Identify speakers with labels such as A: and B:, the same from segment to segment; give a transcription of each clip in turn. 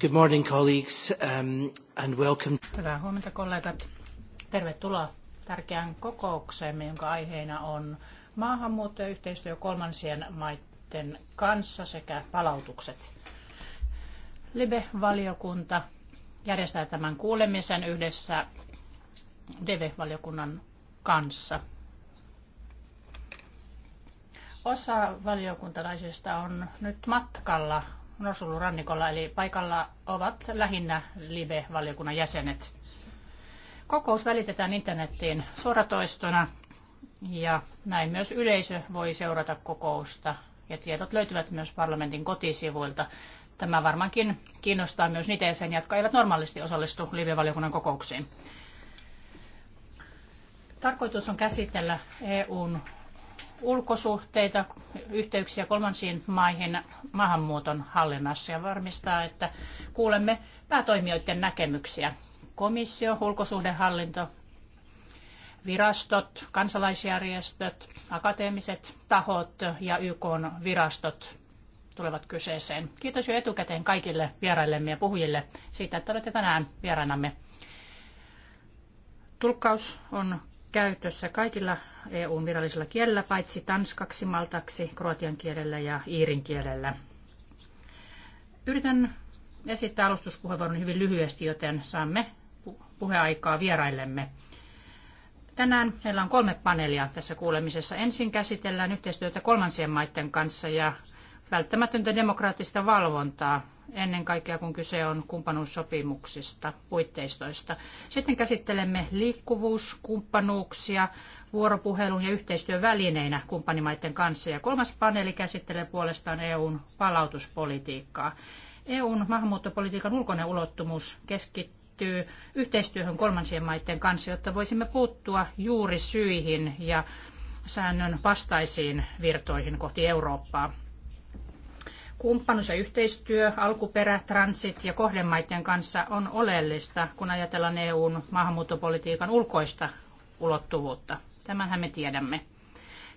A: Good morning, colleagues, um, and welcome.
B: Hyvää huomenta, kollegat. Tervetuloa tärkeään kokoukseemme, jonka aiheena on maahanmuutto ja yhteistyö kolmansien maiden kanssa sekä palautukset. Libe-valiokunta järjestää tämän kuulemisen yhdessä DV-valiokunnan kanssa. Osa valiokuntalaisista on nyt matkalla Norsulurannikolla, eli paikalla ovat lähinnä live-valiokunnan jäsenet. Kokous välitetään internettiin suoratoistona ja näin myös yleisö voi seurata kokousta ja tiedot löytyvät myös parlamentin kotisivuilta. Tämä varmaankin kiinnostaa myös niitä jäseniä, jotka eivät normaalisti osallistu live-valiokunnan kokouksiin. Tarkoitus on käsitellä EUn ulkosuhteita, yhteyksiä kolmansiin maihin maahanmuuton hallinnassa ja varmistaa, että kuulemme päätoimijoiden näkemyksiä. Komissio, ulkosuhdehallinto, virastot, kansalaisjärjestöt, akateemiset tahot ja YK virastot tulevat kyseeseen. Kiitos jo etukäteen kaikille vieraillemme ja puhujille siitä, että olette tänään vierainamme. Tulkkaus on käytössä kaikilla EUn virallisella kielellä, paitsi tanskaksi, maltaksi, kroatian kielellä ja iirin kielellä. Yritän esittää alustuspuheenvuoron hyvin lyhyesti, joten saamme puheaikaa vieraillemme. Tänään meillä on kolme paneelia tässä kuulemisessa. Ensin käsitellään yhteistyötä kolmansien maiden kanssa ja välttämätöntä demokraattista valvontaa ennen kaikkea kun kyse on kumppanuussopimuksista, puitteistoista. Sitten käsittelemme liikkuvuuskumppanuuksia vuoropuhelun ja yhteistyön välineinä kumppanimaiden kanssa. Ja kolmas paneeli käsittelee puolestaan EUn palautuspolitiikkaa. EUn maahanmuuttopolitiikan ulkoinen ulottumus keskittyy yhteistyöhön kolmansien maiden kanssa, jotta voisimme puuttua juuri syihin ja säännön vastaisiin virtoihin kohti Eurooppaa. Kumppanuus ja yhteistyö alkuperä, transit ja kohdemaiden kanssa on oleellista, kun ajatellaan EUn maahanmuuttopolitiikan ulkoista ulottuvuutta. Tämänhän me tiedämme.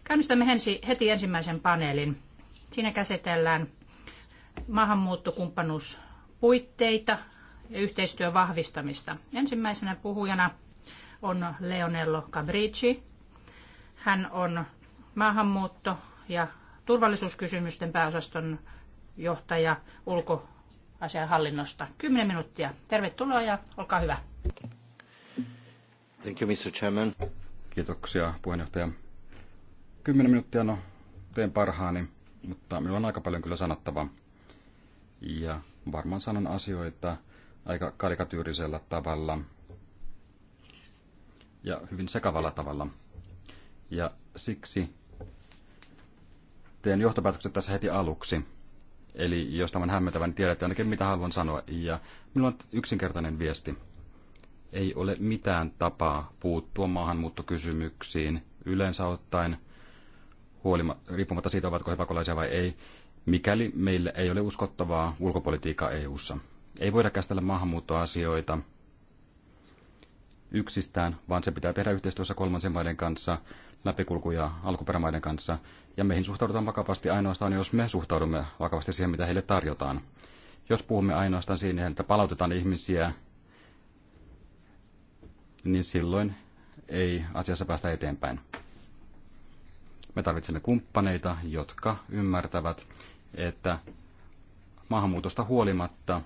B: Käynnistämme heti ensimmäisen paneelin. Siinä käsitellään maahanmuuttokumppanuuspuitteita ja yhteistyön vahvistamista. Ensimmäisenä puhujana on Leonello Cabrici. Hän on maahanmuutto- ja turvallisuuskysymysten pääosaston johtaja ulkoasianhallinnosta. 10 minuuttia. Tervetuloa ja olkaa hyvä.
C: Thank you, Mr. Chairman. Kiitoksia puheenjohtaja. Kymmenen minuuttia, no teen parhaani, mutta minulla on aika paljon kyllä sanottavaa. Ja varmaan sanon asioita aika karikatyyrisellä tavalla ja hyvin sekavalla tavalla. Ja siksi teen johtopäätökset tässä heti aluksi. Eli jos tämän hämmentävän, niin tiedätte ainakin mitä haluan sanoa. Ja minulla on yksinkertainen viesti. Ei ole mitään tapaa puuttua maahanmuuttokysymyksiin yleensä ottaen, huolima, riippumatta siitä, ovatko he pakolaisia vai ei, mikäli meillä ei ole uskottavaa ulkopolitiikkaa EU:ssa. Ei voida käsitellä maahanmuuttoasioita yksistään, vaan se pitää tehdä yhteistyössä kolmansien maiden kanssa, läpikulkuja alkuperämaiden kanssa, ja meihin suhtaudutaan vakavasti ainoastaan, jos me suhtaudumme vakavasti siihen, mitä heille tarjotaan. Jos puhumme ainoastaan siihen, että palautetaan ihmisiä, niin silloin ei asiassa päästä eteenpäin. Me tarvitsemme kumppaneita, jotka ymmärtävät, että maahanmuutosta huolimatta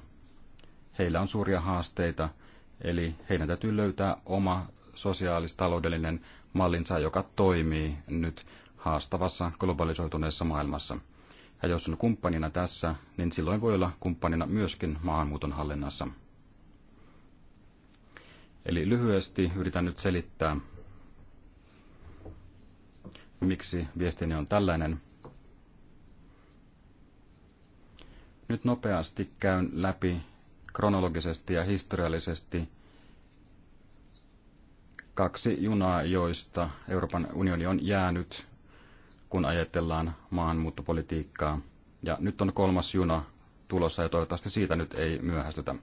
C: heillä on suuria haasteita, eli heidän täytyy löytää oma sosiaalistaloudellinen taloudellinen mallinsa, joka toimii nyt haastavassa globalisoituneessa maailmassa. Ja jos on kumppanina tässä, niin silloin voi olla kumppanina myöskin maahanmuuton hallinnassa. Eli lyhyesti yritän nyt selittää, miksi viestini on tällainen. Nyt nopeasti käyn läpi kronologisesti ja historiallisesti kaksi junaa, joista Euroopan unioni on jäänyt kun ajatellaan maahanmuuttopolitiikkaa. Ja nyt on kolmas juna tulossa ja toivottavasti siitä nyt ei myöhästytä.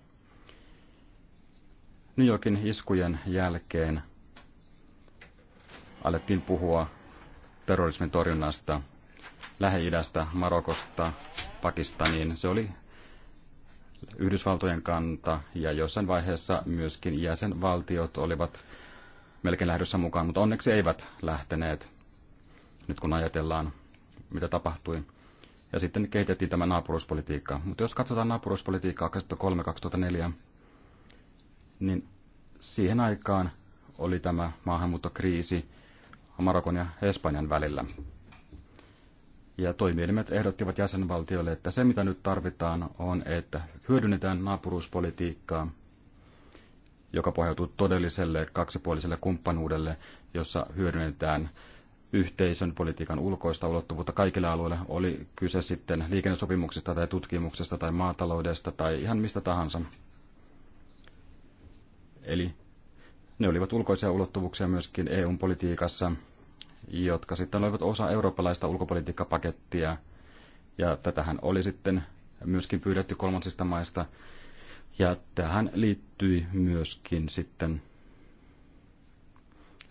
C: New Yorkin iskujen jälkeen alettiin puhua terrorismin torjunnasta Lähi-idästä, Marokosta, Pakistaniin. Se oli Yhdysvaltojen kanta ja jossain vaiheessa myöskin jäsenvaltiot olivat melkein lähdössä mukaan, mutta onneksi eivät lähteneet nyt kun ajatellaan, mitä tapahtui. Ja sitten kehitettiin tämä naapuruuspolitiikka. Mutta jos katsotaan naapuruuspolitiikkaa 2003-2004, niin siihen aikaan oli tämä maahanmuuttokriisi Marokon ja Espanjan välillä. Ja toimielimet ehdottivat jäsenvaltioille, että se mitä nyt tarvitaan on, että hyödynnetään naapuruuspolitiikkaa, joka pohjautuu todelliselle kaksipuoliselle kumppanuudelle, jossa hyödynnetään yhteisön politiikan ulkoista ulottuvuutta kaikille alueille, oli kyse sitten liikennesopimuksista tai tutkimuksesta tai maataloudesta tai ihan mistä tahansa. Eli ne olivat ulkoisia ulottuvuuksia myöskin EUn politiikassa, jotka sitten olivat osa eurooppalaista ulkopolitiikkapakettia. Ja tätähän oli sitten myöskin pyydetty kolmansista maista. Ja tähän liittyi myöskin sitten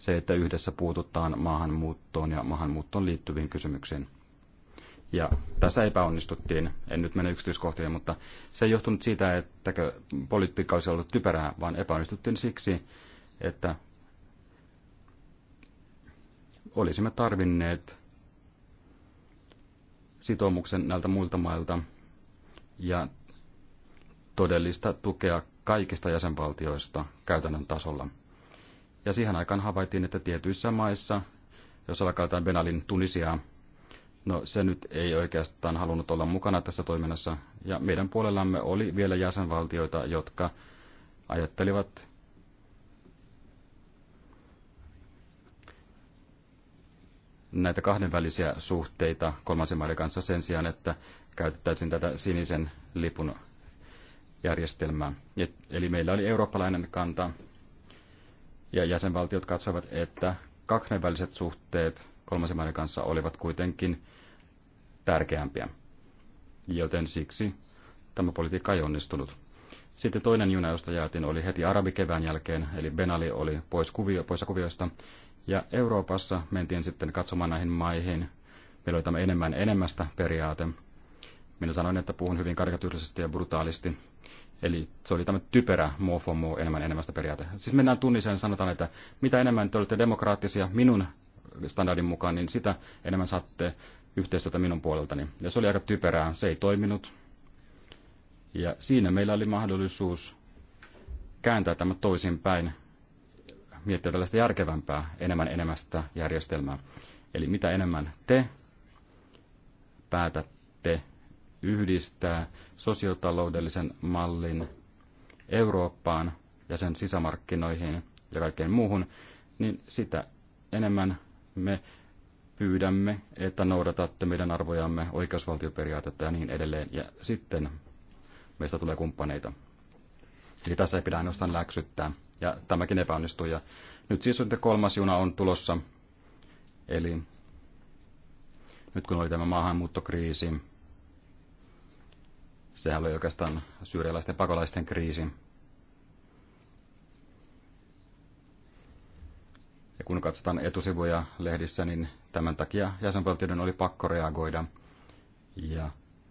C: se, että yhdessä puututaan maahanmuuttoon ja maahanmuuttoon liittyviin kysymyksiin. Ja tässä epäonnistuttiin, en nyt mene yksityiskohtiin, mutta se ei johtunut siitä, että politiikka olisi ollut typerää, vaan epäonnistuttiin siksi, että olisimme tarvinneet sitoumuksen näiltä muilta mailta ja todellista tukea kaikista jäsenvaltioista käytännön tasolla – ja siihen aikaan havaittiin, että tietyissä maissa, jos alkaetaan Benalin Tunisiaa, no se nyt ei oikeastaan halunnut olla mukana tässä toiminnassa. Ja meidän puolellamme oli vielä jäsenvaltioita, jotka ajattelivat näitä kahdenvälisiä suhteita kolmansien maiden kanssa sen sijaan, että käytettäisiin tätä sinisen lipun järjestelmää. Et, eli meillä oli eurooppalainen kanta ja jäsenvaltiot katsoivat, että kahdenväliset suhteet kolmansien maiden kanssa olivat kuitenkin tärkeämpiä. Joten siksi tämä politiikka ei onnistunut. Sitten toinen juna, josta jäätiin, oli heti arabikevään jälkeen, eli Benali oli pois kuvio, poissa kuvioista. Ja Euroopassa mentiin sitten katsomaan näihin maihin. Meillä oli tämä enemmän enemmästä periaate. Minä sanoin, että puhun hyvin karikatyyrisesti ja brutaalisti, Eli se oli tämä typerä more for more, enemmän enemmästä periaate. Siis mennään tunniseen ja sanotaan, että mitä enemmän te olette demokraattisia minun standardin mukaan, niin sitä enemmän saatte yhteistyötä minun puoleltani. Ja se oli aika typerää, se ei toiminut. Ja siinä meillä oli mahdollisuus kääntää tämä toisinpäin, miettiä tällaista järkevämpää, enemmän enemmästä järjestelmää. Eli mitä enemmän te päätätte yhdistää sosiotaloudellisen mallin Eurooppaan ja sen sisämarkkinoihin ja kaikkeen muuhun, niin sitä enemmän me pyydämme, että noudatatte meidän arvojamme, oikeusvaltioperiaatetta ja niin edelleen, ja sitten meistä tulee kumppaneita. Eli tässä ei pidä ainoastaan läksyttää, ja tämäkin epäonnistui. Ja nyt siis on, kolmas juna on tulossa, eli nyt kun oli tämä maahanmuuttokriisi, Sehän oli oikeastaan syyrialaisten pakolaisten kriisi. Ja kun katsotaan etusivuja lehdissä, niin tämän takia jäsenvaltioiden oli pakko reagoida. Ja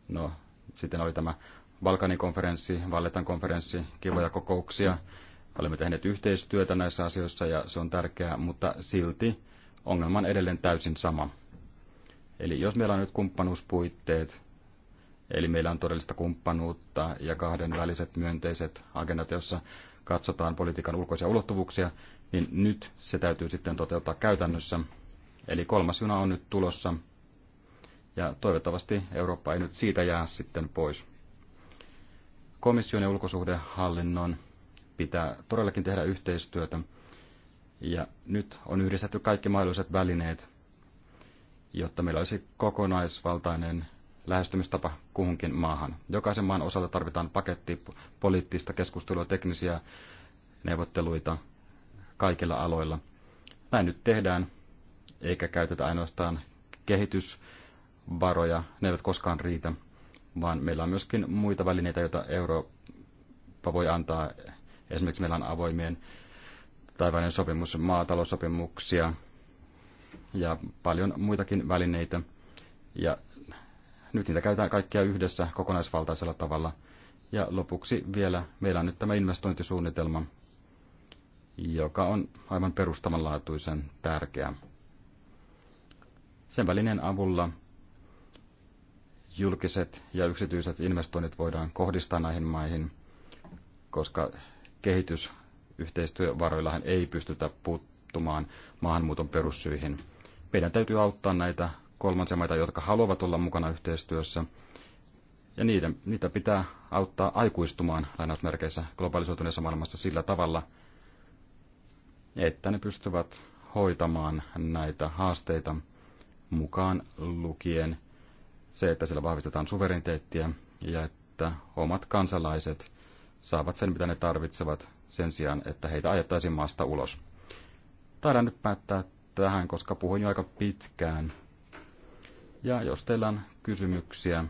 C: no, sitten oli tämä Balkanin konferenssi, Valletan konferenssi, kivoja kokouksia. Olemme tehneet yhteistyötä näissä asioissa ja se on tärkeää, mutta silti ongelma on edelleen täysin sama. Eli jos meillä on nyt kumppanuuspuitteet, Eli meillä on todellista kumppanuutta ja kahdenväliset myönteiset agendat, jossa katsotaan politiikan ulkoisia ulottuvuuksia, niin nyt se täytyy sitten toteuttaa käytännössä. Eli kolmas juna on nyt tulossa ja toivottavasti Eurooppa ei nyt siitä jää sitten pois. Komission ja ulkosuhdehallinnon pitää todellakin tehdä yhteistyötä ja nyt on yhdistetty kaikki mahdolliset välineet, jotta meillä olisi kokonaisvaltainen lähestymistapa kuhunkin maahan. Jokaisen maan osalta tarvitaan paketti poliittista keskustelua, teknisiä neuvotteluita kaikilla aloilla. Näin nyt tehdään, eikä käytetä ainoastaan kehitysvaroja, ne eivät koskaan riitä, vaan meillä on myöskin muita välineitä, joita Eurooppa voi antaa. Esimerkiksi meillä on avoimien taivainen sopimus, maataloussopimuksia ja paljon muitakin välineitä. Ja nyt niitä käytetään kaikkia yhdessä kokonaisvaltaisella tavalla. Ja lopuksi vielä meillä on nyt tämä investointisuunnitelma, joka on aivan perustamanlaatuisen tärkeä. Sen välinen avulla julkiset ja yksityiset investoinnit voidaan kohdistaa näihin maihin, koska kehitysyhteistyövaroillahan ei pystytä puuttumaan maahanmuuton perussyihin. Meidän täytyy auttaa näitä kolmansia maita, jotka haluavat olla mukana yhteistyössä. Ja niitä, niitä pitää auttaa aikuistumaan lainausmerkeissä globalisoituneessa maailmassa sillä tavalla, että ne pystyvät hoitamaan näitä haasteita mukaan lukien se, että siellä vahvistetaan suvereniteettia ja että omat kansalaiset saavat sen, mitä ne tarvitsevat sen sijaan, että heitä ajettaisiin maasta ulos. Taidan nyt päättää tähän, koska puhuin jo aika pitkään ja jos teillä on kysymyksiä,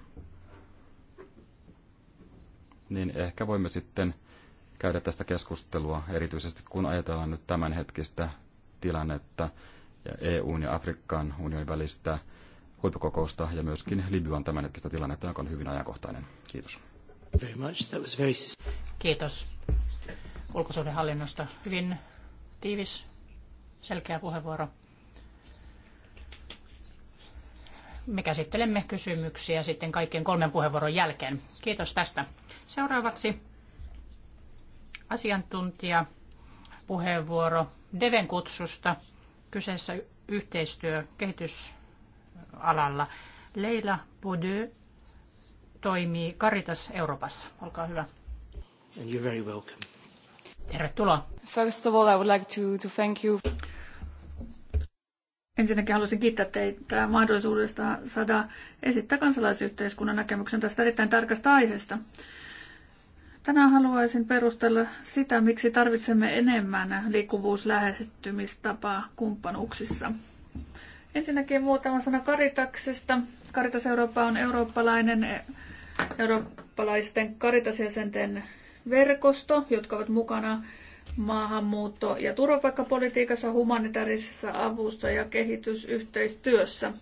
C: niin ehkä voimme sitten käydä tästä keskustelua, erityisesti kun ajatellaan nyt tämänhetkistä tilannetta ja EUn ja Afrikan unionin välistä huippukokousta ja myöskin Libyan tämänhetkistä tilannetta, joka on hyvin ajankohtainen. Kiitos.
B: Kiitos ulkosuhdehallinnosta. Hyvin tiivis, selkeä puheenvuoro. me käsittelemme kysymyksiä sitten kaikkien kolmen puheenvuoron jälkeen. Kiitos tästä. Seuraavaksi asiantuntija puheenvuoro Deven kutsusta. Kyseessä yhteistyö kehitysalalla. Leila Boudy toimii
D: Caritas Euroopassa. Olkaa hyvä.
A: And you're very welcome.
D: Tervetuloa. First of all, I would like to, to thank you. Ensinnäkin haluaisin kiittää teitä mahdollisuudesta saada esittää kansalaisyhteiskunnan näkemyksen tästä erittäin tärkeästä aiheesta. Tänään haluaisin perustella sitä, miksi tarvitsemme enemmän liikkuvuuslähestymistapaa kumppanuuksissa. Ensinnäkin muutama sana Karitaksesta. Karitas Eurooppa on eurooppalainen eurooppalaisten karitasjäsenten verkosto, jotka ovat mukana maahanmuutto- ja turvapaikkapolitiikassa, humanitaarisessa avussa ja kehitysyhteistyössä.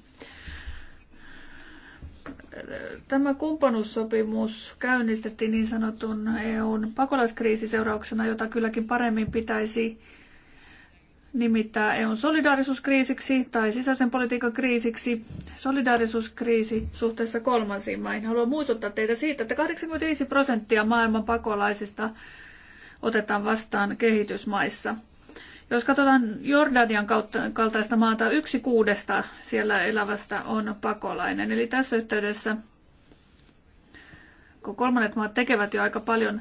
D: Tämä kumppanuussopimus käynnistettiin niin sanotun EUn pakolaiskriisiseurauksena, jota kylläkin paremmin pitäisi nimittää EUn solidaarisuuskriisiksi tai sisäisen politiikan kriisiksi, solidaarisuuskriisi suhteessa kolmansiin maihin. Haluan muistuttaa teitä siitä, että 85 prosenttia maailman pakolaisista otetaan vastaan kehitysmaissa. Jos katsotaan Jordanian kaltaista maata, yksi kuudesta siellä elävästä on pakolainen. Eli tässä yhteydessä, kun kolmannet maat tekevät jo aika paljon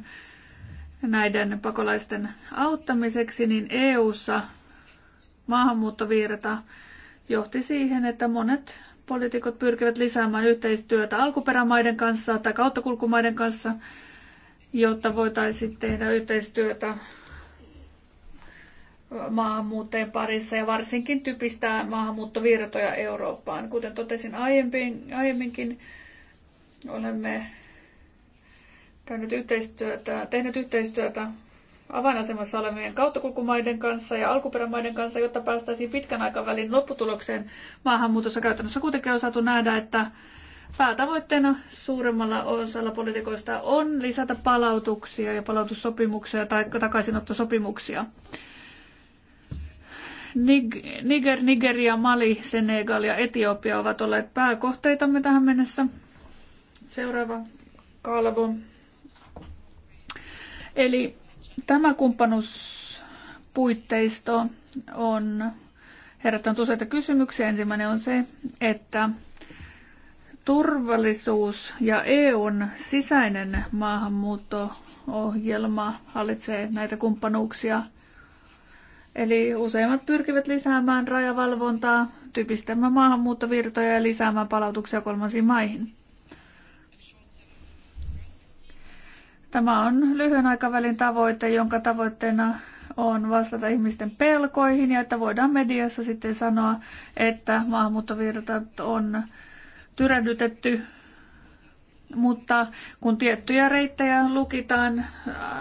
D: näiden pakolaisten auttamiseksi, niin EU:ssa maahanmuuttovirta johti siihen, että monet poliitikot pyrkivät lisäämään yhteistyötä alkuperämaiden kanssa tai kauttakulkumaiden kanssa – jotta voitaisiin tehdä yhteistyötä maahanmuuttajien parissa ja varsinkin typistää maahanmuuttovirtoja Eurooppaan. Kuten totesin aiemmin, aiemminkin, olemme käynyt yhteistyötä, tehneet yhteistyötä avainasemassa olevien kauttakulkumaiden kanssa ja alkuperämaiden kanssa, jotta päästäisiin pitkän aikavälin lopputulokseen maahanmuutossa. Käytännössä kuitenkin on saatu nähdä, että Päätavoitteena suuremmalla osalla poliitikoista on lisätä palautuksia ja palautussopimuksia tai takaisinottosopimuksia. Niger, Nigeria, Mali, Senegal ja Etiopia ovat olleet pääkohteitamme tähän mennessä. Seuraava kalvo. Eli tämä kumppanuuspuitteisto on herättänyt useita kysymyksiä. Ensimmäinen on se, että Turvallisuus ja EUn sisäinen maahanmuutto-ohjelma hallitsee näitä kumppanuuksia. Eli useimmat pyrkivät lisäämään rajavalvontaa, typistämään maahanmuuttovirtoja ja lisäämään palautuksia kolmansiin maihin. Tämä on lyhyen aikavälin tavoite, jonka tavoitteena on vastata ihmisten pelkoihin ja että voidaan mediassa sitten sanoa, että maahanmuuttovirrat on tyrädytetty, mutta kun tiettyjä reittejä lukitaan,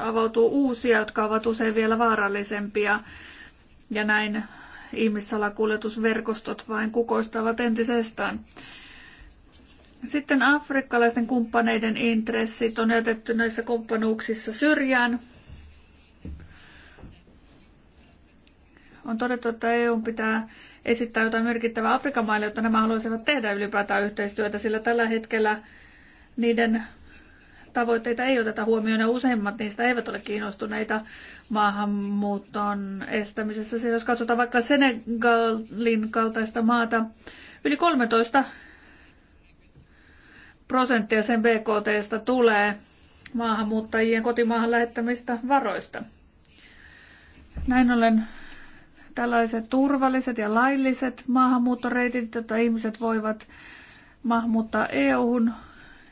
D: avautuu uusia, jotka ovat usein vielä vaarallisempia ja näin ihmissalakuljetusverkostot vain kukoistavat entisestään. Sitten afrikkalaisten kumppaneiden intressit on jätetty näissä kumppanuuksissa syrjään. On todettu, että EU pitää esittää jotain merkittävää Afrikan maille, jotta nämä haluaisivat tehdä ylipäätään yhteistyötä, sillä tällä hetkellä niiden tavoitteita ei oteta huomioon ja useimmat niistä eivät ole kiinnostuneita maahanmuuton estämisessä. Siis jos katsotaan vaikka Senegalin kaltaista maata, yli 13 prosenttia sen BKTstä tulee maahanmuuttajien kotimaahan lähettämistä varoista. Näin ollen tällaiset turvalliset ja lailliset maahanmuuttoreitit, jotta ihmiset voivat maahanmuuttaa EU-hun,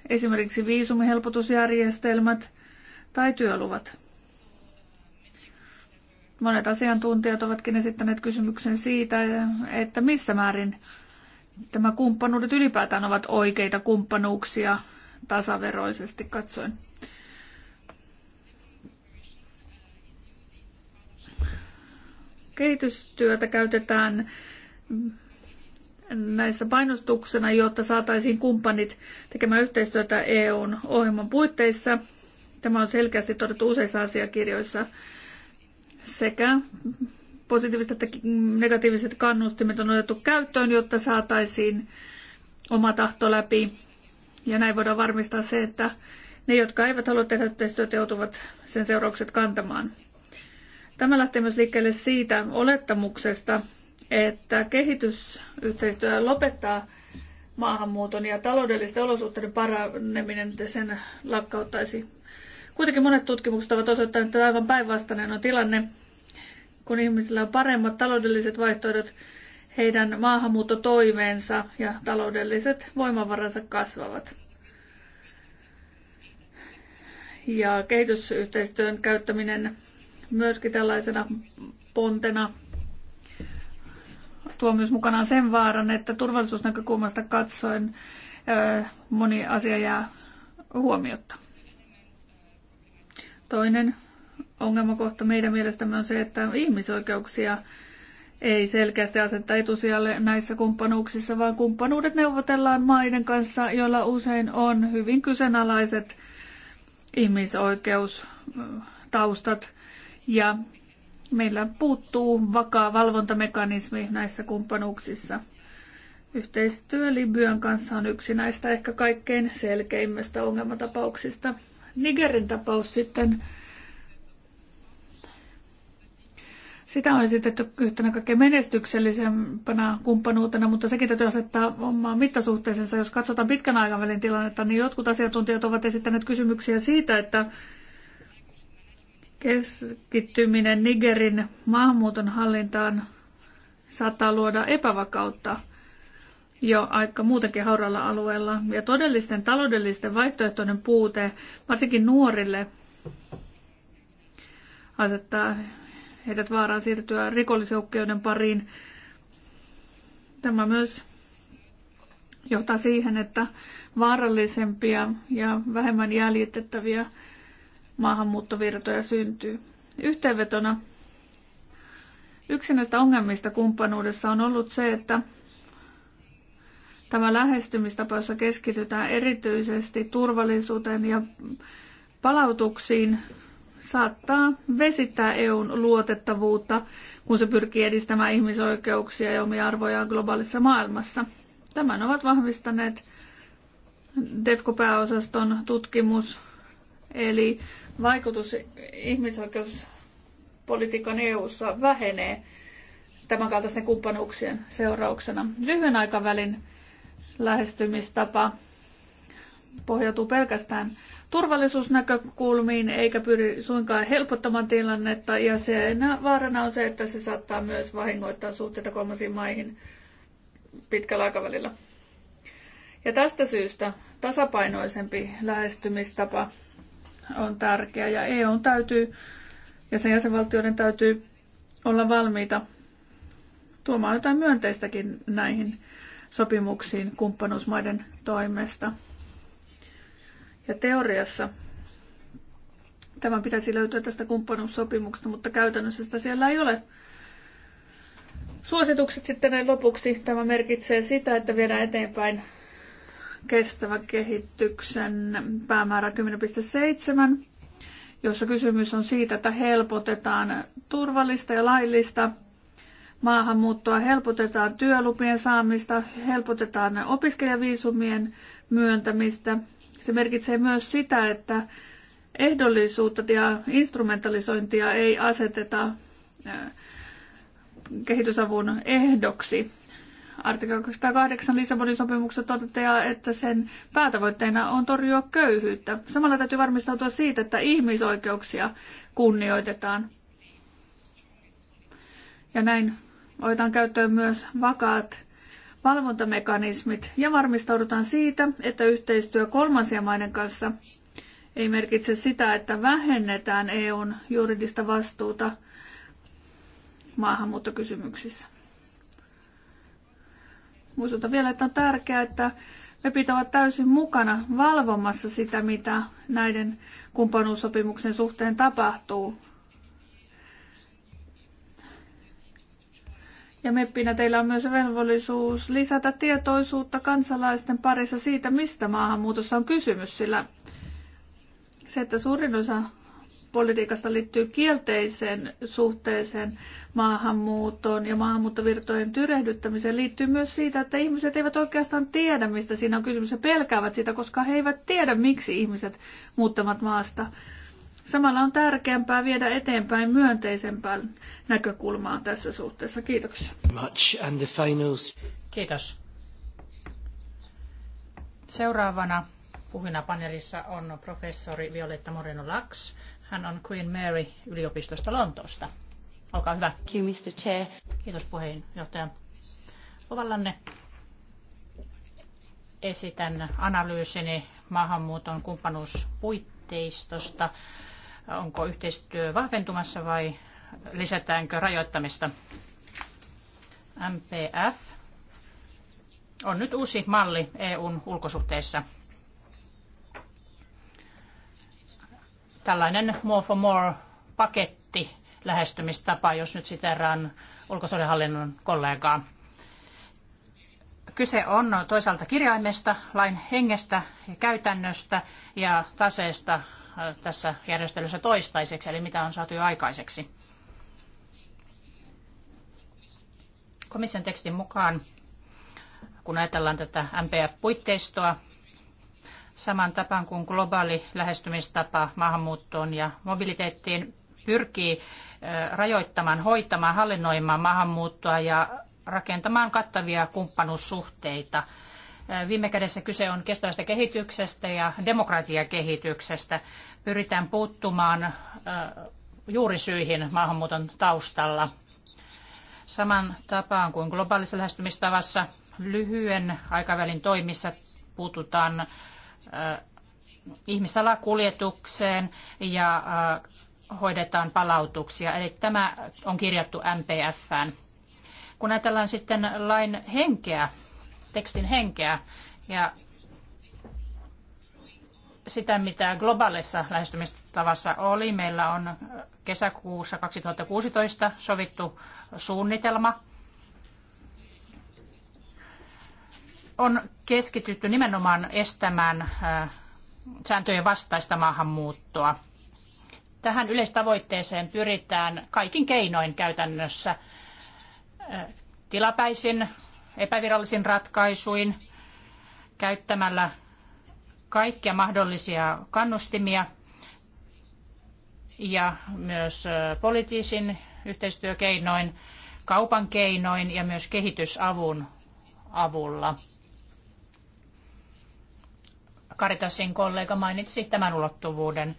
D: esimerkiksi viisumihelpotusjärjestelmät tai työluvat. Monet asiantuntijat ovatkin esittäneet kysymyksen siitä, että missä määrin tämä kumppanuudet ylipäätään ovat oikeita kumppanuuksia tasaveroisesti katsoen. kehitystyötä käytetään näissä painostuksena, jotta saataisiin kumppanit tekemään yhteistyötä EUn ohjelman puitteissa. Tämä on selkeästi todettu useissa asiakirjoissa sekä positiiviset että negatiiviset kannustimet on otettu käyttöön, jotta saataisiin oma tahto läpi. Ja näin voidaan varmistaa se, että ne, jotka eivät halua tehdä yhteistyötä, joutuvat sen seuraukset kantamaan. Tämä lähtee myös liikkeelle siitä olettamuksesta, että kehitysyhteistyö lopettaa maahanmuuton ja taloudellisten olosuhteiden paraneminen sen lakkauttaisi. Kuitenkin monet tutkimukset ovat osoittaneet, että aivan päinvastainen on tilanne. Kun ihmisillä on paremmat taloudelliset vaihtoehdot, heidän maahanmuuttotoimeensa ja taloudelliset voimavaransa kasvavat. Ja kehitysyhteistyön käyttäminen myöskin tällaisena pontena tuo myös mukanaan sen vaaran, että turvallisuusnäkökulmasta katsoen moni asia jää huomiotta. Toinen ongelmakohta meidän mielestämme on se, että ihmisoikeuksia ei selkeästi aseta etusijalle näissä kumppanuuksissa, vaan kumppanuudet neuvotellaan maiden kanssa, joilla usein on hyvin kyseenalaiset ihmisoikeustaustat ja meillä puuttuu vakaa valvontamekanismi näissä kumppanuuksissa. Yhteistyö Libyan kanssa on yksi näistä ehkä kaikkein selkeimmistä ongelmatapauksista. Nigerin tapaus sitten. Sitä on esitetty yhtenä kaikkein menestyksellisempänä kumppanuutena, mutta sekin täytyy asettaa omaan mittasuhteeseensa. Jos katsotaan pitkän aikavälin tilannetta, niin jotkut asiantuntijat ovat esittäneet kysymyksiä siitä, että keskittyminen Nigerin maahanmuuton hallintaan saattaa luoda epävakautta jo aika muutenkin hauralla alueella. Ja todellisten taloudellisten vaihtoehtoinen puute, varsinkin nuorille, asettaa heidät vaaraan siirtyä rikollisjoukkojen pariin. Tämä myös johtaa siihen, että vaarallisempia ja vähemmän jäljitettäviä maahanmuuttovirtoja syntyy. Yhteenvetona yksi näistä ongelmista kumppanuudessa on ollut se, että tämä lähestymistapa, jossa keskitytään erityisesti turvallisuuteen ja palautuksiin, saattaa vesittää EUn luotettavuutta, kun se pyrkii edistämään ihmisoikeuksia ja omia arvojaan globaalissa maailmassa. Tämän ovat vahvistaneet DEFCO-pääosaston tutkimus, eli vaikutus ihmisoikeuspolitiikan EU-ssa vähenee tämän kaltaisten kumppanuuksien seurauksena. Lyhyen aikavälin lähestymistapa pohjautuu pelkästään turvallisuusnäkökulmiin eikä pyri suinkaan helpottamaan tilannetta ja sen vaarana on se, että se saattaa myös vahingoittaa suhteita kolmansiin maihin pitkällä aikavälillä. Ja tästä syystä tasapainoisempi lähestymistapa on tärkeä ja EU täytyy ja sen jäsenvaltioiden täytyy olla valmiita tuomaan jotain myönteistäkin näihin sopimuksiin kumppanuusmaiden toimesta. Ja teoriassa tämän pitäisi löytyä tästä kumppanuussopimuksesta, mutta käytännössä sitä siellä ei ole. Suositukset sitten lopuksi. Tämä merkitsee sitä, että viedään eteenpäin kestävän kehityksen päämäärä 10.7, jossa kysymys on siitä, että helpotetaan turvallista ja laillista maahanmuuttoa, helpotetaan työlupien saamista, helpotetaan opiskelijaviisumien myöntämistä. Se merkitsee myös sitä, että ehdollisuutta ja instrumentalisointia ei aseteta kehitysavun ehdoksi artikla 208 Lissabonin sopimuksessa toteaa, että sen päätavoitteena on torjua köyhyyttä. Samalla täytyy varmistautua siitä, että ihmisoikeuksia kunnioitetaan. Ja näin otetaan käyttöön myös vakaat valvontamekanismit ja varmistaudutaan siitä, että yhteistyö kolmansien maiden kanssa ei merkitse sitä, että vähennetään EUn juridista vastuuta maahanmuuttokysymyksissä. Muistutan vielä, että on tärkeää, että pitää olla täysin mukana valvomassa sitä, mitä näiden kumppanuussopimuksen suhteen tapahtuu. Ja meppinä teillä on myös velvollisuus lisätä tietoisuutta kansalaisten parissa siitä, mistä maahanmuutossa on kysymys, sillä se, että suurin osa politiikasta liittyy kielteiseen suhteeseen maahanmuuttoon ja maahanmuuttovirtojen tyrehdyttämiseen liittyy myös siitä, että ihmiset eivät oikeastaan tiedä, mistä siinä on kysymys ja pelkäävät sitä, koska he eivät tiedä, miksi ihmiset muuttavat maasta. Samalla on tärkeämpää viedä eteenpäin myönteisempää näkökulmaa tässä suhteessa. Kiitoksia.
A: Kiitos.
B: Seuraavana puhujana on professori Violetta Moreno Lax. Hän on Queen Mary yliopistosta Lontoosta. Olkaa hyvä. Mr. Chair. Kiitos puheenjohtaja. Luvallanne esitän analyysini maahanmuuton kumppanuuspuitteistosta. Onko yhteistyö vahventumassa vai lisätäänkö rajoittamista? MPF on nyt uusi malli EUn ulkosuhteissa – tällainen More for More-paketti lähestymistapa, jos nyt siteraan ulkosuudenhallinnon kollegaa. Kyse on toisaalta kirjaimesta, lain hengestä ja käytännöstä ja taseesta äh, tässä järjestelyssä toistaiseksi, eli mitä on saatu jo aikaiseksi. Komission tekstin mukaan, kun ajatellaan tätä MPF-puitteistoa, saman tapaan kuin globaali lähestymistapa maahanmuuttoon ja mobiliteettiin pyrkii rajoittamaan, hoitamaan, hallinnoimaan maahanmuuttoa ja rakentamaan kattavia kumppanuussuhteita. Viime kädessä kyse on kestävästä kehityksestä ja demokratiakehityksestä. Pyritään puuttumaan juurisyihin maahanmuuton taustalla. Saman tapaan kuin globaalissa lähestymistavassa lyhyen aikavälin toimissa puututaan ihmissalakuljetukseen ja hoidetaan palautuksia. Eli tämä on kirjattu MPFään. Kun ajatellaan sitten lain henkeä, tekstin henkeä ja sitä, mitä globaalissa lähestymistavassa oli. Meillä on kesäkuussa 2016 sovittu suunnitelma on keskitytty nimenomaan estämään äh, sääntöjen vastaista maahanmuuttoa. Tähän yleistavoitteeseen pyritään kaikin keinoin käytännössä äh, tilapäisin, epävirallisin ratkaisuin, käyttämällä kaikkia mahdollisia kannustimia ja myös äh, poliittisin yhteistyökeinoin, kaupan keinoin ja myös kehitysavun avulla. Karitasin kollega mainitsi tämän ulottuvuuden.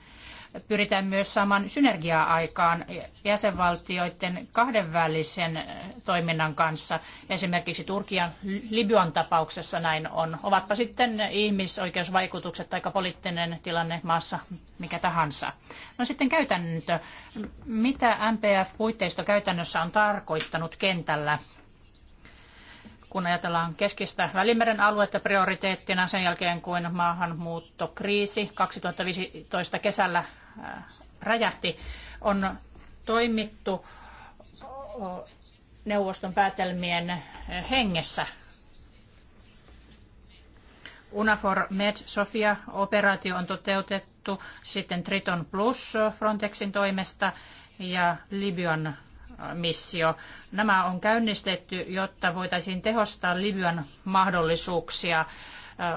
B: Pyritään myös saamaan synergiaa aikaan jäsenvaltioiden kahdenvälisen toiminnan kanssa. Esimerkiksi Turkian Libyan tapauksessa näin on. Ovatpa sitten ihmisoikeusvaikutukset tai poliittinen tilanne maassa mikä tahansa. No sitten käytäntö. Mitä MPF-puitteisto käytännössä on tarkoittanut kentällä? kun ajatellaan keskistä Välimeren aluetta prioriteettina sen jälkeen, kun maahanmuuttokriisi 2015 kesällä äh, räjähti, on toimittu neuvoston päätelmien hengessä. UNAFOR Med Sofia-operaatio on toteutettu, sitten Triton Plus Frontexin toimesta ja Libyan missio. Nämä on käynnistetty, jotta voitaisiin tehostaa Libyan mahdollisuuksia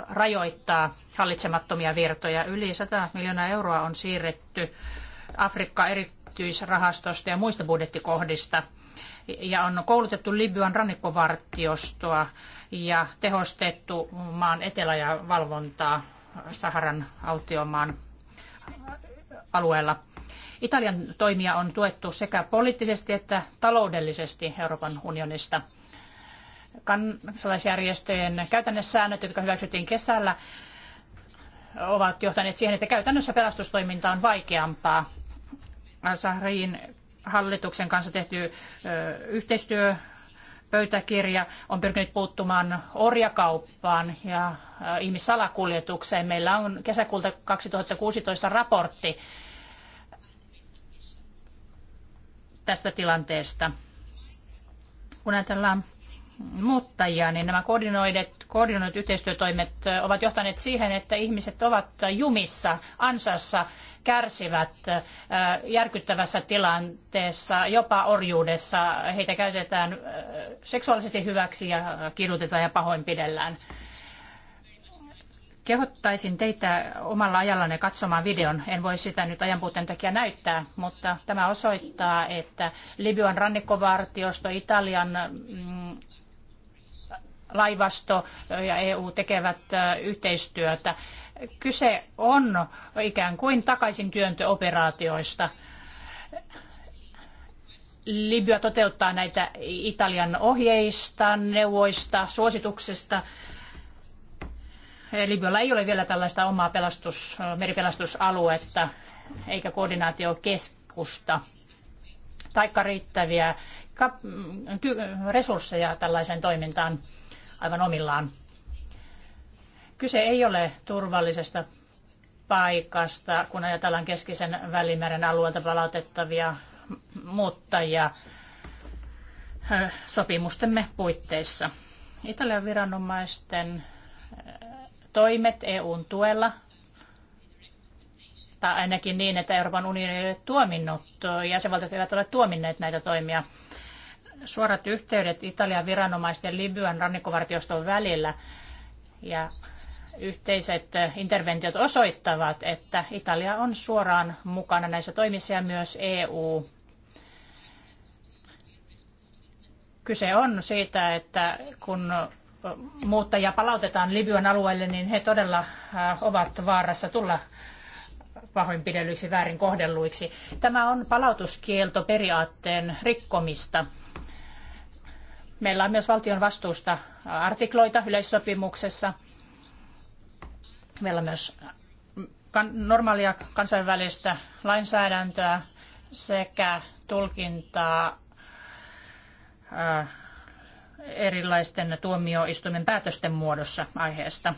B: rajoittaa hallitsemattomia virtoja. Yli 100 miljoonaa euroa on siirretty Afrikka erityisrahastosta ja muista budjettikohdista. Ja on koulutettu Libyan rannikkovartiostoa ja tehostettu maan etelä- ja valvontaa Saharan autiomaan alueella. Italian toimia on tuettu sekä poliittisesti että taloudellisesti Euroopan unionista. Kansalaisjärjestöjen käytännössäännöt, jotka hyväksyttiin kesällä, ovat johtaneet siihen, että käytännössä pelastustoiminta on vaikeampaa. Sahrain hallituksen kanssa tehty yhteistyö pöytäkirja on pyrkinyt puuttumaan orjakauppaan ja ihmissalakuljetukseen. Meillä on kesäkuulta 2016 raportti tästä tilanteesta. Kun ajatellaan muuttajia, niin nämä koordinoidut, koordinoidut yhteistyötoimet ovat johtaneet siihen, että ihmiset ovat jumissa, ansassa, kärsivät järkyttävässä tilanteessa, jopa orjuudessa. Heitä käytetään seksuaalisesti hyväksi ja kidutetaan ja pahoinpidellään. Kehottaisin teitä omalla ajallanne katsomaan videon. En voi sitä nyt ajanpuutteen takia näyttää, mutta tämä osoittaa, että Libyan rannikkovartiosto, Italian mm, laivasto ja EU tekevät yhteistyötä. Kyse on ikään kuin takaisin työntöoperaatioista, Libya toteuttaa näitä Italian ohjeista, neuvoista, suosituksista Libyalla ei ole vielä tällaista omaa pelastus, meripelastusaluetta eikä koordinaatiokeskusta taikka riittäviä resursseja tällaiseen toimintaan aivan omillaan. Kyse ei ole turvallisesta paikasta, kun ajatellaan keskisen välimeren alueelta palautettavia muuttajia sopimustemme puitteissa. Italian viranomaisten toimet EUn tuella, tai ainakin niin, että Euroopan unioni ei ole tuominnut, jäsenvaltiot eivät ole tuominneet näitä toimia. Suorat yhteydet Italian viranomaisten Libyan rannikkovartioston välillä ja yhteiset interventiot osoittavat, että Italia on suoraan mukana näissä toimissa ja myös EU. Kyse on siitä, että kun muuttajia palautetaan Libyan alueelle, niin he todella äh, ovat vaarassa tulla pahoinpidellyiksi, väärin kohdelluiksi. Tämä on palautuskieltoperiaatteen rikkomista. Meillä on myös valtion vastuusta artikloita yleissopimuksessa. Meillä on myös normaalia kansainvälistä lainsäädäntöä sekä tulkintaa äh, erilaisten tuomioistuimen päätösten muodossa aiheesta.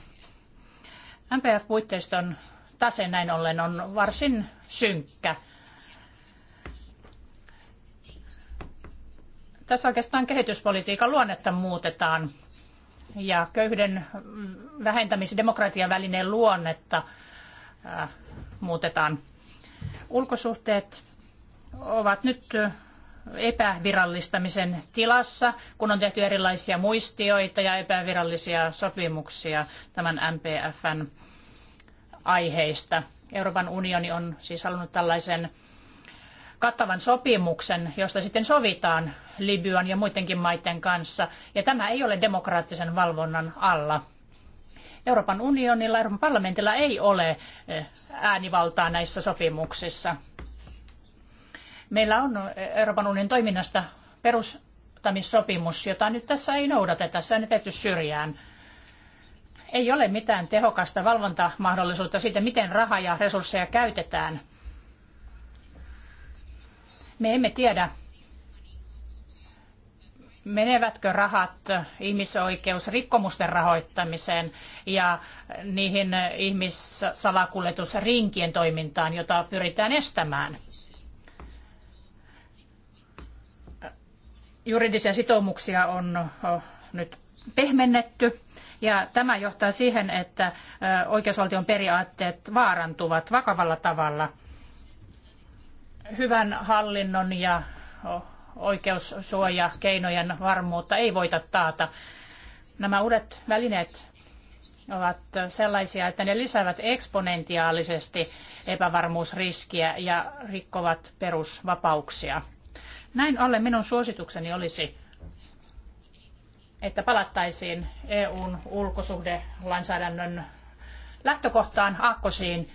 B: MPF-puitteiston tase näin ollen on varsin synkkä. Tässä oikeastaan kehityspolitiikan luonnetta muutetaan ja köyhyyden vähentämis- ja demokratian välineen luonnetta äh, muutetaan. Ulkosuhteet ovat nyt epävirallistamisen tilassa, kun on tehty erilaisia muistioita ja epävirallisia sopimuksia tämän MPFn aiheista. Euroopan unioni on siis halunnut tällaisen kattavan sopimuksen, josta sitten sovitaan Libyan ja muidenkin maiden kanssa. Ja tämä ei ole demokraattisen valvonnan alla. Euroopan unionilla, Euroopan parlamentilla ei ole eh, äänivaltaa näissä sopimuksissa. Meillä on Euroopan unionin toiminnasta perustamissopimus, jota nyt tässä ei noudateta, se on jätetty syrjään. Ei ole mitään tehokasta valvontamahdollisuutta siitä, miten rahaa ja resursseja käytetään. Me emme tiedä, menevätkö rahat ihmisoikeusrikkomusten rahoittamiseen ja niihin ihmissalakuljetusrinkien toimintaan, jota pyritään estämään. juridisia sitoumuksia on nyt pehmennetty. Ja tämä johtaa siihen, että oikeusvaltion periaatteet vaarantuvat vakavalla tavalla hyvän hallinnon ja oikeussuojakeinojen varmuutta ei voita taata. Nämä uudet välineet ovat sellaisia, että ne lisäävät eksponentiaalisesti epävarmuusriskiä ja rikkovat perusvapauksia. Näin ollen minun suositukseni olisi, että palattaisiin EUn ulkosuhdelainsäädännön lähtökohtaan, aakkosiin.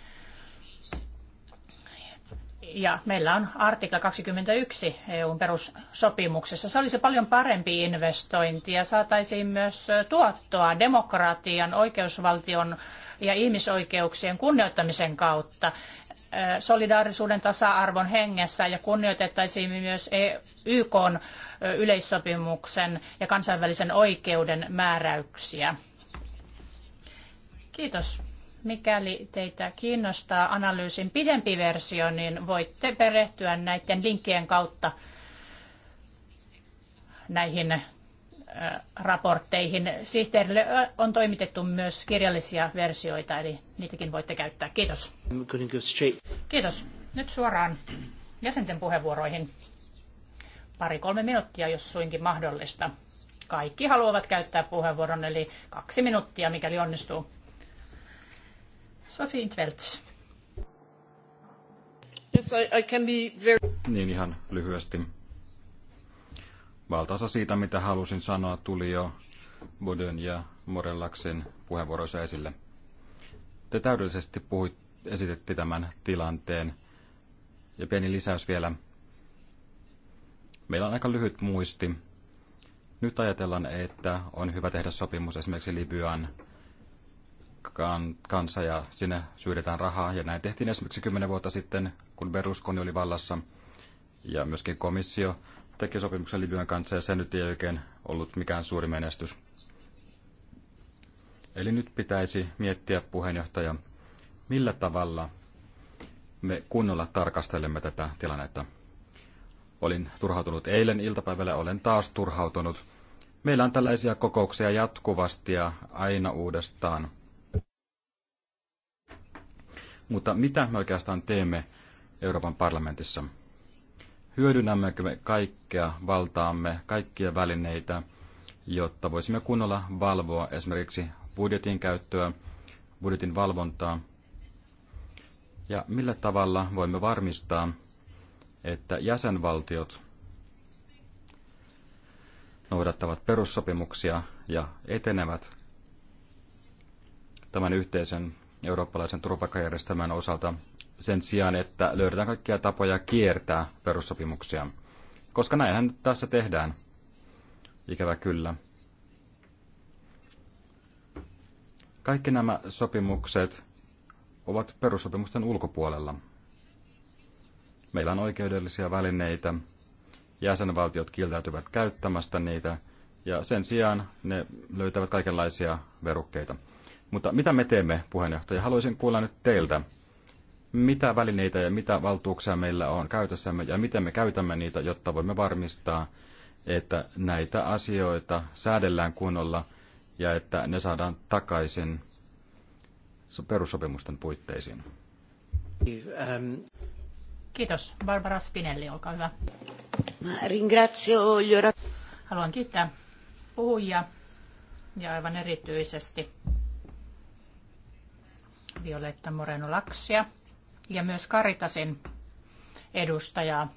B: Ja meillä on artikla 21 EUn perussopimuksessa. Se olisi paljon parempi investointi ja saataisiin myös tuottoa demokratian, oikeusvaltion ja ihmisoikeuksien kunnioittamisen kautta solidaarisuuden tasa-arvon hengessä ja kunnioitettaisiin myös e- YK yleissopimuksen ja kansainvälisen oikeuden määräyksiä. Kiitos. Mikäli teitä kiinnostaa analyysin pidempi versio, niin voitte perehtyä näiden linkkien kautta näihin raportteihin. Sihteerille on toimitettu myös kirjallisia versioita, eli niitäkin voitte käyttää. Kiitos. Kiitos. Nyt suoraan jäsenten puheenvuoroihin. Pari-kolme minuuttia, jos suinkin mahdollista. Kaikki haluavat käyttää puheenvuoron, eli kaksi minuuttia, mikäli onnistuu. Sophie Intvelt.
D: Yes, I, I can be very...
C: Niin ihan lyhyesti Valtaosa siitä, mitä halusin sanoa, tuli jo Bodön ja Morellaksen puheenvuoroissa esille. Te täydellisesti puhuit, esitetti tämän tilanteen. Ja pieni lisäys vielä. Meillä on aika lyhyt muisti. Nyt ajatellaan, että on hyvä tehdä sopimus esimerkiksi Libyan kanssa ja sinne syydetään rahaa. Ja näin tehtiin esimerkiksi kymmenen vuotta sitten, kun Berlusconi oli vallassa ja myöskin komissio teki sopimuksen Libyan kanssa ja se nyt ei oikein ollut mikään suuri menestys. Eli nyt pitäisi miettiä puheenjohtaja, millä tavalla me kunnolla tarkastelemme tätä tilannetta. Olin turhautunut eilen iltapäivällä, olen taas turhautunut. Meillä on tällaisia kokouksia jatkuvasti ja aina uudestaan. Mutta mitä me oikeastaan teemme Euroopan parlamentissa? hyödynnämmekö me kaikkea valtaamme, kaikkia välineitä, jotta voisimme kunnolla valvoa esimerkiksi budjetin käyttöä, budjetin valvontaa, ja millä tavalla voimme varmistaa, että jäsenvaltiot noudattavat perussopimuksia ja etenevät tämän yhteisen eurooppalaisen turvapaikkajärjestelmän osalta sen sijaan, että löydetään kaikkia tapoja kiertää perussopimuksia. Koska näinhän tässä tehdään. Ikävä kyllä. Kaikki nämä sopimukset ovat perussopimusten ulkopuolella. Meillä on oikeudellisia välineitä, jäsenvaltiot kieltäytyvät käyttämästä niitä, ja sen sijaan ne löytävät kaikenlaisia verukkeita. Mutta mitä me teemme, puheenjohtaja? Haluaisin kuulla nyt teiltä mitä välineitä ja mitä valtuuksia meillä on käytössämme ja miten me käytämme niitä, jotta voimme varmistaa, että näitä asioita säädellään kunnolla ja että ne saadaan takaisin perussopimusten puitteisiin.
B: Kiitos. Barbara Spinelli, olkaa hyvä. Haluan kiittää puhujia ja aivan erityisesti Violetta Moreno-Laksia ja myös Karitasin edustajaa.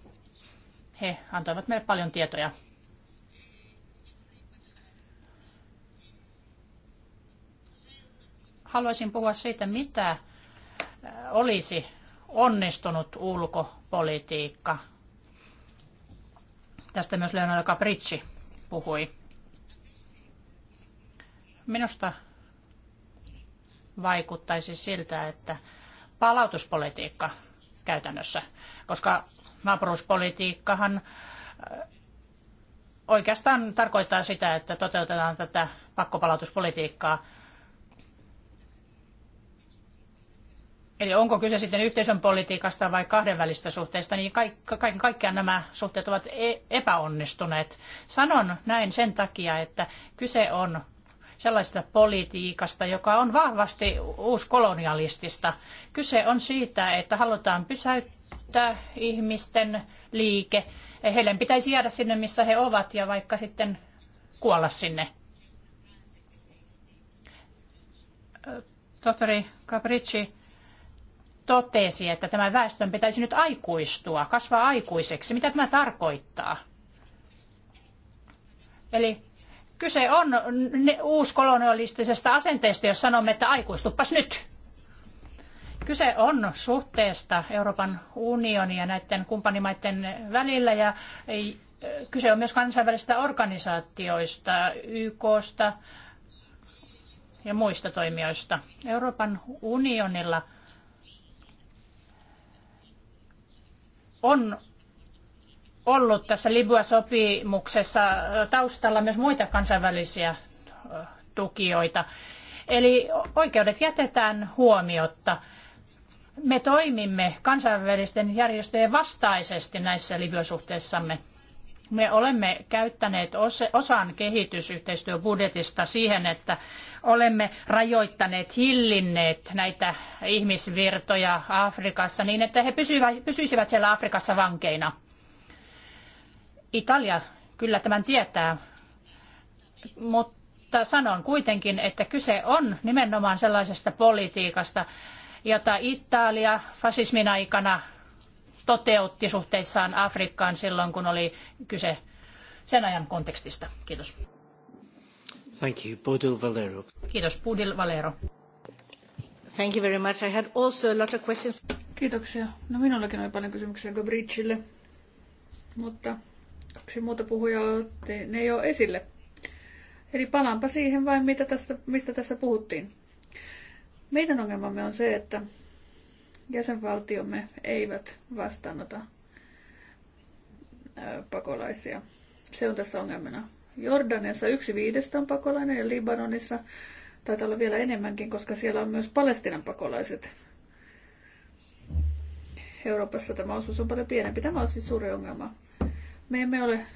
B: He antoivat meille paljon tietoja. Haluaisin puhua siitä, mitä olisi onnistunut ulkopolitiikka. Tästä myös Leonardo Capricci puhui. Minusta vaikuttaisi siltä, että palautuspolitiikka käytännössä, koska naapuruuspolitiikkahan oikeastaan tarkoittaa sitä, että toteutetaan tätä pakkopalautuspolitiikkaa. Eli onko kyse sitten yhteisön politiikasta vai kahdenvälistä suhteesta, niin kaiken kaikkiaan nämä suhteet ovat e-, epäonnistuneet. Sanon näin sen takia, että kyse on sellaisesta politiikasta, joka on vahvasti uuskolonialistista. Kyse on siitä, että halutaan pysäyttää ihmisten liike. Heidän pitäisi jäädä sinne, missä he ovat ja vaikka sitten kuolla sinne. Tohtori Capricci, totesi, että tämä väestön pitäisi nyt aikuistua, kasvaa aikuiseksi. Mitä tämä tarkoittaa? Eli Kyse on uuskolonialistisesta asenteesta, jos sanomme, että aikuistuppas nyt. Kyse on suhteesta Euroopan unionin ja näiden kumppanimaiden välillä ja e, kyse on myös kansainvälisistä organisaatioista, YKsta ja muista toimijoista. Euroopan unionilla on ollut tässä Libya-sopimuksessa taustalla myös muita kansainvälisiä tukijoita. Eli oikeudet jätetään huomiotta. Me toimimme kansainvälisten järjestöjen vastaisesti näissä Libya-suhteissamme. Me olemme käyttäneet osan kehitysyhteistyöbudjetista siihen, että olemme rajoittaneet, hillinneet näitä ihmisvirtoja Afrikassa niin, että he pysyisivät siellä Afrikassa vankeina. Italia kyllä tämän tietää, mutta sanon kuitenkin, että kyse on nimenomaan sellaisesta politiikasta, jota Italia fasismin aikana toteutti suhteissaan Afrikkaan silloin, kun oli kyse sen ajan kontekstista. Kiitos.
A: Thank you, Budil Valero.
B: Kiitos, Budil Valero. Thank you very much. I had also a lot of questions. Kiitoksia.
D: No minullakin oli paljon kysymyksiä Gabricille, mutta yksi muuta puhuja otti ne jo esille. Eli palaanpa siihen vain, mitä tästä, mistä tässä puhuttiin. Meidän ongelmamme on se, että jäsenvaltiomme eivät vastaanota pakolaisia. Se on tässä ongelmana. Jordaniassa yksi viidestä on pakolainen ja Libanonissa taitaa olla vielä enemmänkin, koska siellä on myös Palestinan pakolaiset. Euroopassa tämä osuus on paljon pienempi. Tämä on siis suuri ongelma. Me emme ole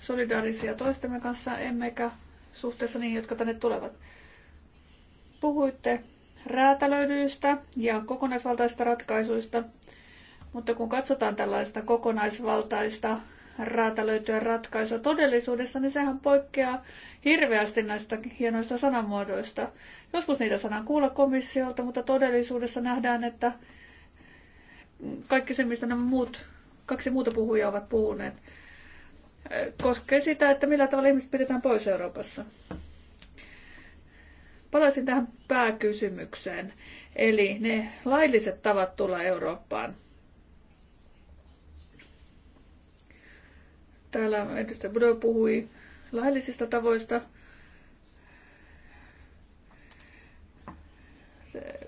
D: solidaarisia toistemme kanssa, emmekä suhteessa niihin, jotka tänne tulevat. Puhuitte räätälöidyistä ja kokonaisvaltaista ratkaisuista, mutta kun katsotaan tällaista kokonaisvaltaista räätälöityä ratkaisua todellisuudessa, niin sehän poikkeaa hirveästi näistä hienoista sanamuodoista. Joskus niitä sanan kuulla komissiolta, mutta todellisuudessa nähdään, että kaikki se, mistä nämä muut kaksi muuta puhujaa ovat puhuneet, koskee sitä, että millä tavalla ihmiset pidetään pois Euroopassa. Palaisin tähän pääkysymykseen. Eli ne lailliset tavat tulla Eurooppaan. Täällä edustaja Budo puhui laillisista tavoista.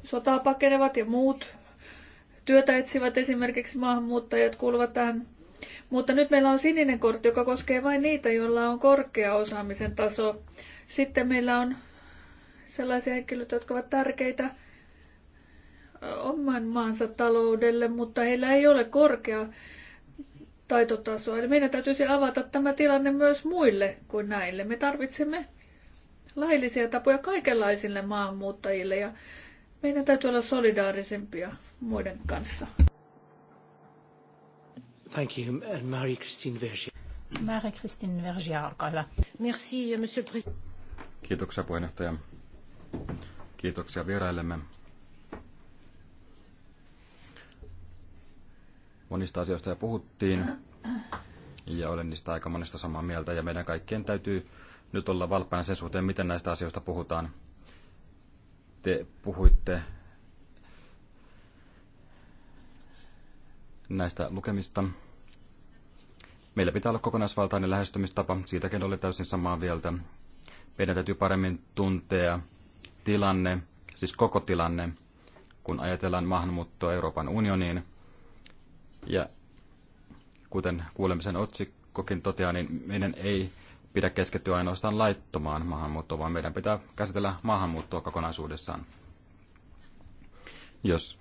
D: sotaa pakenevat ja muut työtä etsivät esimerkiksi maahanmuuttajat kuuluvat tähän. Mutta nyt meillä on sininen kortti, joka koskee vain niitä, joilla on korkea osaamisen taso. Sitten meillä on sellaisia henkilöitä, jotka ovat tärkeitä oman maansa taloudelle, mutta heillä ei ole korkea taitotaso. Eli meidän täytyisi avata tämä tilanne myös muille kuin näille. Me tarvitsemme laillisia tapoja kaikenlaisille maahanmuuttajille ja meidän täytyy olla solidaarisempia muiden kanssa.
A: Thank you, Marie-Christine Vergier.
B: Marie-Christine Vergier, olkaa hyvä. Merci, euh, monsieur le président.
C: Kiitoksia puheenjohtaja. Kiitoksia vieraillemme. Monista asioista jo puhuttiin ja olen niistä aika monesta samaa mieltä ja meidän kaikkien täytyy nyt olla valppaina sen suhteen, miten näistä asioista puhutaan. Te puhuitte näistä lukemista. Meillä pitää olla kokonaisvaltainen lähestymistapa, siitäkin oli täysin samaa mieltä. Meidän täytyy paremmin tuntea tilanne, siis koko tilanne, kun ajatellaan maahanmuuttoa Euroopan unioniin. Ja kuten kuulemisen otsikkokin toteaa, niin meidän ei pidä keskittyä ainoastaan laittomaan maahanmuuttoon, vaan meidän pitää käsitellä maahanmuuttoa kokonaisuudessaan. Jos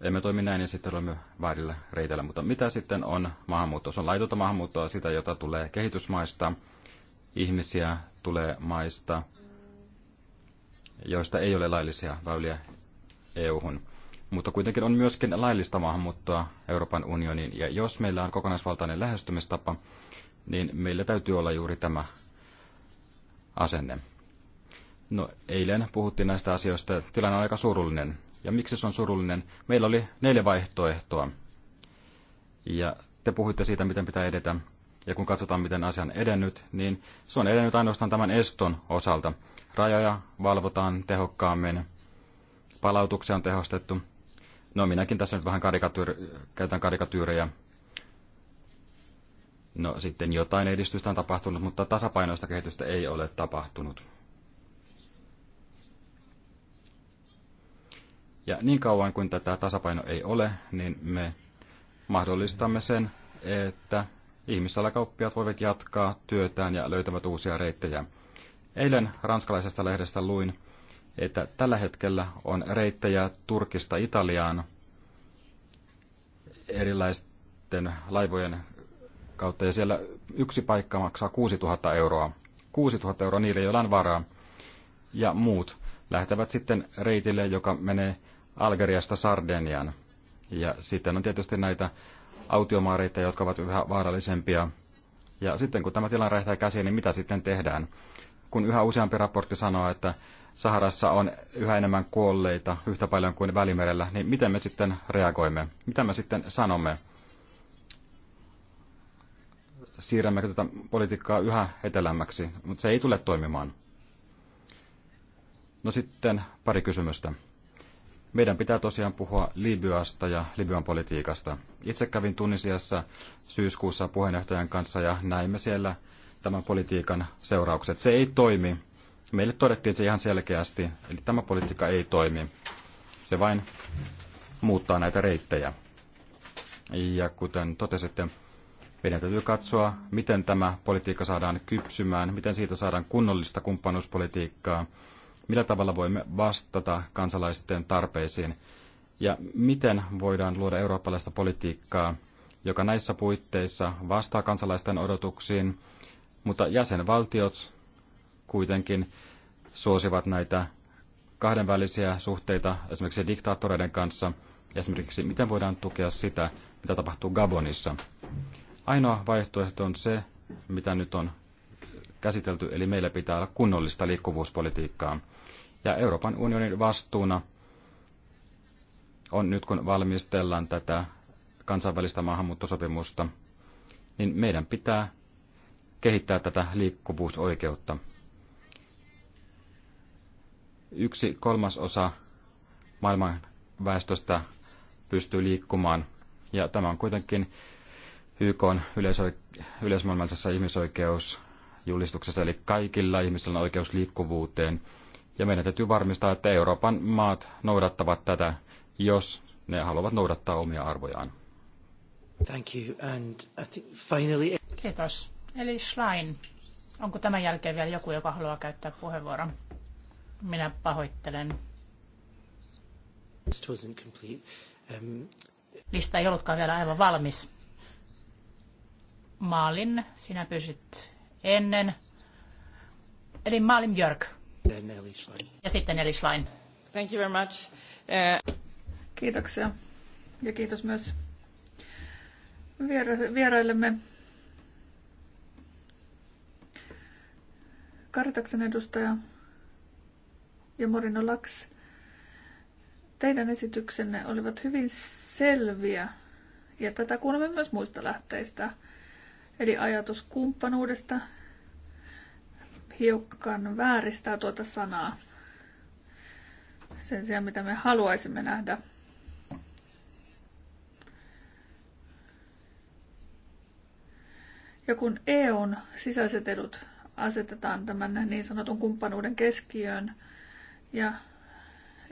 C: emme toimi näin ja sitten olemme väärillä reiteillä. Mutta mitä sitten on maahanmuutto? Se on laitonta maahanmuuttoa, sitä jota tulee kehitysmaista. Ihmisiä tulee maista, joista ei ole laillisia väyliä EU-hun. Mutta kuitenkin on myöskin laillista maahanmuuttoa Euroopan unioniin. Ja jos meillä on kokonaisvaltainen lähestymistapa, niin meillä täytyy olla juuri tämä asenne. No, eilen puhuttiin näistä asioista. Tilanne on aika surullinen. Ja miksi se on surullinen? Meillä oli neljä vaihtoehtoa. Ja te puhuitte siitä, miten pitää edetä. Ja kun katsotaan, miten asia on edennyt, niin se on edennyt ainoastaan tämän eston osalta. Rajoja valvotaan tehokkaammin, palautuksia on tehostettu. No minäkin tässä nyt vähän karikatyyr- käytän karikatyyrejä. No sitten jotain edistystä on tapahtunut, mutta tasapainoista kehitystä ei ole tapahtunut. Ja niin kauan kuin tätä tasapaino ei ole, niin me mahdollistamme sen, että ihmissalakauppiat voivat jatkaa työtään ja löytävät uusia reittejä. Eilen ranskalaisesta lehdestä luin, että tällä hetkellä on reittejä Turkista Italiaan erilaisten laivojen kautta, ja siellä yksi paikka maksaa 6000 euroa. 6000 euroa niille, joilla on varaa, ja muut lähtevät sitten reitille, joka menee Algeriasta Sardenian. Ja sitten on tietysti näitä autiomaareita, jotka ovat yhä vaarallisempia. Ja sitten kun tämä tilanne räjähtää käsiin, niin mitä sitten tehdään? Kun yhä useampi raportti sanoo, että Saharassa on yhä enemmän kuolleita yhtä paljon kuin Välimerellä, niin miten me sitten reagoimme? Mitä me sitten sanomme? Siirrämmekö tätä politiikkaa yhä etelämmäksi? Mutta se ei tule toimimaan. No sitten pari kysymystä. Meidän pitää tosiaan puhua Libyasta ja Libyan politiikasta. Itse kävin Tunisiassa syyskuussa puheenjohtajan kanssa ja näimme siellä tämän politiikan seuraukset. Se ei toimi. Meille todettiin se ihan selkeästi, eli tämä politiikka ei toimi. Se vain muuttaa näitä reittejä. Ja kuten totesitte, meidän täytyy katsoa, miten tämä politiikka saadaan kypsymään, miten siitä saadaan kunnollista kumppanuuspolitiikkaa, millä tavalla voimme vastata kansalaisten tarpeisiin ja miten voidaan luoda eurooppalaista politiikkaa, joka näissä puitteissa vastaa kansalaisten odotuksiin, mutta jäsenvaltiot kuitenkin suosivat näitä kahdenvälisiä suhteita esimerkiksi diktaattoreiden kanssa, esimerkiksi miten voidaan tukea sitä, mitä tapahtuu Gabonissa. Ainoa vaihtoehto on se, mitä nyt on käsitelty, eli meillä pitää olla kunnollista liikkuvuuspolitiikkaa. Ja Euroopan unionin vastuuna on nyt, kun valmistellaan tätä kansainvälistä maahanmuuttosopimusta, niin meidän pitää kehittää tätä liikkuvuusoikeutta. Yksi kolmas osa maailman väestöstä pystyy liikkumaan, ja tämä on kuitenkin YK on yleismaailmallisessa ihmisoikeusjulistuksessa, eli kaikilla ihmisillä on oikeus liikkuvuuteen – ja meidän täytyy varmistaa, että Euroopan maat noudattavat tätä, jos ne haluavat noudattaa omia arvojaan.
A: Thank you. And I think finally...
B: Kiitos. Eli Schlein, onko tämän jälkeen vielä joku, joka haluaa käyttää puheenvuoron? Minä pahoittelen.
A: Um,
B: Lista ei ollutkaan vielä aivan valmis. Maalin, sinä pysyt ennen. Eli Maalin Björk. Ja sitten Schlein. Thank you very much. Uh...
D: Kiitoksia. Ja kiitos myös vieraillemme. Karitaksen edustaja ja Morino Laks, teidän esityksenne olivat hyvin selviä ja tätä kuulemme myös muista lähteistä. Eli ajatus kumppanuudesta, hiukan vääristää tuota sanaa sen sijaan, mitä me haluaisimme nähdä. Ja kun EUn sisäiset edut asetetaan tämän niin sanotun kumppanuuden keskiöön ja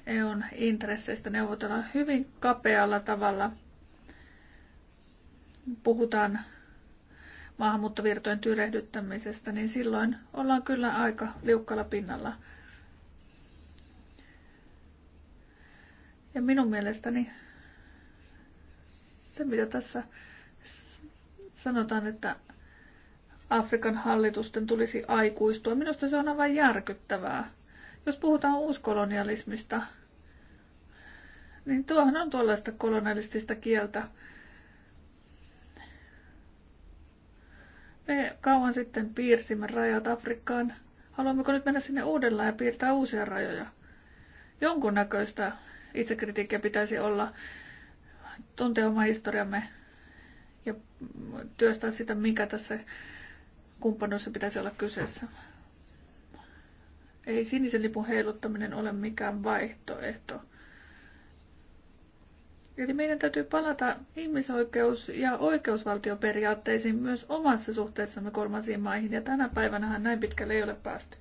D: EUn intresseistä neuvotellaan hyvin kapealla tavalla, puhutaan maahanmuuttovirtojen tyrehdyttämisestä, niin silloin ollaan kyllä aika liukkalla pinnalla. Ja minun mielestäni se, mitä tässä sanotaan, että Afrikan hallitusten tulisi aikuistua, minusta se on aivan järkyttävää. Jos puhutaan uuskolonialismista, niin tuohon on tuollaista kolonialistista kieltä, Me kauan sitten piirsimme rajat Afrikkaan. Haluammeko nyt mennä sinne uudelleen ja piirtää uusia rajoja? Jonkunnäköistä itsekritiikkiä pitäisi olla, tuntea oma historiamme ja työstää sitä, mikä tässä kumppanuudessa pitäisi olla kyseessä. Ei sinisen lipun heiluttaminen ole mikään vaihtoehto. Eli meidän täytyy palata ihmisoikeus- ja oikeusvaltioperiaatteisiin myös omassa suhteessamme kolmansiin maihin, ja tänä päivänähän näin pitkälle ei ole päästy.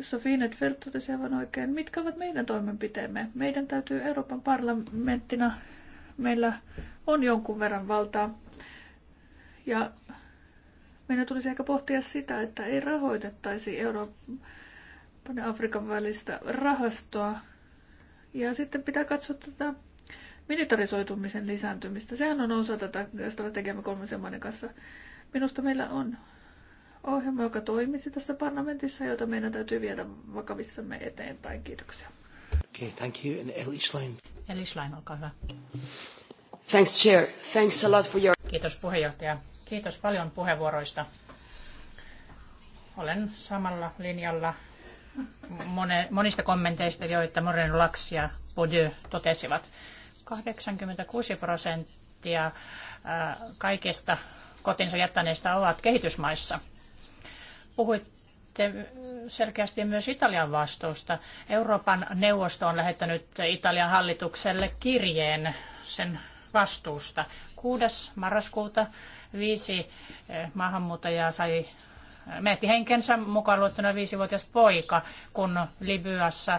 D: Sofie Netfeldt totesi aivan oikein, mitkä ovat meidän toimenpiteemme. Meidän täytyy Euroopan parlamenttina, meillä on jonkun verran valtaa, ja meidän tulisi ehkä pohtia sitä, että ei rahoitettaisi Euroopan ja Afrikan välistä rahastoa, ja sitten pitää katsoa tätä militarisoitumisen lisääntymistä. Sehän on osa tätä strategiamme kolmisen maiden kanssa. Minusta meillä on ohjelma, joka toimisi tässä parlamentissa, jota meidän täytyy viedä vakavissamme eteenpäin. Kiitoksia.
A: Okay, thank you. And Ellie Schlein.
B: Ellie Schlein, olkaa hyvä. Thanks, Chair. Thanks a lot for your... Kiitos puheenjohtaja. Kiitos paljon puheenvuoroista. Olen samalla linjalla monista kommenteista, joita Moren Laks ja Baudieu totesivat. 86 prosenttia äh, kaikista kotinsa jättäneistä ovat kehitysmaissa. Puhuitte selkeästi myös Italian vastuusta. Euroopan neuvosto on lähettänyt Italian hallitukselle kirjeen sen vastuusta. 6. marraskuuta viisi eh, maahanmuuttajaa sai menetti henkensä mukaan luettuna viisivuotias poika, kun Libyassa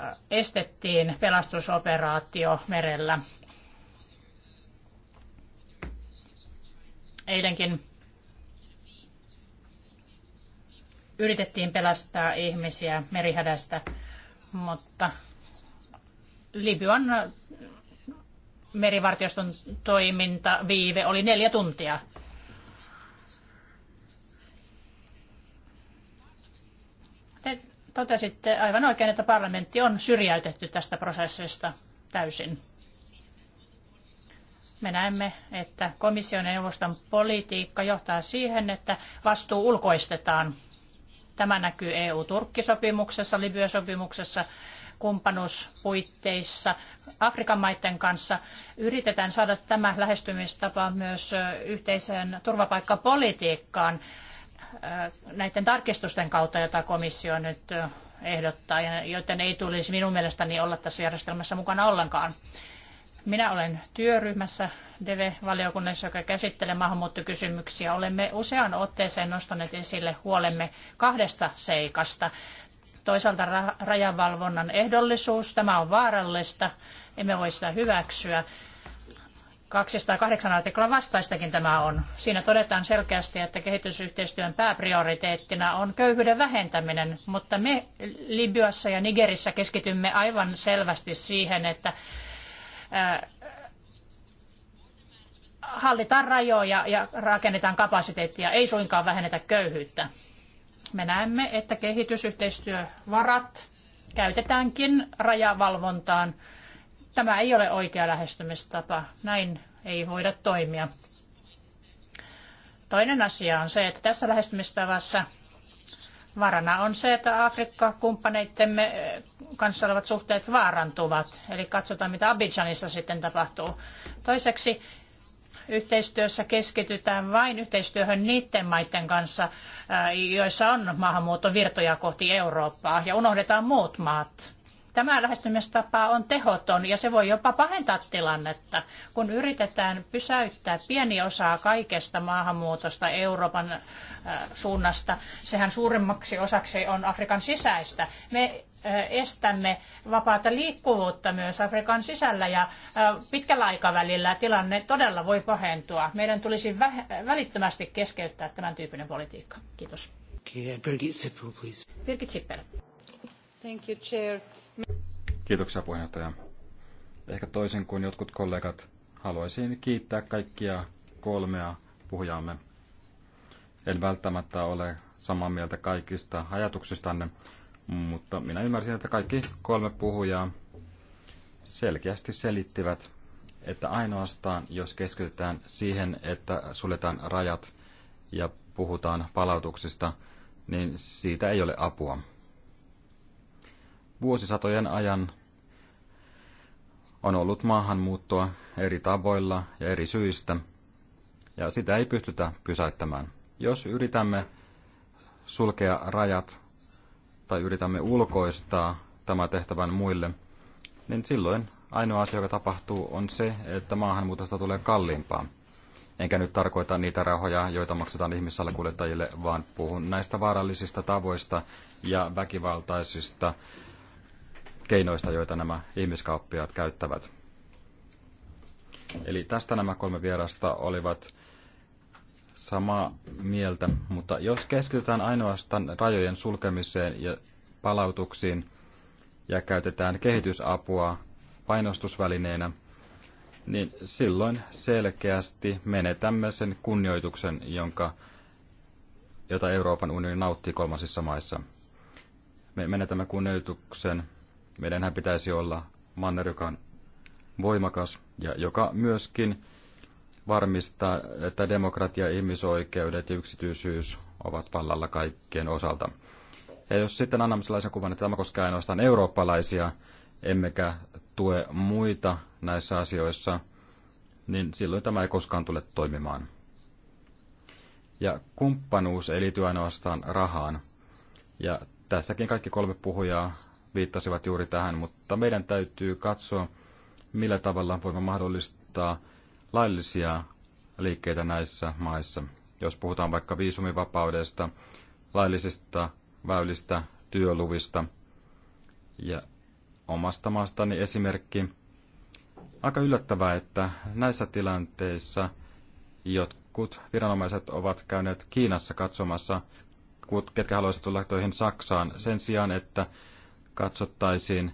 B: äh, estettiin pelastusoperaatio merellä. Eilenkin yritettiin pelastaa ihmisiä merihädästä, mutta Libyan merivartioston toiminta viive oli neljä tuntia. Te totesitte aivan oikein, että parlamentti on syrjäytetty tästä prosessista täysin. Me näemme, että komission ja neuvoston politiikka johtaa siihen, että vastuu ulkoistetaan. Tämä näkyy EU-Turkkisopimuksessa, Libya-sopimuksessa, kumppanuuspuitteissa Afrikan maiden kanssa. Yritetään saada tämä lähestymistapa myös yhteiseen turvapaikkapolitiikkaan näiden tarkistusten kautta, jota komissio nyt ehdottaa, ja joiden ei tulisi minun mielestäni olla tässä järjestelmässä mukana ollenkaan. Minä olen työryhmässä DEVE-valiokunnassa, joka käsittelee maahanmuuttokysymyksiä. Olemme useaan otteeseen nostaneet esille huolemme kahdesta seikasta. Toisaalta rajavalvonnan ehdollisuus, tämä on vaarallista, emme voi sitä hyväksyä. 208 artiklan vastaistakin tämä on. Siinä todetaan selkeästi, että kehitysyhteistyön pääprioriteettina on köyhyyden vähentäminen, mutta me Libyassa ja Nigerissä keskitymme aivan selvästi siihen, että hallitaan rajoja ja rakennetaan kapasiteettia, ei suinkaan vähennetä köyhyyttä. Me näemme, että kehitysyhteistyövarat käytetäänkin rajavalvontaan – Tämä ei ole oikea lähestymistapa. Näin ei voida toimia. Toinen asia on se, että tässä lähestymistavassa varana on se, että Afrikka-kumppaneittemme eh, kanssa olevat suhteet vaarantuvat. Eli katsotaan, mitä Abidjanissa sitten tapahtuu. Toiseksi yhteistyössä keskitytään vain yhteistyöhön niiden maiden kanssa, eh, joissa on maahanmuuttovirtoja kohti Eurooppaa, ja unohdetaan muut maat. Tämä lähestymistapa on tehoton ja se voi jopa pahentaa tilannetta, kun yritetään pysäyttää pieni osa kaikesta maahanmuutosta Euroopan äh, suunnasta. Sehän suurimmaksi osaksi on Afrikan sisäistä. Me äh, estämme vapaata liikkuvuutta myös Afrikan sisällä ja äh, pitkällä aikavälillä tilanne todella voi pahentua. Meidän tulisi välittömästi keskeyttää tämän tyyppinen politiikka. Kiitos.
A: Okay, Birgit Sippel, please.
B: Birgit Sippel. Thank you, Chair.
C: Kiitoksia puheenjohtaja. Ehkä toisin kuin jotkut kollegat, haluaisin kiittää kaikkia kolmea puhujaamme. En välttämättä ole samaa mieltä kaikista ajatuksistanne, mutta minä ymmärsin, että kaikki kolme puhujaa selkeästi selittivät, että ainoastaan jos keskitytään siihen, että suljetaan rajat ja puhutaan palautuksista, niin siitä ei ole apua vuosisatojen ajan on ollut maahanmuuttoa eri tavoilla ja eri syistä, ja sitä ei pystytä pysäyttämään. Jos yritämme sulkea rajat tai yritämme ulkoistaa tämä tehtävän muille, niin silloin ainoa asia, joka tapahtuu, on se, että maahanmuutosta tulee kalliimpaa. Enkä nyt tarkoita niitä rahoja, joita maksetaan ihmissalakuljettajille, vaan puhun näistä vaarallisista tavoista ja väkivaltaisista keinoista, joita nämä ihmiskauppiaat käyttävät. Eli tästä nämä kolme vierasta olivat samaa mieltä, mutta jos keskitytään ainoastaan rajojen sulkemiseen ja palautuksiin ja käytetään kehitysapua painostusvälineenä, niin silloin selkeästi menetämme sen kunnioituksen, jonka, jota Euroopan unioni nauttii kolmansissa maissa. Me menetämme kunnioituksen, Meidänhän pitäisi olla manner, joka on voimakas ja joka myöskin varmistaa, että demokratia, ihmisoikeudet ja yksityisyys ovat vallalla kaikkien osalta. Ja jos sitten annamme sellaisen kuvan, että tämä koskee ainoastaan eurooppalaisia, emmekä tue muita näissä asioissa, niin silloin tämä ei koskaan tule toimimaan. Ja kumppanuus ei liity ainoastaan rahaan. Ja tässäkin kaikki kolme puhujaa viittasivat juuri tähän, mutta meidän täytyy katsoa, millä tavalla voimme mahdollistaa laillisia liikkeitä näissä maissa. Jos puhutaan vaikka viisumivapaudesta, laillisista väylistä, työluvista ja omasta maastani esimerkki. Aika yllättävää, että näissä tilanteissa jotkut viranomaiset ovat käyneet Kiinassa katsomassa, ketkä haluaisivat tulla töihin Saksaan, sen sijaan, että katsottaisiin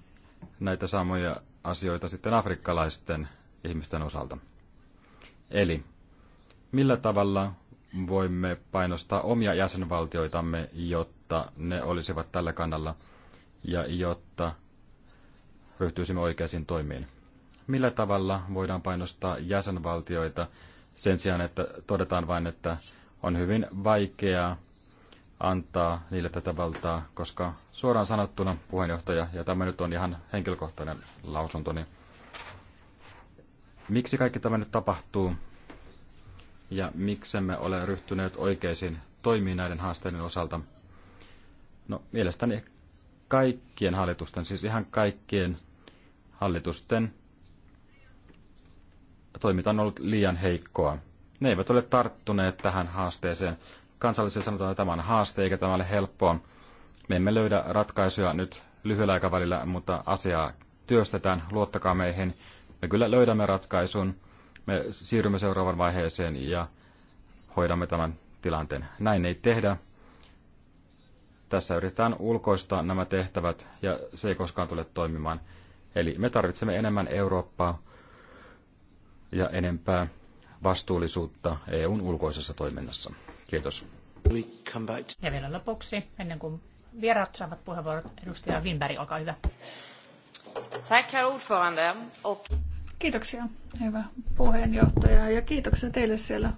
C: näitä samoja asioita sitten afrikkalaisten ihmisten osalta. Eli millä tavalla voimme painostaa omia jäsenvaltioitamme, jotta ne olisivat tällä kannalla ja jotta ryhtyisimme oikeisiin toimiin? Millä tavalla voidaan painostaa jäsenvaltioita sen sijaan, että todetaan vain, että on hyvin vaikeaa antaa niille tätä valtaa, koska suoraan sanottuna puheenjohtaja, ja tämä nyt on ihan henkilökohtainen lausunto, niin miksi kaikki tämä nyt tapahtuu ja miksemme ole ryhtyneet oikeisiin toimiin näiden haasteiden osalta? No mielestäni kaikkien hallitusten, siis ihan kaikkien hallitusten toiminta on ollut liian heikkoa. Ne eivät ole tarttuneet tähän haasteeseen, Kansallisia sanotaan, että tämä on haaste eikä tämä ole helppoa. Me emme löydä ratkaisuja nyt lyhyellä aikavälillä, mutta asiaa työstetään, luottakaa meihin. Me kyllä löydämme ratkaisun, me siirrymme seuraavan vaiheeseen ja hoidamme tämän tilanteen. Näin ei tehdä. Tässä yritetään ulkoistaa nämä tehtävät ja se ei koskaan tule toimimaan. Eli me tarvitsemme enemmän Eurooppaa ja enempää vastuullisuutta EUn ulkoisessa toiminnassa. Kiitos.
B: Ja vielä lopuksi, ennen kuin vieraat saavat puheenvuorot, edustaja Winberg, olkaa hyvä.
D: Tack, herr Kiitoksia, hyvä puheenjohtaja, ja kiitoksia teille siellä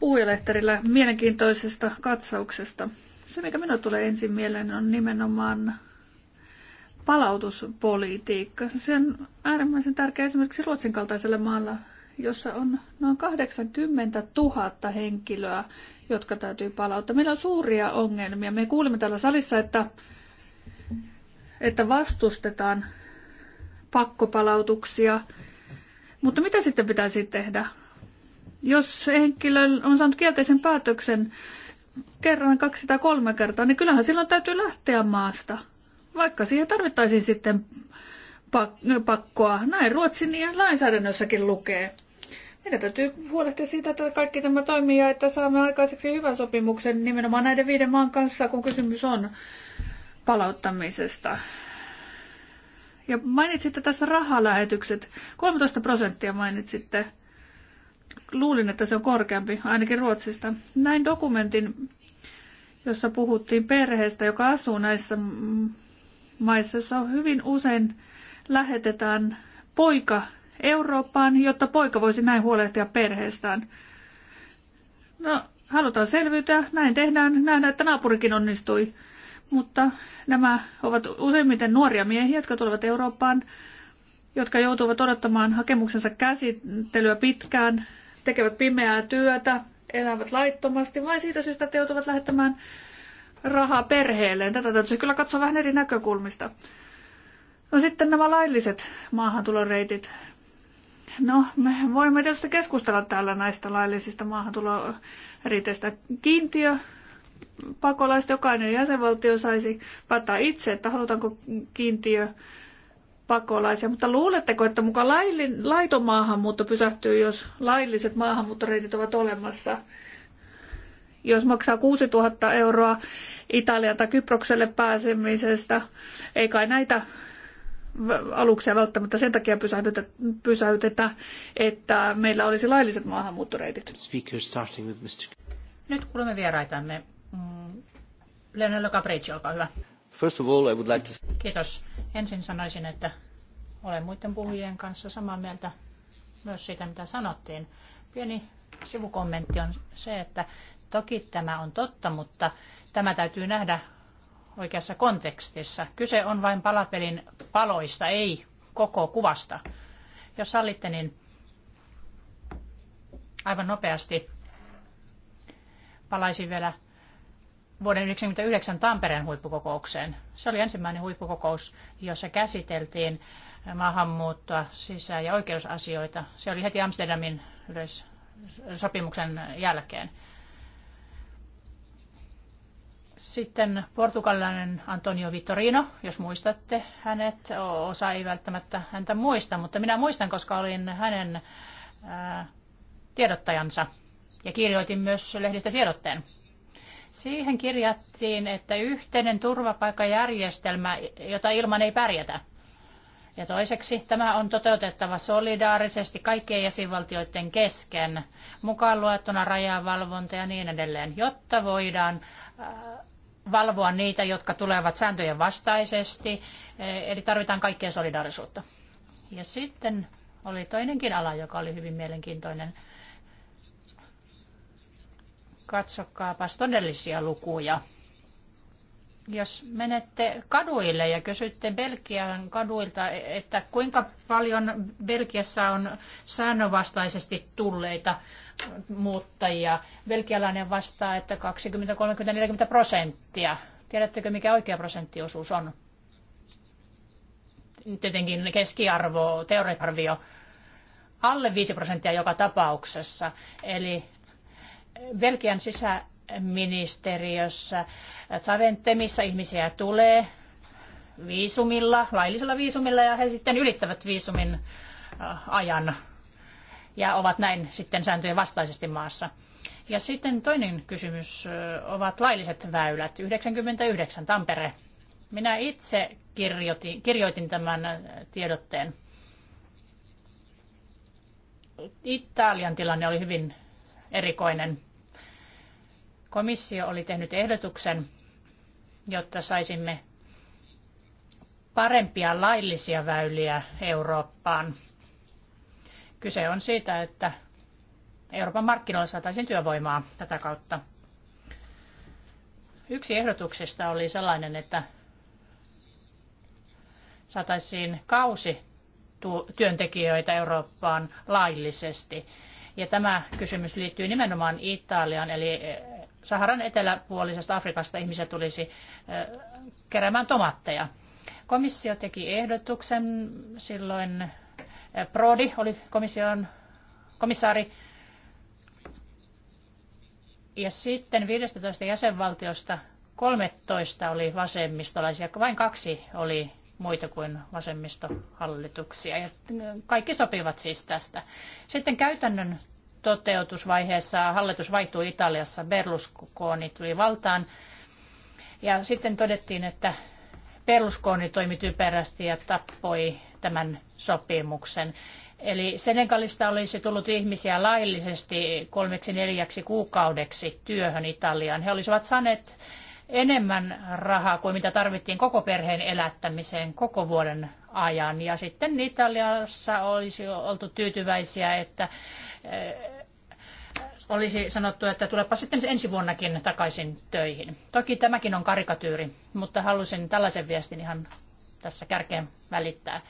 D: puhujalehterillä mielenkiintoisesta katsauksesta. Se, mikä minulle tulee ensin mieleen, on nimenomaan palautuspolitiikka. Se on äärimmäisen tärkeä esimerkiksi Ruotsin kaltaisella maalla, jossa on noin 80 000 henkilöä, jotka täytyy palauttaa. Meillä on suuria ongelmia. Me kuulimme täällä salissa, että, että vastustetaan pakkopalautuksia. Mutta mitä sitten pitäisi tehdä? Jos henkilö on saanut kielteisen päätöksen kerran, kaksi tai kolme kertaa, niin kyllähän silloin täytyy lähteä maasta. Vaikka siihen tarvittaisiin sitten pakkoa. Näin Ruotsin lainsäädännössäkin lukee. Meidän täytyy huolehtia siitä, että kaikki tämä toimii ja että saamme aikaiseksi hyvän sopimuksen nimenomaan näiden viiden maan kanssa, kun kysymys on palauttamisesta. Ja mainitsitte tässä rahalähetykset. 13 prosenttia mainitsitte. Luulin, että se on korkeampi, ainakin Ruotsista. Näin dokumentin, jossa puhuttiin perheestä, joka asuu näissä maissa, jossa hyvin usein lähetetään poika Eurooppaan, jotta poika voisi näin huolehtia perheestään. No, halutaan selviytyä, näin tehdään, nähdään, että naapurikin onnistui. Mutta nämä ovat useimmiten nuoria miehiä, jotka tulevat Eurooppaan, jotka joutuvat odottamaan hakemuksensa käsittelyä pitkään, tekevät pimeää työtä, elävät laittomasti, vain siitä syystä, että joutuvat lähettämään rahaa perheelleen. Tätä täytyy kyllä katsoa vähän eri näkökulmista. No sitten nämä lailliset maahantuloreitit. No, me voimme tietysti keskustella täällä näistä laillisista maahantuloriteistä. Kiintiö, pakolaiset, jokainen jäsenvaltio saisi päättää itse, että halutaanko kiintiö pakolaisia. Mutta luuletteko, että mukaan laillin, laiton maahanmuutto pysähtyy, jos lailliset maahanmuuttoreitit ovat olemassa? Jos maksaa 6000 euroa Italian tai Kyprokselle pääsemisestä, ei kai näitä aluksia välttämättä sen takia pysäytetä, pysäytetä että meillä olisi lailliset maahanmuuttoreitit. Nyt kuulemme vieraitamme.
B: Mm, Leonello Capricci, olkaa hyvä.
A: First of all, I would like to...
B: Kiitos. Ensin sanoisin, että olen muiden puhujien kanssa samaa mieltä myös siitä, mitä sanottiin. Pieni sivukommentti on se, että toki tämä on totta, mutta tämä täytyy nähdä oikeassa kontekstissa. Kyse on vain palapelin paloista, ei koko kuvasta. Jos sallitte, niin aivan nopeasti palaisin vielä vuoden 1999 Tampereen huippukokoukseen. Se oli ensimmäinen huippukokous, jossa käsiteltiin maahanmuuttoa, sisä- ja oikeusasioita. Se oli heti Amsterdamin yleissopimuksen jälkeen. Sitten portugalilainen Antonio Vitorino, jos muistatte hänet. Osa ei välttämättä häntä muista, mutta minä muistan, koska olin hänen tiedottajansa ja kirjoitin myös lehdistötiedotteen. Siihen kirjattiin, että yhteinen turvapaikkajärjestelmä, jota ilman ei pärjätä. Ja toiseksi tämä on toteutettava solidaarisesti kaikkien jäsenvaltioiden kesken, mukaan luettuna rajavalvonta ja niin edelleen, jotta voidaan valvoa niitä, jotka tulevat sääntöjen vastaisesti. Eh, eli tarvitaan kaikkea solidaarisuutta. Ja sitten oli toinenkin ala, joka oli hyvin mielenkiintoinen. Katsokaapas todellisia lukuja jos menette kaduille ja kysytte Belgian kaduilta, että kuinka paljon Belgiassa on säännönvastaisesti tulleita muuttajia, belgialainen vastaa, että 20, 30, 40 prosenttia. Tiedättekö, mikä oikea prosenttiosuus on? Tietenkin keskiarvo, teoriarvio alle 5 prosenttia joka tapauksessa. Eli Belgian sisä ministeriössä. missä ihmisiä tulee viisumilla, laillisella viisumilla ja he sitten ylittävät viisumin äh, ajan ja ovat näin sitten sääntöjen vastaisesti maassa. Ja sitten toinen kysymys äh, ovat lailliset väylät. 99 Tampere. Minä itse kirjoitin, kirjoitin tämän äh, tiedotteen. Italian tilanne oli hyvin erikoinen. Komissio oli tehnyt ehdotuksen, jotta saisimme parempia laillisia väyliä Eurooppaan. Kyse on siitä, että Euroopan markkinoilla saataisiin työvoimaa tätä kautta. Yksi ehdotuksista oli sellainen, että saataisiin kausi työntekijöitä Eurooppaan laillisesti. Ja tämä kysymys liittyy nimenomaan Italian eli Saharan eteläpuolisesta Afrikasta ihmisiä tulisi keräämään tomaatteja. Komissio teki ehdotuksen, silloin Prodi oli komission komissaari, ja sitten 15 jäsenvaltiosta 13 oli vasemmistolaisia, vain kaksi oli muita kuin vasemmistohallituksia. Ja kaikki sopivat siis tästä. Sitten käytännön toteutusvaiheessa hallitus vaihtui Italiassa, Berlusconi tuli valtaan. Ja sitten todettiin, että Berlusconi toimi typerästi ja tappoi tämän sopimuksen. Eli Senegalista olisi tullut ihmisiä laillisesti kolmeksi neljäksi kuukaudeksi työhön Italiaan. He olisivat saaneet enemmän rahaa kuin mitä tarvittiin koko perheen elättämiseen koko vuoden ajan. Ja sitten Italiassa olisi oltu tyytyväisiä, että olisi sanottu, että tulepa sitten ensi vuonnakin takaisin töihin. Toki tämäkin on karikatyyri, mutta halusin tällaisen viestin ihan tässä kärkeen välittää.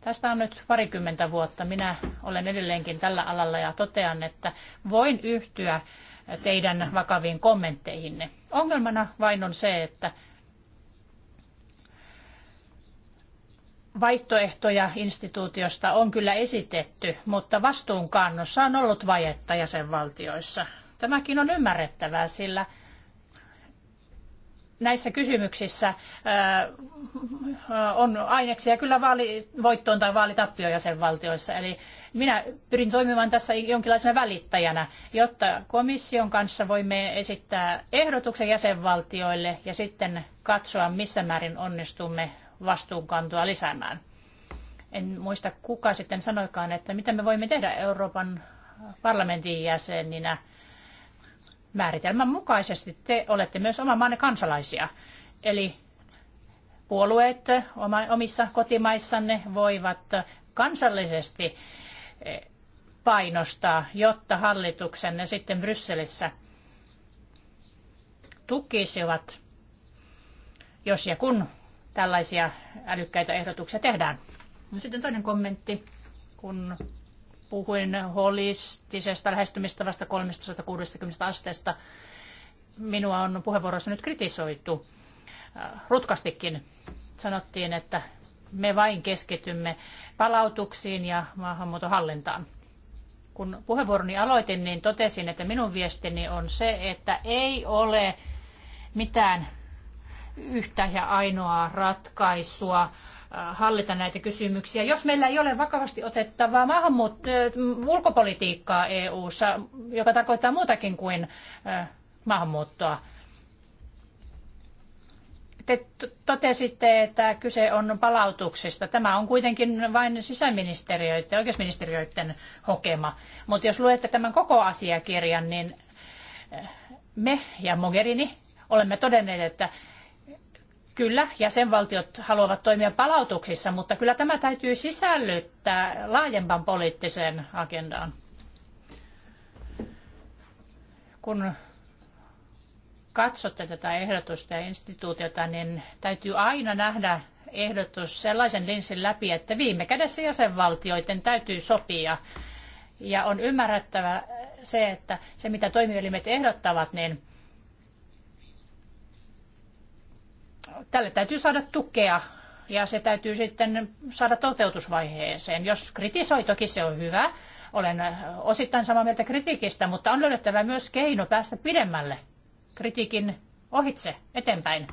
B: Tästä on nyt parikymmentä vuotta. Minä olen edelleenkin tällä alalla ja totean, että voin yhtyä teidän vakaviin kommentteihinne. Ongelmana vain on se, että vaihtoehtoja instituutiosta on kyllä esitetty, mutta vastuunkannossa on ollut vajetta jäsenvaltioissa. Tämäkin on ymmärrettävää, sillä näissä kysymyksissä on aineksia kyllä vaalivoittoon tai vaalitappioon jäsenvaltioissa. Eli minä pyrin toimimaan tässä jonkinlaisena välittäjänä, jotta komission kanssa voimme esittää ehdotuksen jäsenvaltioille ja sitten katsoa, missä määrin onnistumme vastuunkantoa lisäämään. En muista kuka sitten sanoikaan, että mitä me voimme tehdä Euroopan parlamentin jäseninä määritelmän mukaisesti. Te olette myös oman maan kansalaisia. Eli puolueet omissa kotimaissanne voivat kansallisesti eh, painostaa, jotta hallituksenne sitten Brysselissä tukisivat, jos ja kun tällaisia älykkäitä ehdotuksia tehdään. No sitten toinen kommentti, kun puhuin holistisesta lähestymistavasta 360 asteesta. Minua on puheenvuorossa nyt kritisoitu äh, rutkastikin. Sanottiin, että me vain keskitymme palautuksiin ja maahanmuuton hallintaan. Kun puheenvuoroni aloitin, niin totesin, että minun viestini on se, että ei ole mitään yhtä ja ainoaa ratkaisua äh, hallita näitä kysymyksiä. Jos meillä ei ole vakavasti otettavaa äh, ulkopolitiikkaa EU-ssa, joka tarkoittaa muutakin kuin äh, maahanmuuttoa, te totesitte, että kyse on palautuksista. Tämä on kuitenkin vain sisäministeriöiden oikeusministeriöiden hokema. Mutta jos luette tämän koko asiakirjan, niin me ja Mogherini olemme todenneet, että Kyllä, jäsenvaltiot haluavat toimia palautuksissa, mutta kyllä tämä täytyy sisällyttää laajempaan poliittiseen agendaan. Kun katsotte tätä ehdotusta ja instituutiota, niin täytyy aina nähdä ehdotus sellaisen linssin läpi, että viime kädessä jäsenvaltioiden täytyy sopia. Ja on ymmärrettävä se, että se mitä toimielimet ehdottavat, niin tälle täytyy saada tukea ja se täytyy sitten saada toteutusvaiheeseen. Jos kritisoi, toki se on hyvä. Olen osittain samaa mieltä kritiikistä, mutta on löydettävä myös keino päästä pidemmälle kritiikin ohitse eteenpäin.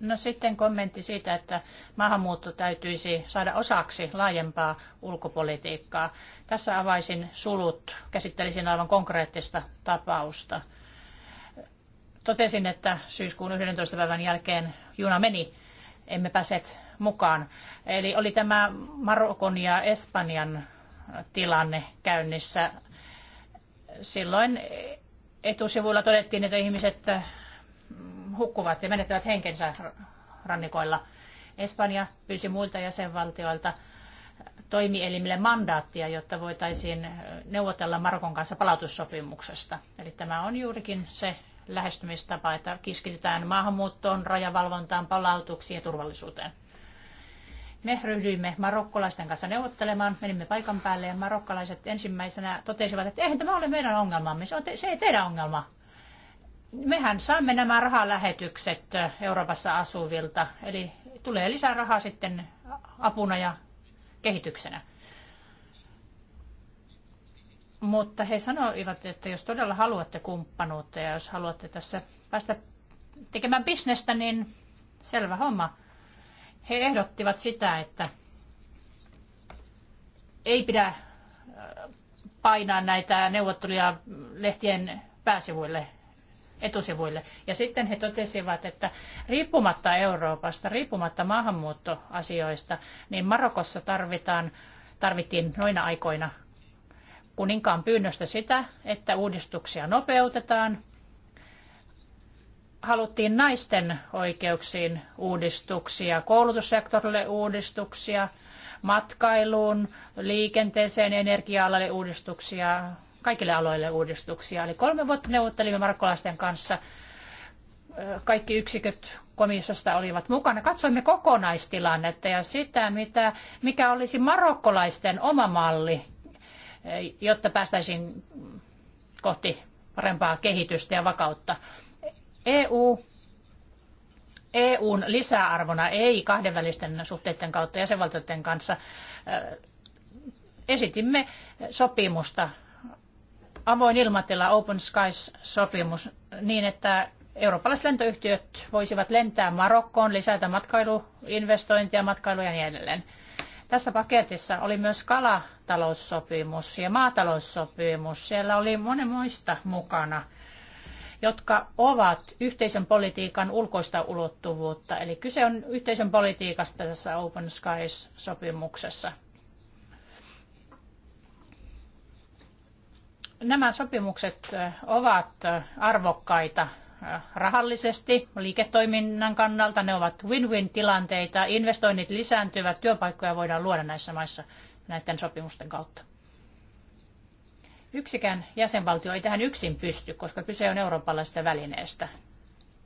B: No sitten kommentti siitä, että maahanmuutto täytyisi saada osaksi laajempaa ulkopolitiikkaa. Tässä avaisin sulut, käsittelisin aivan konkreettista tapausta. Totesin, että syyskuun 11. päivän jälkeen juna meni, emme pääset mukaan. Eli oli tämä Marokon ja Espanjan tilanne käynnissä. Silloin etusivuilla todettiin, että ihmiset hukkuvat ja menettävät henkensä rannikoilla. Espanja pyysi muilta jäsenvaltioilta toimielimille mandaattia, jotta voitaisiin neuvotella Marokon kanssa palautussopimuksesta. Eli tämä on juurikin se lähestymistapa, että kiskitytään maahanmuuttoon, rajavalvontaan, palautuksiin ja turvallisuuteen. Me ryhdyimme marokkolaisten kanssa neuvottelemaan, menimme paikan päälle ja marokkalaiset ensimmäisenä totesivat, että eihän tämä ole meidän ongelmamme, se, on te- se ei teidän ongelma mehän saamme nämä rahalähetykset Euroopassa asuvilta, eli tulee lisää rahaa sitten apuna ja kehityksenä. Mutta he sanoivat, että jos todella haluatte kumppanuutta ja jos haluatte tässä päästä tekemään bisnestä, niin selvä homma. He ehdottivat sitä, että ei pidä painaa näitä neuvotteluja lehtien pääsivuille etusivuille. Ja sitten he totesivat, että riippumatta Euroopasta, riippumatta maahanmuuttoasioista, niin Marokossa tarvitaan, tarvittiin noina aikoina kuninkaan pyynnöstä sitä, että uudistuksia nopeutetaan. Haluttiin naisten oikeuksiin uudistuksia, koulutussektorille uudistuksia, matkailuun, liikenteeseen, energia-alalle uudistuksia, kaikille aloille uudistuksia. Eli kolme vuotta neuvottelimme markkolaisten kanssa. Kaikki yksiköt komissiosta olivat mukana. Katsoimme kokonaistilannetta ja sitä, mitä, mikä olisi marokkolaisten oma malli, jotta päästäisiin kohti parempaa kehitystä ja vakautta. EU EUn lisäarvona ei kahdenvälisten suhteiden kautta jäsenvaltioiden kanssa esitimme sopimusta avoin ilmatila, Open Skies-sopimus, niin että eurooppalaiset lentoyhtiöt voisivat lentää Marokkoon, lisätä matkailuinvestointia, matkailu ja niin edelleen. Tässä paketissa oli myös kalataloussopimus ja maataloussopimus. Siellä oli monen muista mukana, jotka ovat yhteisön politiikan ulkoista ulottuvuutta. Eli kyse on yhteisön politiikasta tässä Open Skies-sopimuksessa. Nämä sopimukset ovat arvokkaita rahallisesti, liiketoiminnan kannalta. Ne ovat win-win tilanteita, investoinnit lisääntyvät, työpaikkoja voidaan luoda näissä maissa näiden sopimusten kautta. Yksikään jäsenvaltio ei tähän yksin pysty, koska kyse on eurooppalaisesta välineestä.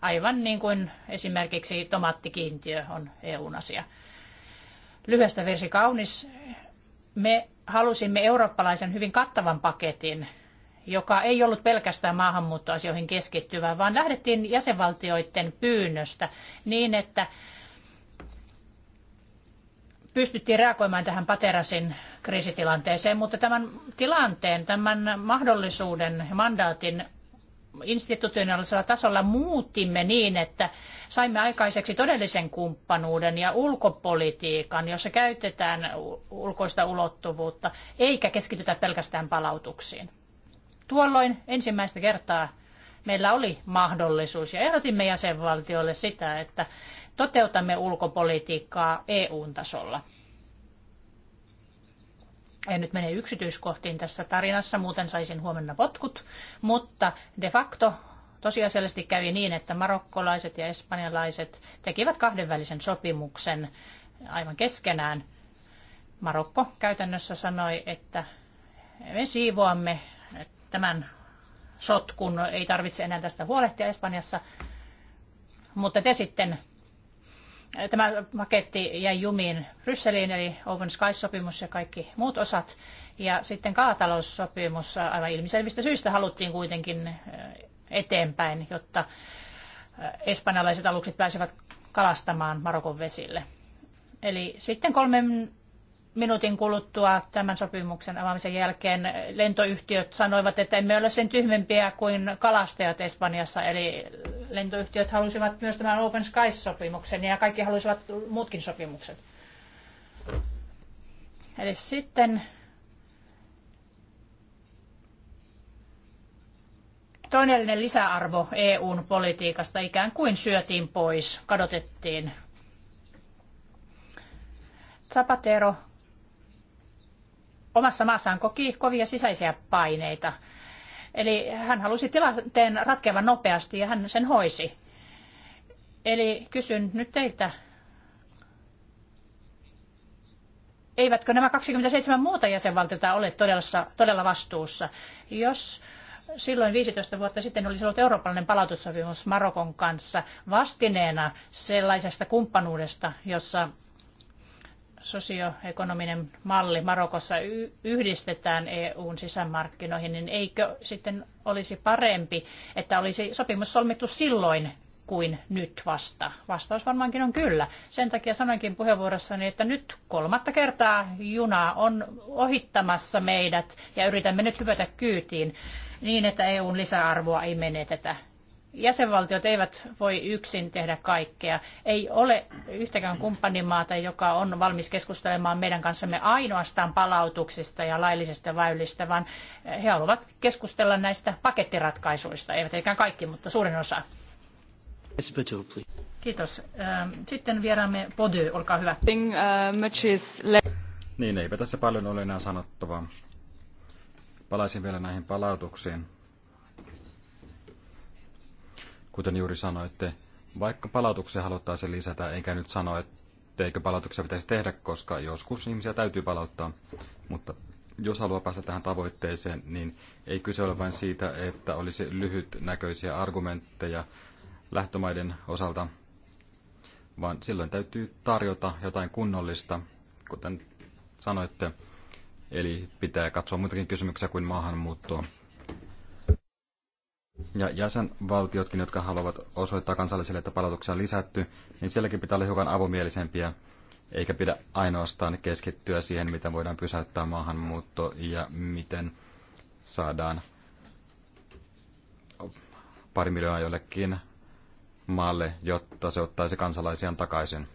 B: Aivan niin kuin esimerkiksi tomaattikiintiö on EUn asia. Lyhyestä versi kaunis. Me halusimme eurooppalaisen hyvin kattavan paketin joka ei ollut pelkästään maahanmuuttoasioihin keskittyvä, vaan lähdettiin jäsenvaltioiden pyynnöstä niin, että pystyttiin reagoimaan tähän Paterasin kriisitilanteeseen, mutta tämän tilanteen, tämän mahdollisuuden ja mandaatin institutionaalisella tasolla muutimme niin, että saimme aikaiseksi todellisen kumppanuuden ja ulkopolitiikan, jossa käytetään ulkoista ulottuvuutta, eikä keskitytä pelkästään palautuksiin. Tuolloin ensimmäistä kertaa meillä oli mahdollisuus ja ehdotimme jäsenvaltiolle sitä, että toteutamme ulkopolitiikkaa EU-tasolla. En nyt mene yksityiskohtiin tässä tarinassa, muuten saisin huomenna potkut, mutta de facto tosiasiallisesti kävi niin, että marokkolaiset ja espanjalaiset tekivät kahdenvälisen sopimuksen aivan keskenään. Marokko käytännössä sanoi, että me siivoamme tämän sotkun. Ei tarvitse enää tästä huolehtia Espanjassa. Mutta te sitten, tämä paketti jäi jumiin Brysseliin, eli Open Skies-sopimus ja kaikki muut osat. Ja sitten kaataloussopimus aivan ilmiselvistä syistä haluttiin kuitenkin eteenpäin, jotta espanjalaiset alukset pääsevät kalastamaan Marokon vesille. Eli sitten kolmen minuutin kuluttua tämän sopimuksen avaamisen jälkeen lentoyhtiöt sanoivat, että emme ole sen tyhmempiä kuin kalastajat Espanjassa. Eli lentoyhtiöt halusivat myös tämän Open Skies-sopimuksen ja kaikki halusivat muutkin sopimukset. Eli sitten toinen lisäarvo EUn politiikasta ikään kuin syötiin pois, kadotettiin. Zapatero omassa maassaan koki kovia sisäisiä paineita. Eli hän halusi tilanteen ratkeavan nopeasti ja hän sen hoisi. Eli kysyn nyt teiltä, eivätkö nämä 27 muuta jäsenvaltiota ole todella, todella vastuussa? Jos silloin 15 vuotta sitten olisi ollut eurooppalainen palautussopimus Marokon kanssa vastineena sellaisesta kumppanuudesta, jossa sosioekonominen malli Marokossa yhdistetään EUn sisämarkkinoihin, niin eikö sitten olisi parempi, että olisi sopimus solmittu silloin kuin nyt vasta? Vastaus varmaankin on kyllä. Sen takia sanoinkin puheenvuorossani, että nyt kolmatta kertaa juna on ohittamassa meidät ja yritämme nyt hypätä kyytiin niin, että EUn lisäarvoa ei menetetä jäsenvaltiot eivät voi yksin tehdä kaikkea. Ei ole yhtäkään kumppanimaata, joka on valmis keskustelemaan meidän kanssamme ainoastaan palautuksista ja laillisista väylistä, vaan he haluavat keskustella näistä pakettiratkaisuista. Eivät eikä kaikki, mutta suurin osa. Kiitos. Ähm, sitten vieraamme Pody, olkaa hyvä. Uh,
C: niin, eipä tässä paljon ole enää sanottavaa. Palaisin vielä näihin palautuksiin. Kuten juuri sanoitte, vaikka palautuksia haluttaisiin lisätä, enkä nyt sano, etteikö palautuksia pitäisi tehdä, koska joskus ihmisiä täytyy palauttaa, mutta jos haluaa päästä tähän tavoitteeseen, niin ei kyse ole vain siitä, että olisi lyhytnäköisiä argumentteja lähtömaiden osalta, vaan silloin täytyy tarjota jotain kunnollista, kuten sanoitte. Eli pitää katsoa muitakin kysymyksiä kuin maahanmuuttoa. Ja jäsenvaltiotkin, jotka haluavat osoittaa kansallisille, että palautuksia on lisätty, niin sielläkin pitää olla hiukan avomielisempiä, eikä pidä ainoastaan keskittyä siihen, miten voidaan pysäyttää maahanmuutto ja miten saadaan pari miljoonaa jollekin maalle, jotta se ottaisi kansalaisiaan takaisin.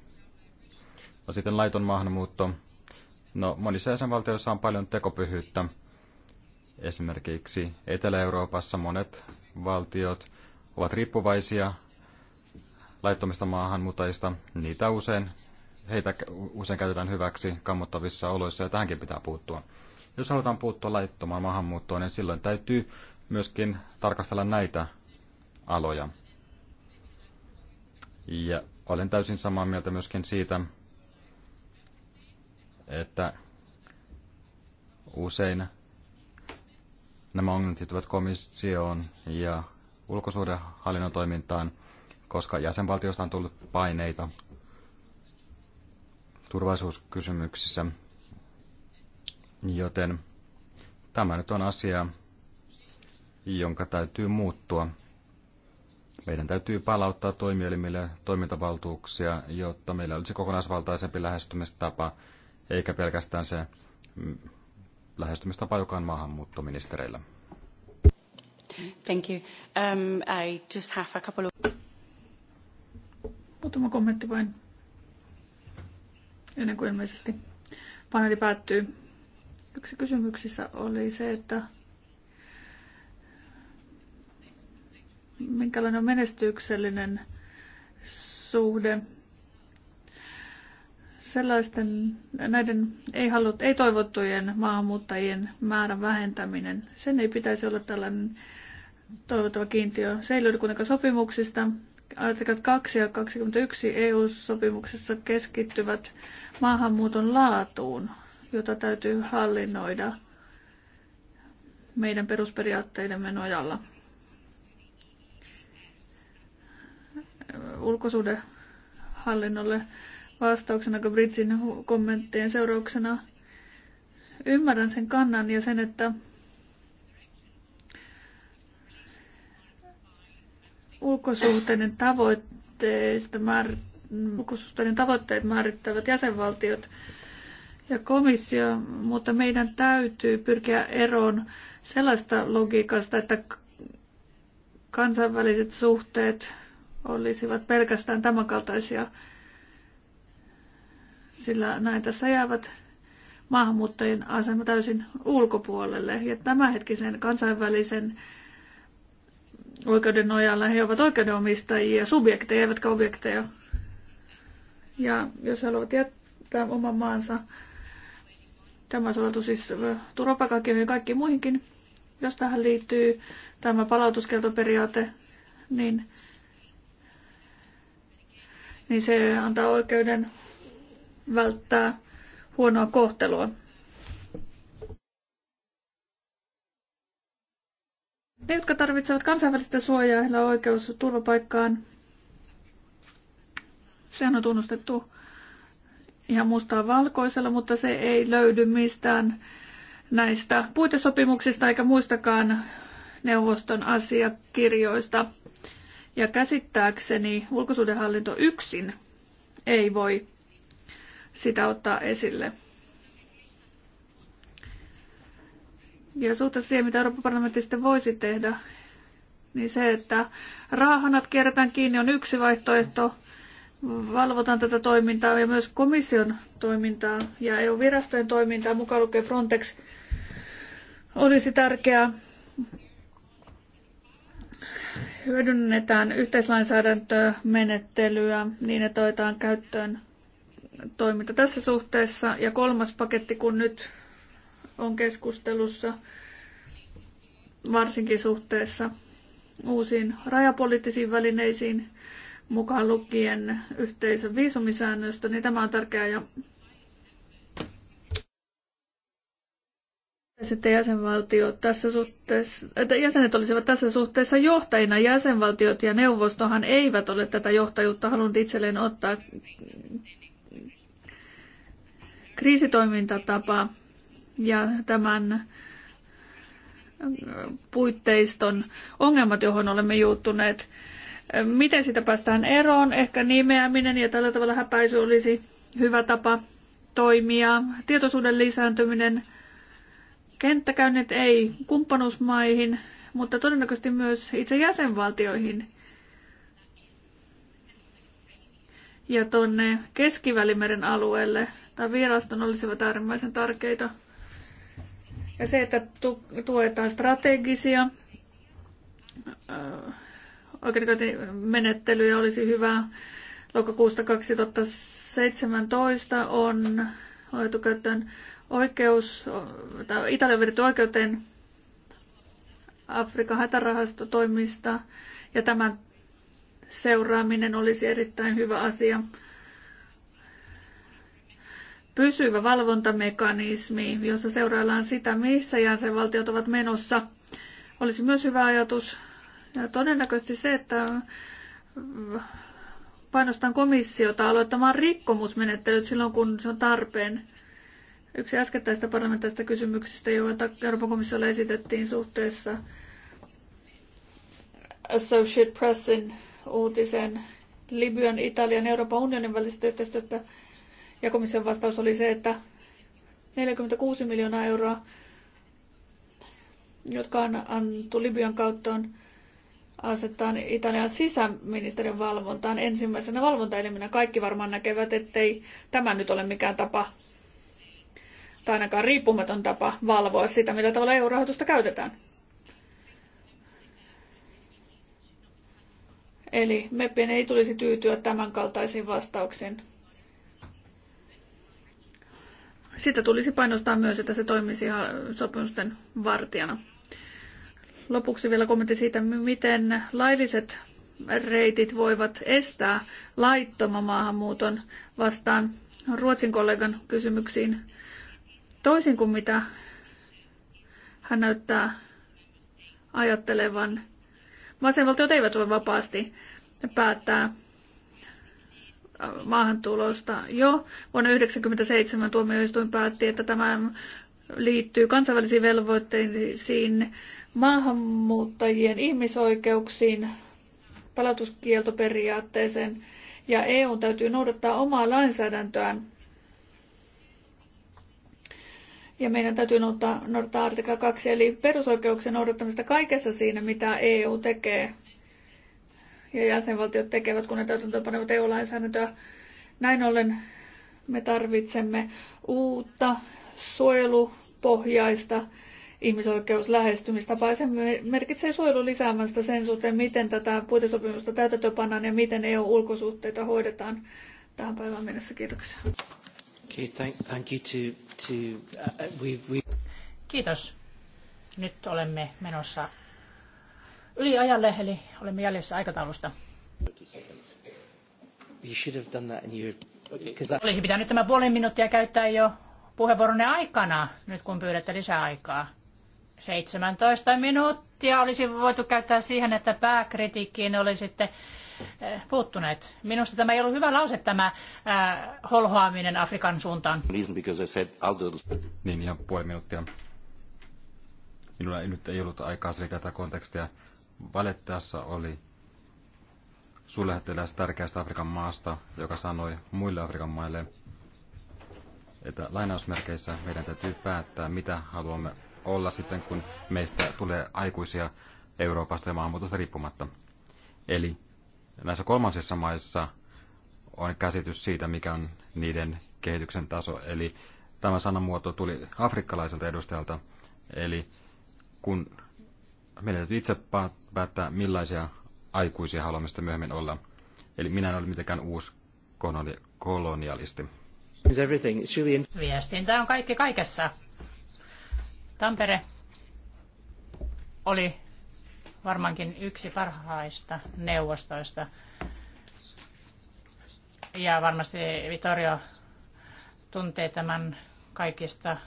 C: No sitten laiton maahanmuutto. No monissa jäsenvaltioissa on paljon tekopyhyyttä. Esimerkiksi Etelä-Euroopassa monet valtiot ovat riippuvaisia laittomista maahanmuuttajista. Niitä usein, heitä usein käytetään hyväksi kammottavissa oloissa ja tähänkin pitää puuttua. Jos halutaan puuttua laittomaan maahanmuuttoon, niin silloin täytyy myöskin tarkastella näitä aloja. Ja olen täysin samaa mieltä myöskin siitä, että usein Nämä ongelmat liittyvät komissioon ja ulkosuhdehallinnon toimintaan, koska jäsenvaltiosta on tullut paineita turvallisuuskysymyksissä. Joten tämä nyt on asia, jonka täytyy muuttua. Meidän täytyy palauttaa toimielimille toimintavaltuuksia, jotta meillä olisi kokonaisvaltaisempi lähestymistapa, eikä pelkästään se, lähestymistapa, joka on maahanmuuttoministereillä.
B: Thank you. Um, I just have a couple of...
D: Muutama kommentti vain, ennen kuin ilmeisesti paneeli päättyy. Yksi kysymyksissä oli se, että minkälainen on menestyksellinen suhde sellaisten näiden ei, halut, ei toivottujen maahanmuuttajien määrän vähentäminen. Sen ei pitäisi olla tällainen toivottava kiintiö. Se ei löydy kuitenkaan sopimuksista. Artikat 2 ja 21 EU-sopimuksessa keskittyvät maahanmuuton laatuun, jota täytyy hallinnoida meidän perusperiaatteidemme nojalla. hallinnolle vastauksena Gabritsin kommenttien seurauksena. Ymmärrän sen kannan ja sen, että ulkosuhteiden tavoitteista määr... ulkosuhteiden tavoitteet määrittävät jäsenvaltiot ja komissio, mutta meidän täytyy pyrkiä eroon sellaista logiikasta, että kansainväliset suhteet olisivat pelkästään tämänkaltaisia kaltaisia sillä näin tässä jäävät maahanmuuttajien asema täysin ulkopuolelle. Ja tämänhetkisen kansainvälisen oikeuden nojalla he ovat oikeudenomistajia, subjekteja, eivätkä objekteja. Ja jos he haluavat jättää oman maansa, tämä soveltuu siis turvapaikanhakijoihin ja kaikkiin muihinkin, jos tähän liittyy tämä palautuskeltoperiaate, niin, niin se antaa oikeuden välttää huonoa kohtelua. Ne, jotka tarvitsevat kansainvälistä suojaa, heillä on oikeus turvapaikkaan. Sehän on tunnustettu ihan mustaa valkoisella, mutta se ei löydy mistään näistä puitesopimuksista eikä muistakaan neuvoston asiakirjoista. Ja käsittääkseni ulkosuudenhallinto yksin ei voi sitä ottaa esille. Ja suhteessa siihen, mitä Euroopan parlamentti sitten voisi tehdä, niin se, että raahanat kierretään kiinni on yksi vaihtoehto. Valvotaan tätä toimintaa ja myös komission toimintaa ja EU-virastojen toimintaa, mukaan lukee Frontex, olisi tärkeää. Hyödynnetään yhteislainsäädäntömenettelyä niin, että otetaan käyttöön toiminta tässä suhteessa. Ja kolmas paketti, kun nyt on keskustelussa, varsinkin suhteessa uusiin rajapoliittisiin välineisiin, mukaan lukien yhteisön viisumisäännöstä, niin tämä on tärkeää. Ja sitten jäsenvaltiot tässä suhteessa, että jäsenet olisivat tässä suhteessa johtajina. Jäsenvaltiot ja neuvostohan eivät ole tätä johtajuutta halunnut itselleen ottaa kriisitoimintatapa ja tämän puitteiston ongelmat, johon olemme juuttuneet. Miten sitä päästään eroon? Ehkä nimeäminen ja tällä tavalla häpäisy olisi hyvä tapa toimia. Tietoisuuden lisääntyminen, kenttäkäynnit ei kumppanuusmaihin, mutta todennäköisesti myös itse jäsenvaltioihin ja tuonne keskivälimeren alueelle tai viraston olisivat äärimmäisen tärkeitä. Ja se, että tuetaan strategisia oikeudenkäyntimenettelyjä olisi hyvä. Lokakuusta 2017 on otettu käyttöön oikeus, tai Italian vedetty oikeuteen Afrikan hätärahastotoimista, ja tämän seuraaminen olisi erittäin hyvä asia pysyvä valvontamekanismi, jossa seuraillaan sitä, missä jäsenvaltiot ovat menossa, olisi myös hyvä ajatus. Ja todennäköisesti se, että painostan komissiota aloittamaan rikkomusmenettelyt silloin, kun se on tarpeen. Yksi äskettäistä parlamentaista kysymyksistä, joita Euroopan komissiolle esitettiin suhteessa Associate Pressin uutisen Libyan, Italian ja Euroopan unionin välisestä yhteistyöstä, ja komission vastaus oli se, että 46 miljoonaa euroa, jotka on antu Libyan kauttaan, asettaan Italian sisäministeriön valvontaan ensimmäisenä valvontaelimenä. Kaikki varmaan näkevät, ettei tämä nyt ole mikään tapa tai ainakaan riippumaton tapa valvoa sitä, millä tavalla EU-rahoitusta käytetään. Eli meppien ei tulisi tyytyä tämänkaltaisiin vastauksiin sitä tulisi painostaa myös, että se toimisi sopimusten vartijana. Lopuksi vielä kommentti siitä, miten lailliset reitit voivat estää laittoman maahanmuuton vastaan Ruotsin kollegan kysymyksiin. Toisin kuin mitä hän näyttää ajattelevan, vasenvaltiot eivät voi vapaasti päättää maahantulosta. Jo vuonna 1997 tuomioistuin päätti, että tämä liittyy kansainvälisiin velvoitteisiin, maahanmuuttajien ihmisoikeuksiin, palautuskieltoperiaatteeseen ja EU täytyy noudattaa omaa lainsäädäntöään. Ja meidän täytyy noudattaa, noudattaa artikla 2, eli perusoikeuksien noudattamista kaikessa siinä, mitä EU tekee ja jäsenvaltiot tekevät, kun ne täytäntöönpanevat EU-lainsäädäntöä. Näin ollen me tarvitsemme uutta suojelupohjaista ihmisoikeuslähestymistapaa. Se merkitsee suojelun lisäämästä sen suhteen, miten tätä puitesopimusta täytäntöönpannaan ja miten EU-ulkosuhteita hoidetaan tähän päivään mennessä. Kiitoksia.
A: Okay, thank, thank you to, to, uh, uh we, we...
D: Kiitos.
B: Nyt olemme menossa yliajalle, eli olemme jäljessä aikataulusta. Olisi pitänyt tämä puoli minuuttia käyttää jo puheenvuoronne aikana, nyt kun pyydätte lisää aikaa. 17 minuuttia olisi voitu käyttää siihen, että pääkritiikkiin olisitte eh, puuttuneet. Minusta tämä ei ollut hyvä lause, tämä äh, holhoaminen Afrikan suuntaan.
C: Niin, ihan puoli minuuttia. Minulla ei, nyt ei ollut aikaa selittää tätä kontekstia valettaessa oli suurlähettiläs tärkeästä Afrikan maasta, joka sanoi muille Afrikan maille, että lainausmerkeissä meidän täytyy päättää, mitä haluamme olla sitten, kun meistä tulee aikuisia Euroopasta ja maahanmuutosta riippumatta. Eli näissä kolmansissa maissa on käsitys siitä, mikä on niiden kehityksen taso. Eli tämä sanamuoto tuli afrikkalaiselta edustajalta. Eli kun meidän täytyy itse päättää, millaisia aikuisia haluamme sitten myöhemmin olla. Eli minä en ole mitenkään uusi kolonialisti.
B: Viestintä on kaikki kaikessa. Tampere oli varmaankin yksi parhaista neuvostoista. Ja varmasti Vittorio tuntee tämän kaikista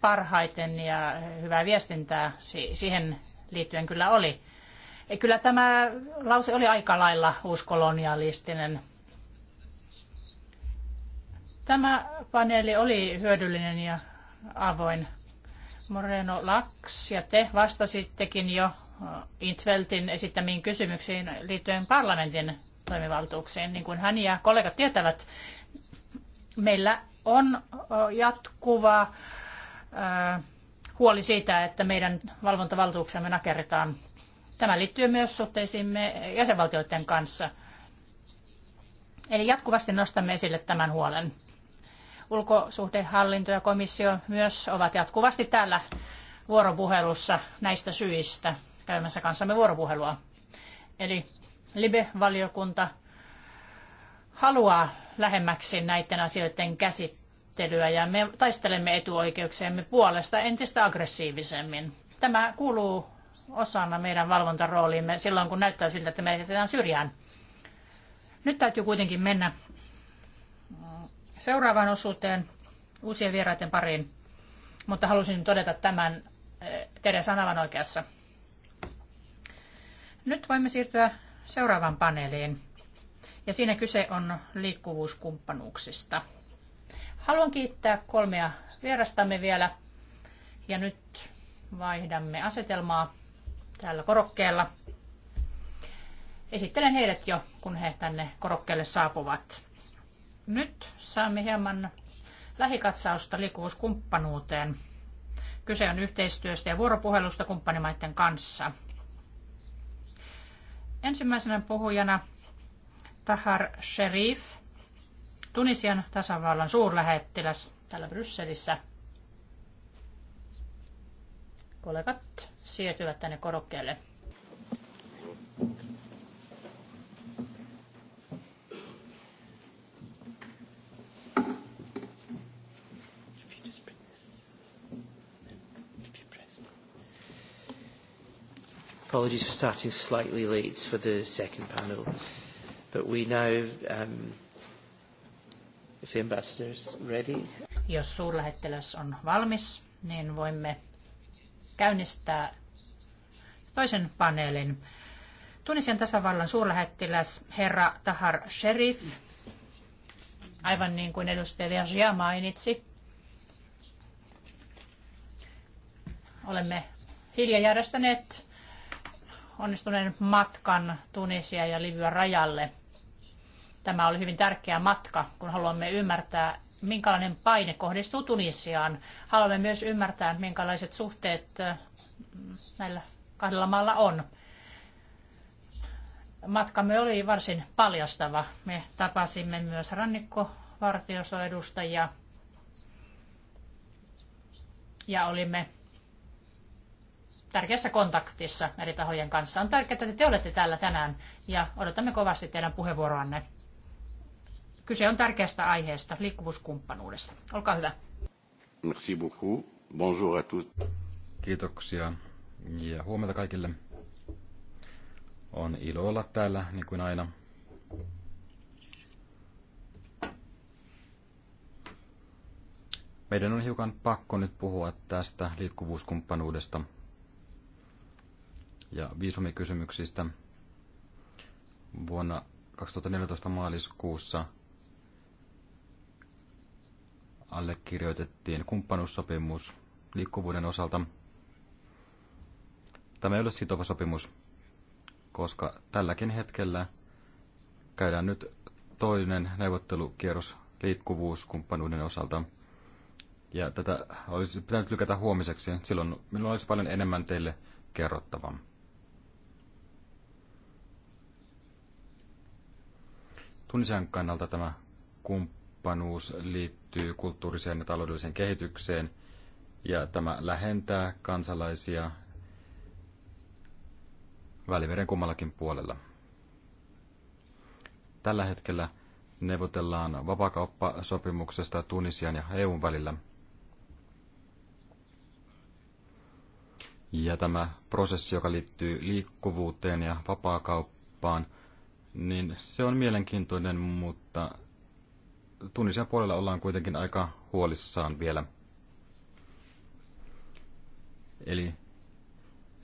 B: parhaiten ja hyvää viestintää siihen liittyen kyllä oli. Kyllä tämä lause oli aika lailla uuskolonialistinen. Tämä paneeli oli hyödyllinen ja avoin. Moreno Laks ja te vastasittekin jo äh, Intveltin esittämiin kysymyksiin liittyen parlamentin toimivaltuuksiin. Niin kuin hän ja kollegat tietävät, meillä on äh, jatkuva äh, huoli siitä, että meidän valvontavaltuuksemme nakerretaan. Tämä liittyy myös suhteisiimme jäsenvaltioiden kanssa. Eli jatkuvasti nostamme esille tämän huolen. Ulkosuhdehallinto ja komissio myös ovat jatkuvasti täällä vuoropuhelussa näistä syistä käymässä kanssamme vuoropuhelua. Eli Libe-valiokunta haluaa lähemmäksi näiden asioiden käsittelyä väittelyä ja me taistelemme etuoikeuksiemme puolesta entistä aggressiivisemmin. Tämä kuuluu osana meidän valvontarooliimme silloin, kun näyttää siltä, että me jätetään syrjään. Nyt täytyy kuitenkin mennä seuraavaan osuuteen uusien vieraiden pariin, mutta halusin todeta tämän eh, teidän sanavan oikeassa. Nyt voimme siirtyä seuraavaan paneeliin. Ja siinä kyse on liikkuvuuskumppanuuksista. Haluan kiittää kolmea vierastamme vielä. Ja nyt vaihdamme asetelmaa täällä korokkeella. Esittelen heidät jo, kun he tänne korokkeelle saapuvat. Nyt saamme hieman lähikatsausta liikkuvuuskumppanuuteen. Kyse on yhteistyöstä ja vuoropuhelusta kumppanimaiden kanssa. Ensimmäisenä puhujana Tahar Sherif, Tunisian tasavallan suurlähettiläs täällä Brysselissä. Kollegat siirtyvät tänne korokkeelle.
A: Apologies for starting slightly late for the second panel, but we now um, If the ready.
B: Jos suurlähettiläs on valmis, niin voimme käynnistää toisen paneelin. Tunisian tasavallan suurlähettiläs herra Tahar Sherif, aivan niin kuin edustaja Virgia mainitsi. Olemme hiljaa järjestäneet onnistuneen matkan Tunisia ja Libyan rajalle. Tämä oli hyvin tärkeä matka, kun haluamme ymmärtää, minkälainen paine kohdistuu Tunisiaan. Haluamme myös ymmärtää, minkälaiset suhteet äh, näillä kahdella maalla on. Matkamme oli varsin paljastava. Me tapasimme myös rannikkovartiosoedustajia ja olimme tärkeässä kontaktissa eri tahojen kanssa. On tärkeää, että te olette täällä tänään ja odotamme kovasti teidän puheenvuoroanne. Kyse on tärkeästä aiheesta, liikkuvuuskumppanuudesta. Olkaa hyvä.
C: Merci beaucoup. Bonjour à tous. Kiitoksia ja huomenta kaikille. On ilo olla täällä, niin kuin aina. Meidän on hiukan pakko nyt puhua tästä liikkuvuuskumppanuudesta ja viisumikysymyksistä. Vuonna 2014 maaliskuussa allekirjoitettiin kumppanuussopimus liikkuvuuden osalta. Tämä ei ole sitova sopimus, koska tälläkin hetkellä käydään nyt toinen neuvottelukierros liikkuvuuskumppanuuden osalta. Ja tätä olisi pitänyt lykätä huomiseksi. Silloin minulla olisi paljon enemmän teille kerrottavaa. Tunisian kannalta tämä kumppanuus kumppanuus liittyy kulttuuriseen ja taloudelliseen kehitykseen ja tämä lähentää kansalaisia Välimeren kummallakin puolella. Tällä hetkellä neuvotellaan vapakauppasopimuksesta Tunisian ja EUn välillä. Ja tämä prosessi, joka liittyy liikkuvuuteen ja vapaakauppaan, niin se on mielenkiintoinen, mutta Tunisia puolella ollaan kuitenkin aika huolissaan vielä. Eli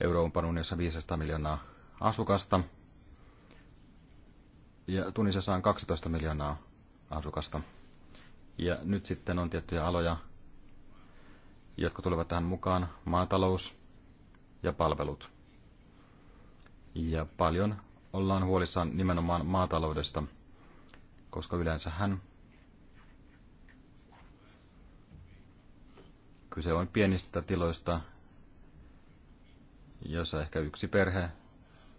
C: Euroopan unionissa 500 miljoonaa asukasta ja Tunisessa on 12 miljoonaa asukasta. Ja nyt sitten on tiettyjä aloja, jotka tulevat tähän mukaan, maatalous ja palvelut. Ja paljon ollaan huolissaan nimenomaan maataloudesta, koska yleensähän Kyse on pienistä tiloista, jossa ehkä yksi perhe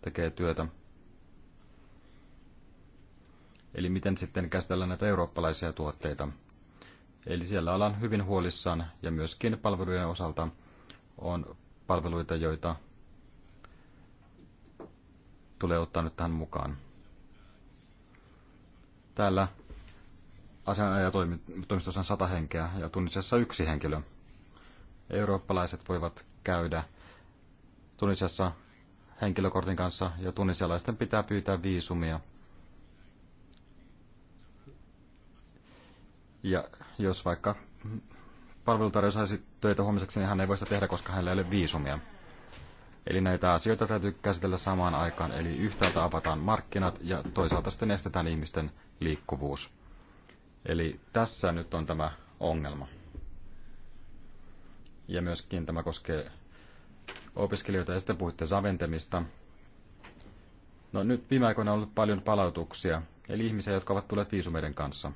C: tekee työtä. Eli miten sitten käsitellään näitä eurooppalaisia tuotteita. Eli siellä ollaan hyvin huolissaan ja myöskin palveluiden osalta on palveluita, joita tulee ottaa nyt tähän mukaan. Täällä asianajatoimistossa on sata henkeä ja tunnisessa yksi henkilö – eurooppalaiset voivat käydä Tunisiassa henkilökortin kanssa ja tunisialaisten pitää pyytää viisumia. Ja jos vaikka palvelutarjo saisi töitä huomiseksi, niin hän ei voi sitä tehdä, koska hänellä ei ole viisumia. Eli näitä asioita täytyy käsitellä samaan aikaan, eli yhtäältä avataan markkinat ja toisaalta sitten estetään ihmisten liikkuvuus. Eli tässä nyt on tämä ongelma ja myöskin tämä koskee opiskelijoita. Ja sitten puhuitte saventemista. No nyt viime aikoina on ollut paljon palautuksia, eli ihmisiä, jotka ovat tulleet viisumeiden kanssa.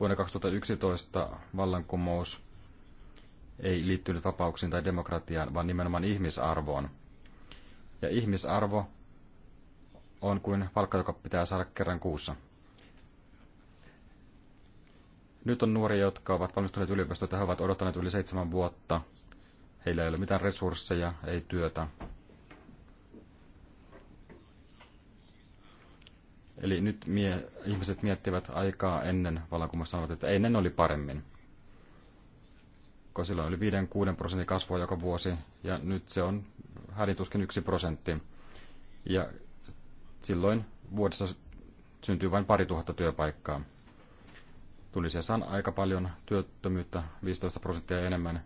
C: Vuonna 2011 vallankumous ei liittynyt vapauksiin tai demokratiaan, vaan nimenomaan ihmisarvoon. Ja ihmisarvo on kuin palkka, joka pitää saada kerran kuussa. Nyt on nuoria, jotka ovat valmistuneet että he ovat odottaneet yli seitsemän vuotta. Heillä ei ole mitään resursseja, ei työtä. Eli nyt mie- ihmiset miettivät aikaa ennen vallankumousta, sanovat, että ennen oli paremmin. Koska silloin oli 5-6 prosentin kasvua joka vuosi, ja nyt se on hädituskin 1 prosentti. Ja silloin vuodessa syntyy vain pari tuhatta työpaikkaa. Tunisiassa on aika paljon työttömyyttä, 15 prosenttia enemmän,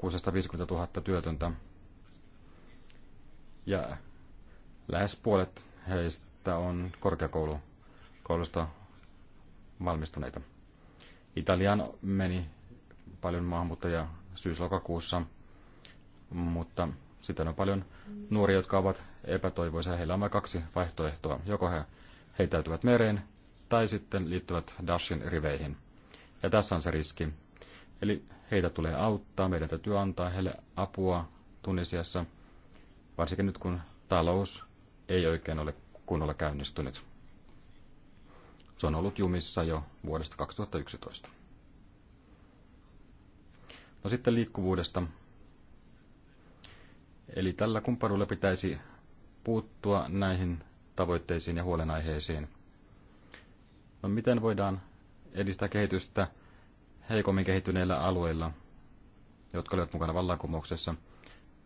C: 650 000 työtöntä. Ja lähes puolet heistä on korkeakoulusta valmistuneita. Italiaan meni paljon maahanmuuttajia syyslokakuussa, mutta sitten on paljon nuoria, jotka ovat epätoivoisia. Heillä on vain kaksi vaihtoehtoa. Joko he heittäytyvät mereen tai sitten liittyvät Dashin riveihin. Ja tässä on se riski. Eli heitä tulee auttaa, meidän täytyy antaa heille apua Tunisiassa, varsinkin nyt kun talous ei oikein ole kunnolla käynnistynyt. Se on ollut jumissa jo vuodesta 2011. No sitten liikkuvuudesta. Eli tällä kumppanuudella pitäisi puuttua näihin tavoitteisiin ja huolenaiheisiin. No miten voidaan edistää kehitystä heikommin kehittyneillä alueilla, jotka olivat mukana vallankumouksessa?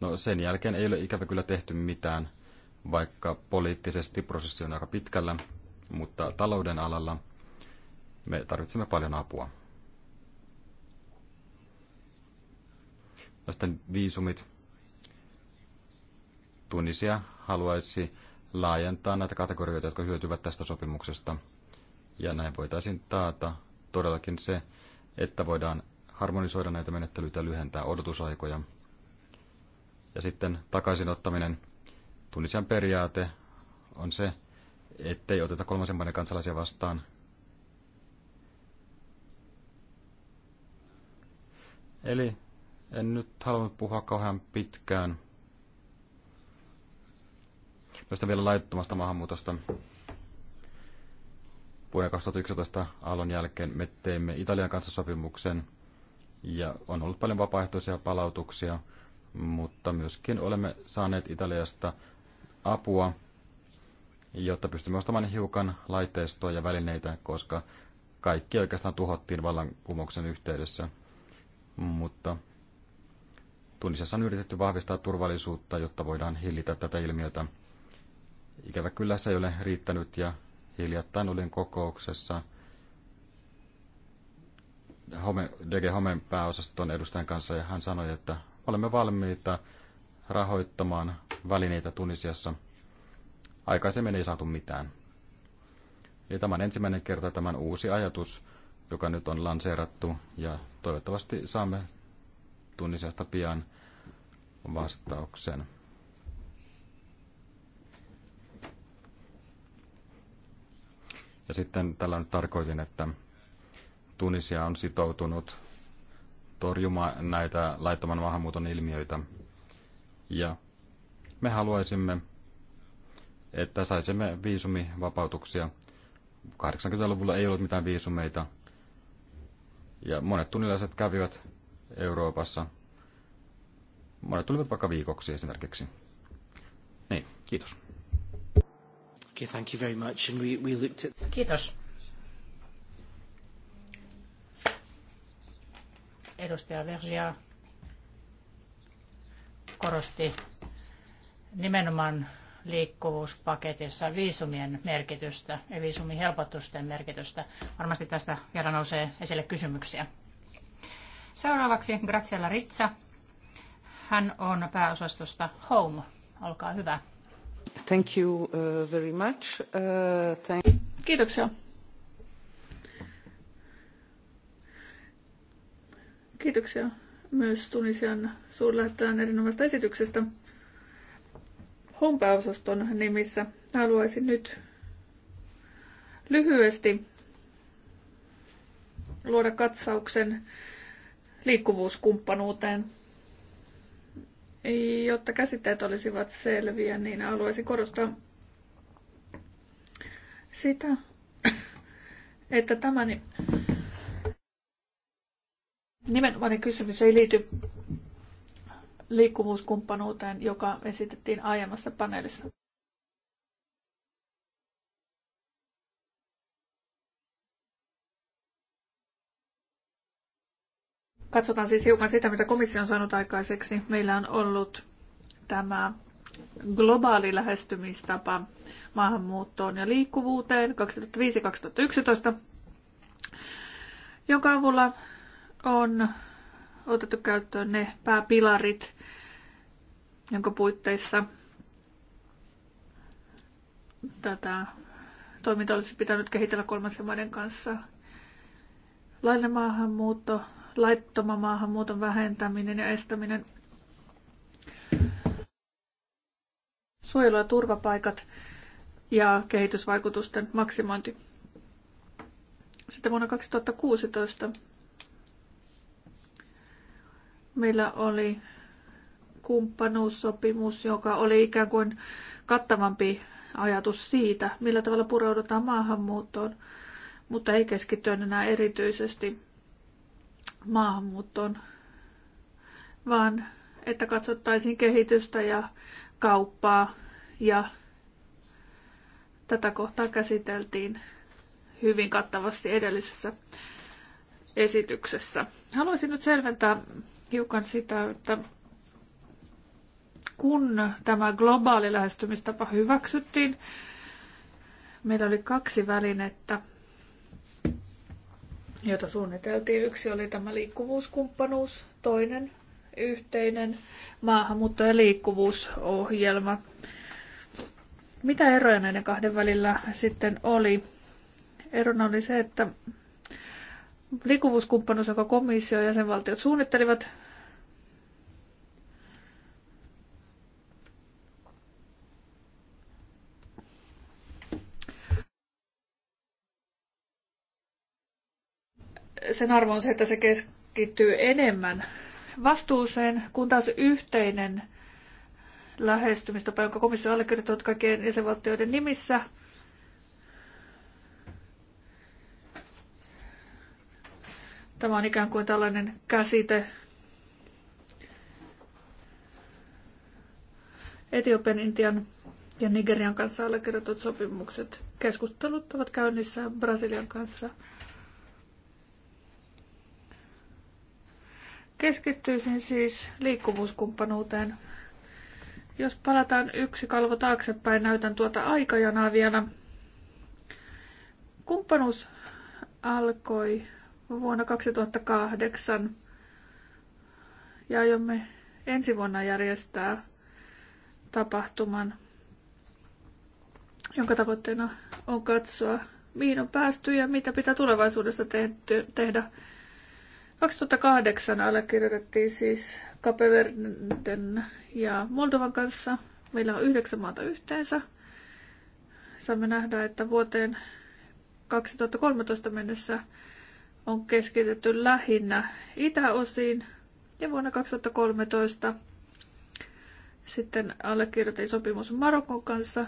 C: No sen jälkeen ei ole ikävä kyllä tehty mitään, vaikka poliittisesti prosessi on aika pitkällä, mutta talouden alalla me tarvitsemme paljon apua. No sitten viisumit. Tunisia haluaisi laajentaa näitä kategorioita, jotka hyötyvät tästä sopimuksesta – ja näin voitaisiin taata todellakin se, että voidaan harmonisoida näitä menettelyitä, lyhentää odotusaikoja. Ja sitten takaisinottaminen. Tunisian periaate on se, ettei oteta kolmasen maiden kansalaisia vastaan. Eli en nyt halunnut puhua kauhean pitkään. Tästä vielä laittomasta maahanmuutosta. Vuoden 2011 aallon jälkeen me teimme Italian kanssa sopimuksen ja on ollut paljon vapaaehtoisia palautuksia, mutta myöskin olemme saaneet Italiasta apua, jotta pystymme ostamaan hiukan laitteistoa ja välineitä, koska kaikki oikeastaan tuhottiin vallankumouksen yhteydessä. Mutta Tunisessa on yritetty vahvistaa turvallisuutta, jotta voidaan hillitä tätä ilmiötä. Ikävä kyllä se ei ole riittänyt ja Hiljattain olin kokouksessa Home, DG Homen pääosaston edustajan kanssa ja hän sanoi, että olemme valmiita rahoittamaan välineitä Tunisiassa. Aikaisemmin ei saatu mitään. Eli tämä on ensimmäinen kerta tämän uusi ajatus, joka nyt on lanseerattu ja toivottavasti saamme Tunisiasta pian vastauksen. Ja sitten tällä nyt tarkoitin, että Tunisia on sitoutunut torjumaan näitä laittoman maahanmuuton ilmiöitä. Ja me haluaisimme, että saisimme viisumivapautuksia. 80-luvulla ei ollut mitään viisumeita. Ja monet tunilaiset kävivät Euroopassa. Monet tulivat vaikka viikoksi esimerkiksi. Niin, kiitos.
A: Okay, thank you very much. And we, we looked at... Kiitos.
B: Edustaja Vergia korosti nimenomaan liikkuvuuspaketissa viisumien merkitystä ja viisumihelpotusten merkitystä. Varmasti tästä vielä nousee esille kysymyksiä. Seuraavaksi Graziella Ritsa. Hän on pääosastosta Home. Olkaa hyvä.
D: Thank you uh, very much. Uh, Kiitoksia. Kiitoksia myös Tunisian suurlähettilään erinomaisesta esityksestä. Hompa-osaston nimissä haluaisin nyt lyhyesti luoda katsauksen liikkuvuuskumppanuuteen – Jotta käsitteet olisivat selviä, niin haluaisin korostaa sitä, että tämä nimenomainen kysymys ei liity liikkuvuuskumppanuuteen, joka esitettiin aiemmassa paneelissa. Katsotaan siis hiukan sitä, mitä komissio on saanut aikaiseksi. Meillä on ollut tämä globaali lähestymistapa maahanmuuttoon ja liikkuvuuteen 2005-2011, jonka avulla on otettu käyttöön ne pääpilarit, jonka puitteissa tätä toimintaa olisi pitänyt kehitellä kolmansien maiden kanssa. Laillinen maahanmuutto, laittoman maahanmuuton vähentäminen ja estäminen, suojelu- ja turvapaikat ja kehitysvaikutusten maksimointi. Sitten vuonna 2016 meillä oli kumppanuussopimus, joka oli ikään kuin kattavampi ajatus siitä, millä tavalla pureudutaan maahanmuuttoon, mutta ei keskittyä enää erityisesti maahanmuuttoon, vaan että katsottaisiin kehitystä ja kauppaa ja tätä kohtaa käsiteltiin hyvin kattavasti edellisessä esityksessä. Haluaisin nyt selventää hiukan sitä, että kun tämä globaali lähestymistapa hyväksyttiin, meillä oli kaksi välinettä, jota suunniteltiin. Yksi oli tämä liikkuvuuskumppanuus, toinen yhteinen maahanmuutto- ja liikkuvuusohjelma. Mitä eroja näiden kahden välillä sitten oli? Erona oli se, että liikkuvuuskumppanuus, joka komissio ja jäsenvaltiot suunnittelivat, sen arvo on se, että se keskittyy enemmän vastuuseen, kun taas yhteinen lähestymistapa, jonka komissio allekirjoittaa kaikkien jäsenvaltioiden nimissä, Tämä on ikään kuin tällainen käsite Etiopian, Intian ja Nigerian kanssa allekirjoitut sopimukset. Keskustelut ovat käynnissä Brasilian kanssa Keskittyisin siis liikkuvuuskumppanuuteen. Jos palataan yksi kalvo taaksepäin, näytän tuota aikajanaa vielä. Kumppanuus alkoi vuonna 2008 ja aiomme ensi vuonna järjestää tapahtuman, jonka tavoitteena on katsoa, mihin on päästy ja mitä pitää tulevaisuudessa te- tehdä 2008 allekirjoitettiin siis Kapeverden ja Moldovan kanssa. Meillä on yhdeksän maata yhteensä. Saamme nähdä, että vuoteen 2013 mennessä on keskitetty lähinnä itäosiin ja vuonna 2013 sitten allekirjoitin sopimus Marokon kanssa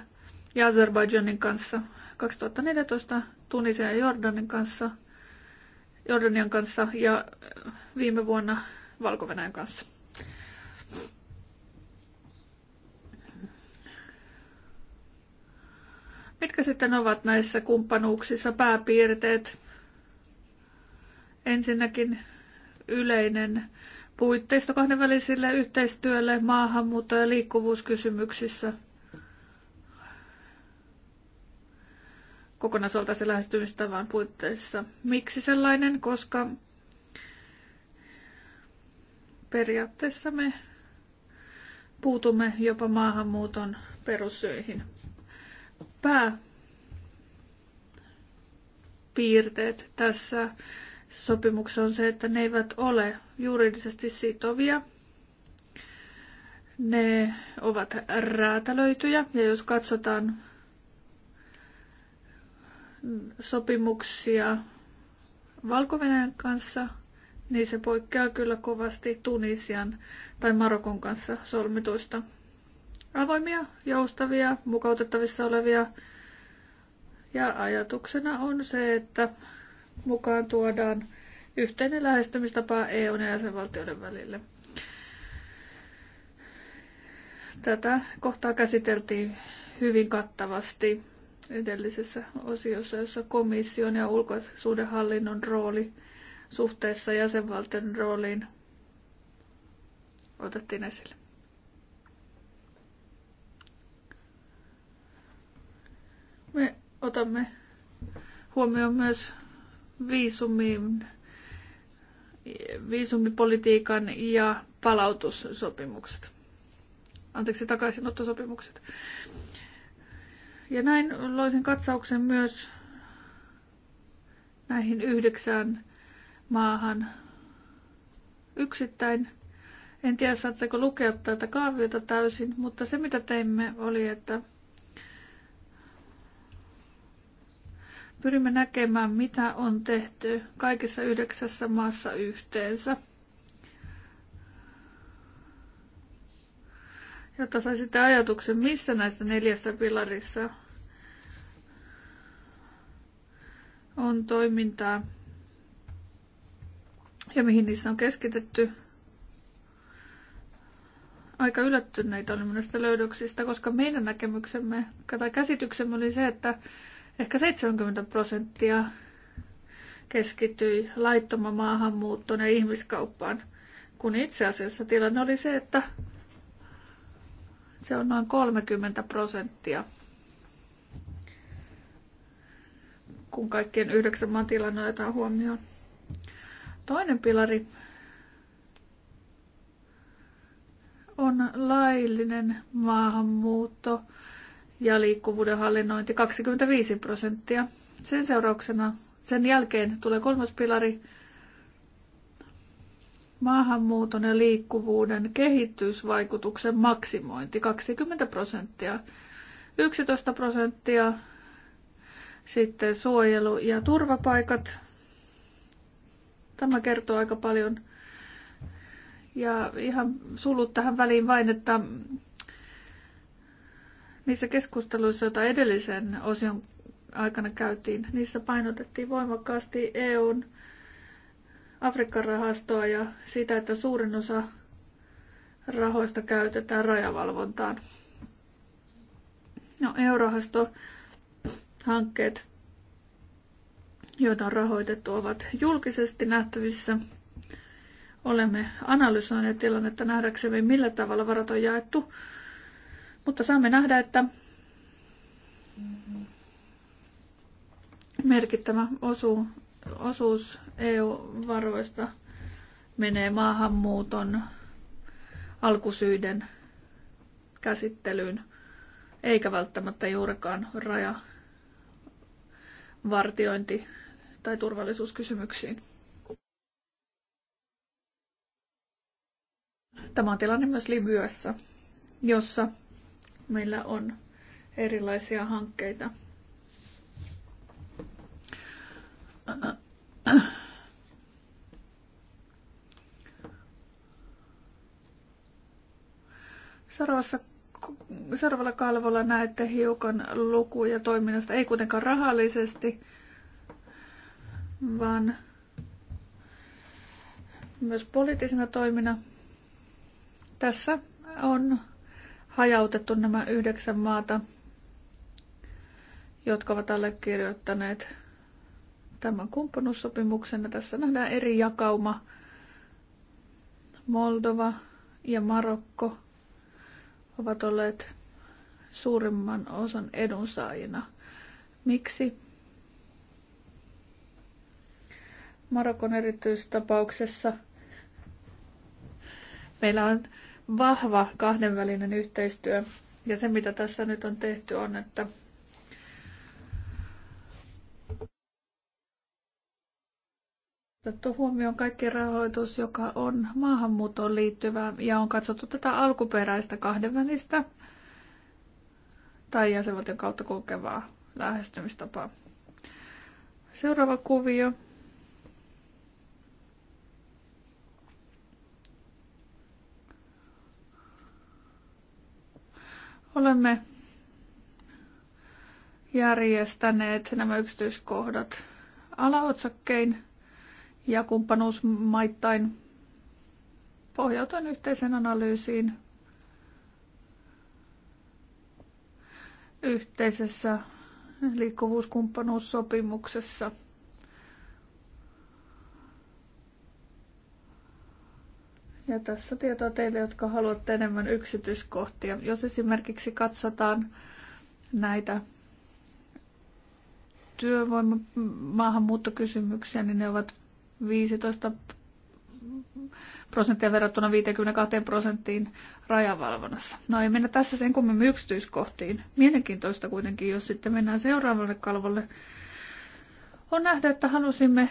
D: ja Azerbaidžanin kanssa, 2014 Tunisian ja Jordanin kanssa – Jordanian kanssa ja äh, viime vuonna valko kanssa. Mitkä sitten ovat näissä kumppanuuksissa pääpiirteet? Ensinnäkin yleinen puitteisto kahdenvälisille yhteistyölle maahanmuutto- ja liikkuvuuskysymyksissä – kokonaisvaltaisen lähestymistavan puitteissa. Miksi sellainen? Koska periaatteessa me puutumme jopa maahanmuuton perussyihin. Pääpiirteet tässä sopimuksessa on se, että ne eivät ole juridisesti sitovia. Ne ovat räätälöityjä ja jos katsotaan sopimuksia valko kanssa, niin se poikkeaa kyllä kovasti Tunisian tai Marokon kanssa solmituista. Avoimia, joustavia, mukautettavissa olevia. Ja ajatuksena on se, että mukaan tuodaan yhteinen lähestymistapa EUn ja jäsenvaltioiden välille. Tätä kohtaa käsiteltiin hyvin kattavasti edellisessä osiossa, jossa komission ja ulkosuhdehallinnon rooli suhteessa jäsenvaltion rooliin otettiin esille. Me otamme huomioon myös viisumiin, viisumipolitiikan ja palautussopimukset. Anteeksi, takaisinottosopimukset. sopimukset ja näin loisin katsauksen myös näihin yhdeksään maahan yksittäin. En tiedä, saatteko lukea tätä kaaviota täysin, mutta se mitä teimme oli, että pyrimme näkemään, mitä on tehty kaikissa yhdeksässä maassa yhteensä – jotta saisitte ajatuksen, missä näistä neljästä pilarissa on toimintaa ja mihin niissä on keskitetty. Aika yllättyneitä oli näistä löydöksistä, koska meidän näkemyksemme tai käsityksemme oli se, että ehkä 70 prosenttia keskittyi laittoman maahanmuuttoon ja ihmiskauppaan, kun itse asiassa tilanne oli se, että se on noin 30 prosenttia, kun kaikkien yhdeksän maan tilanne otetaan huomioon. Toinen pilari on laillinen maahanmuutto ja liikkuvuuden hallinnointi 25 prosenttia. Sen seurauksena, sen jälkeen tulee kolmas pilari, maahanmuuton ja liikkuvuuden kehitysvaikutuksen maksimointi 20 prosenttia, 11 prosenttia, sitten suojelu ja turvapaikat. Tämä kertoo aika paljon. Ja ihan sulut tähän väliin vain, että niissä keskusteluissa, joita edellisen osion aikana käytiin, niissä painotettiin voimakkaasti EUn Afrikan rahastoa ja sitä, että suurin osa rahoista käytetään rajavalvontaan. No, eurorahasto hankkeet, joita on rahoitettu, ovat julkisesti nähtävissä. Olemme analysoineet tilannetta nähdäksemme, millä tavalla varat on jaettu, mutta saamme nähdä, että merkittävä osuus osuus EU-varoista menee maahanmuuton alkusyiden käsittelyyn, eikä välttämättä juurikaan raja vartiointi- tai turvallisuuskysymyksiin. Tämä on tilanne myös Libyassa, jossa meillä on erilaisia hankkeita Seuraavassa, seuraavalla kalvolla näette hiukan lukuja toiminnasta, ei kuitenkaan rahallisesti, vaan myös poliittisena toimina. Tässä on hajautettu nämä yhdeksän maata, jotka ovat allekirjoittaneet tämän kumppanuussopimuksena. Tässä nähdään eri jakauma. Moldova ja Marokko ovat olleet suurimman osan edunsaajina. Miksi? Marokon erityistapauksessa meillä on vahva kahdenvälinen yhteistyö. Ja se, mitä tässä nyt on tehty, on, että otettu huomioon kaikki rahoitus, joka on maahanmuuttoon liittyvä ja on katsottu tätä alkuperäistä kahdenvälistä tai jäsenvaltion kautta kulkevaa lähestymistapaa. Seuraava kuvio. Olemme järjestäneet nämä yksityiskohdat alaotsakkein ja kumppanuusmaittain pohjautuen yhteisen analyysiin yhteisessä liikkuvuuskumppanuussopimuksessa. Ja tässä tietoa teille, jotka haluatte enemmän yksityiskohtia. Jos esimerkiksi katsotaan näitä työvoimamaahanmuuttokysymyksiä, niin ne ovat 15 prosenttia verrattuna 52 prosenttiin rajavalvonnassa. No ei mennä tässä sen kummemmin yksityiskohtiin. Mielenkiintoista kuitenkin, jos sitten mennään seuraavalle kalvolle, on nähdä, että halusimme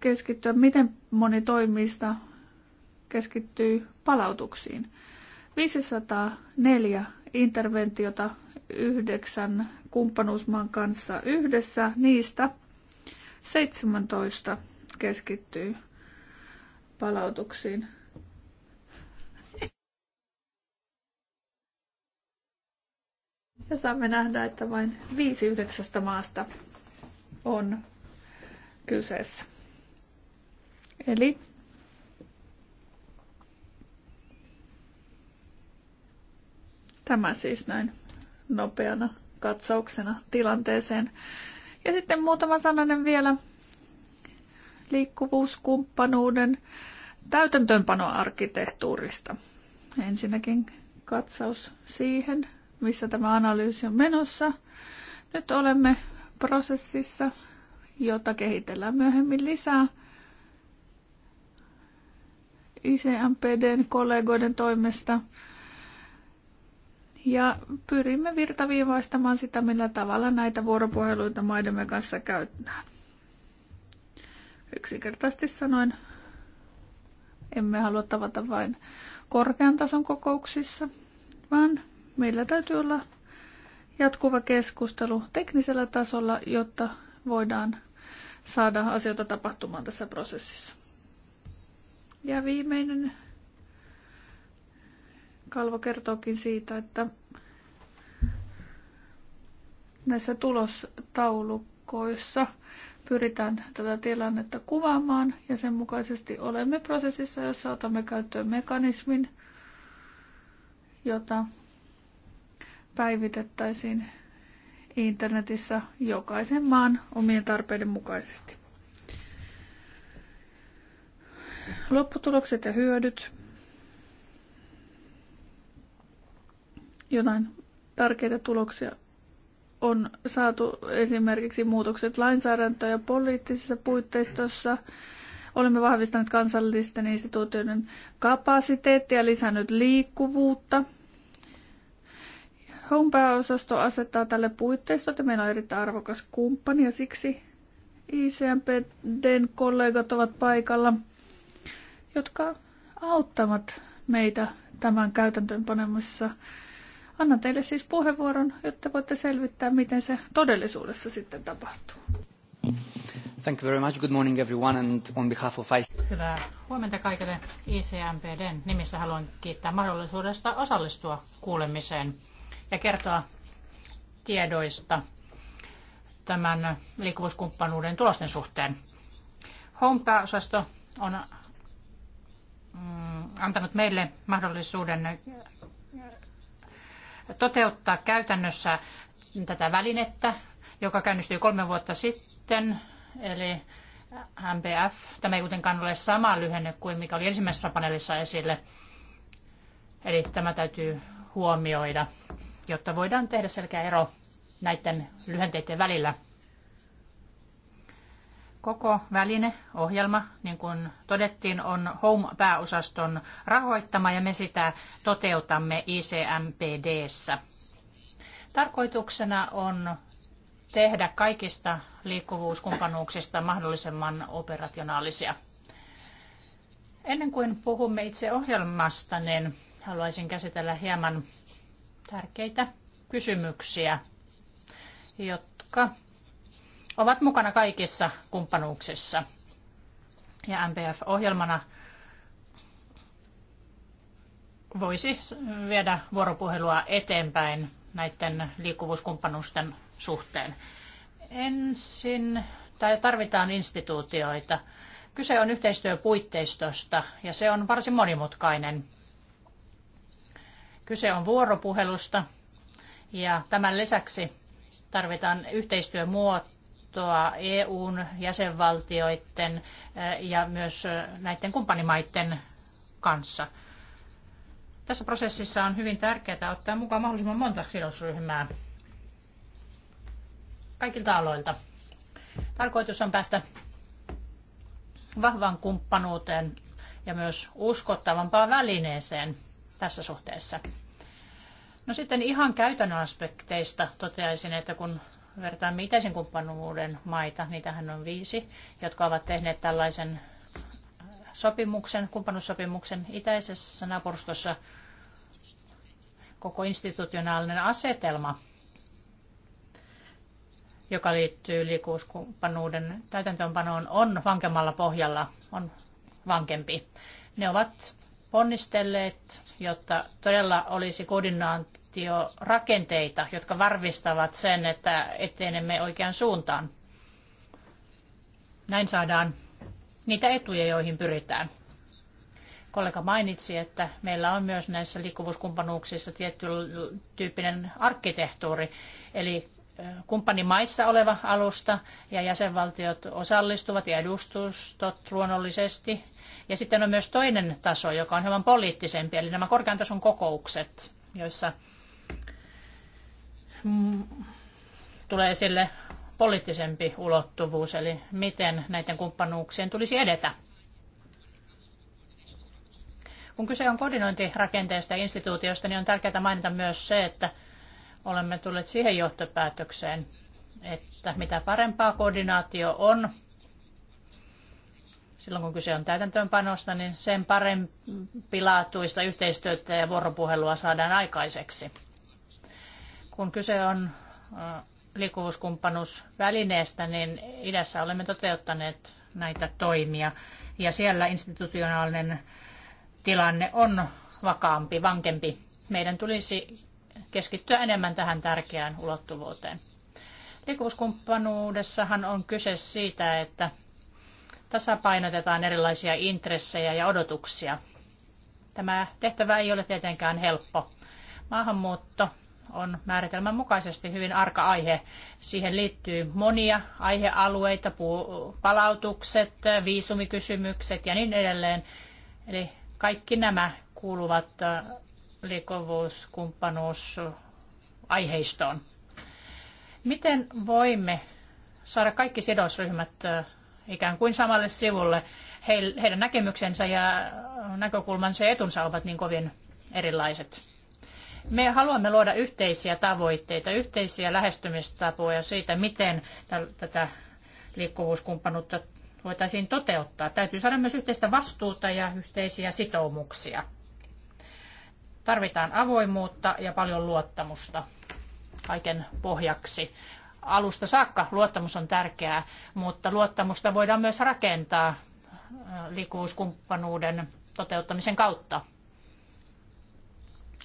D: keskittyä, miten moni toimista keskittyy palautuksiin. 504 interventiota yhdeksän kumppanuusmaan kanssa yhdessä. Niistä 17 keskittyy palautuksiin. Ja saamme nähdä, että vain viisi yhdeksästä maasta on kyseessä. Eli tämä siis näin nopeana katsauksena tilanteeseen. Ja sitten muutama sananen vielä liikkuvuuskumppanuuden täytäntöönpanoarkkitehtuurista. Ensinnäkin katsaus siihen, missä tämä analyysi on menossa. Nyt olemme prosessissa, jota kehitellään myöhemmin lisää. ICMPDn kollegoiden toimesta – ja pyrimme virtaviivaistamaan sitä, millä tavalla näitä vuoropuheluita maidemme kanssa käytetään. Yksinkertaisesti sanoen, emme halua tavata vain korkean tason kokouksissa, vaan meillä täytyy olla jatkuva keskustelu teknisellä tasolla, jotta voidaan saada asioita tapahtumaan tässä prosessissa. Ja viimeinen Kalvo kertookin siitä, että näissä tulostaulukoissa pyritään tätä tilannetta kuvaamaan ja sen mukaisesti olemme prosessissa, jossa otamme käyttöön mekanismin, jota päivitettäisiin internetissä jokaisen maan omien tarpeiden mukaisesti. Lopputulokset ja hyödyt jotain tärkeitä tuloksia on saatu esimerkiksi muutokset lainsäädäntö- ja poliittisessa puitteistossa. Olemme vahvistaneet kansallisten instituutioiden kapasiteettia, ja lisännyt liikkuvuutta. Homepääosasto asettaa tälle puitteistot ja meillä on erittäin arvokas kumppani ja siksi ICMPDn kollegat ovat paikalla, jotka auttavat meitä tämän käytäntöön panemassa. Annan teille siis puheenvuoron, jotta voitte selvittää, miten se todellisuudessa sitten tapahtuu. Thank you very much. Good morning everyone and on behalf of IC...
B: E. Hyvää huomenta kaikille. ICMPDn nimissä haluan kiittää mahdollisuudesta osallistua kuulemiseen ja kertoa tiedoista tämän liikkuvuuskumppanuuden tulosten suhteen. Home-pääosasto on mm, antanut meille mahdollisuuden toteuttaa käytännössä tätä välinettä, joka käynnistyi kolme vuotta sitten, eli MPF. Tämä ei kuitenkaan ole sama lyhenne kuin mikä oli ensimmäisessä paneelissa esille. Eli tämä täytyy huomioida, jotta voidaan tehdä selkeä ero näiden lyhenteiden välillä. Koko väline, ohjelma, niin kuin todettiin, on Home-pääosaston rahoittama ja me sitä toteutamme ICMPDssä. Tarkoituksena on tehdä kaikista liikkuvuuskumppanuuksista mahdollisimman operationaalisia. Ennen kuin puhumme itse ohjelmasta, niin haluaisin käsitellä hieman tärkeitä kysymyksiä, jotka ovat mukana kaikissa kumppanuuksissa. Ja MPF-ohjelmana voisi viedä vuoropuhelua eteenpäin näiden liikkuvuuskumppanuusten suhteen. Ensin tai tarvitaan instituutioita. Kyse on yhteistyöpuitteistosta ja se on varsin monimutkainen. Kyse on vuoropuhelusta ja tämän lisäksi tarvitaan yhteistyömuotoja johtoa EUn jäsenvaltioiden eh, ja myös eh, näiden kumppanimaiden kanssa. Tässä prosessissa on hyvin tärkeää ottaa mukaan mahdollisimman monta sidosryhmää kaikilta aloilta. Tarkoitus on päästä vahvaan kumppanuuteen ja myös uskottavampaan välineeseen tässä suhteessa. No sitten ihan käytännön aspekteista toteaisin, että kun vertaamme itäisen kumppanuuden maita, niitähän on viisi, jotka ovat tehneet tällaisen sopimuksen, kumppanuussopimuksen itäisessä naapurustossa koko institutionaalinen asetelma, joka liittyy liikuskumppanuuden. täytäntöönpanoon, on vankemmalla pohjalla, on vankempi. Ne ovat ponnistelleet, jotta todella olisi koordinaatiorakenteita, jotka varmistavat sen, että etenemme oikeaan suuntaan. Näin saadaan niitä etuja, joihin pyritään. Kollega mainitsi, että meillä on myös näissä liikkuvuuskumppanuuksissa tietty tyyppinen arkkitehtuuri, eli kumppanimaissa oleva alusta ja jäsenvaltiot osallistuvat ja edustustot luonnollisesti. Ja sitten on myös toinen taso, joka on hieman poliittisempi, eli nämä korkean tason kokoukset, joissa mm, tulee esille poliittisempi ulottuvuus, eli miten näiden kumppanuuksien tulisi edetä. Kun kyse on koordinointirakenteesta ja instituutiosta, niin on tärkeää mainita myös se, että olemme tulleet siihen johtopäätökseen, että mitä parempaa koordinaatio on, silloin kun kyse on täytäntöönpanosta, niin sen parempi laatuista yhteistyötä ja vuoropuhelua saadaan aikaiseksi. Kun kyse on liikkuvuuskumppanuusvälineestä, niin idässä olemme toteuttaneet näitä toimia. Ja siellä institutionaalinen tilanne on vakaampi, vankempi. Meidän tulisi keskittyä enemmän tähän tärkeään ulottuvuuteen. Liikkuvuuskumppanuudessahan on kyse siitä, että tasapainotetaan erilaisia intressejä ja odotuksia. Tämä tehtävä ei ole tietenkään helppo. Maahanmuutto on määritelmän mukaisesti hyvin arka aihe. Siihen liittyy monia aihealueita, palautukset, viisumikysymykset ja niin edelleen. Eli kaikki nämä kuuluvat liikkuvuus, kumppanuus aiheistoon. Miten voimme saada kaikki sidosryhmät ikään kuin samalle sivulle? Heidän näkemyksensä ja näkökulmansa ja etunsa ovat niin kovin erilaiset. Me haluamme luoda yhteisiä tavoitteita, yhteisiä lähestymistapoja siitä, miten tätä liikkuvuuskumppanuutta voitaisiin toteuttaa. Täytyy saada myös yhteistä vastuuta ja yhteisiä sitoumuksia. Tarvitaan avoimuutta ja paljon luottamusta kaiken pohjaksi. Alusta saakka luottamus on tärkeää, mutta luottamusta voidaan myös rakentaa äh, liikkuvuuskumppanuuden toteuttamisen kautta.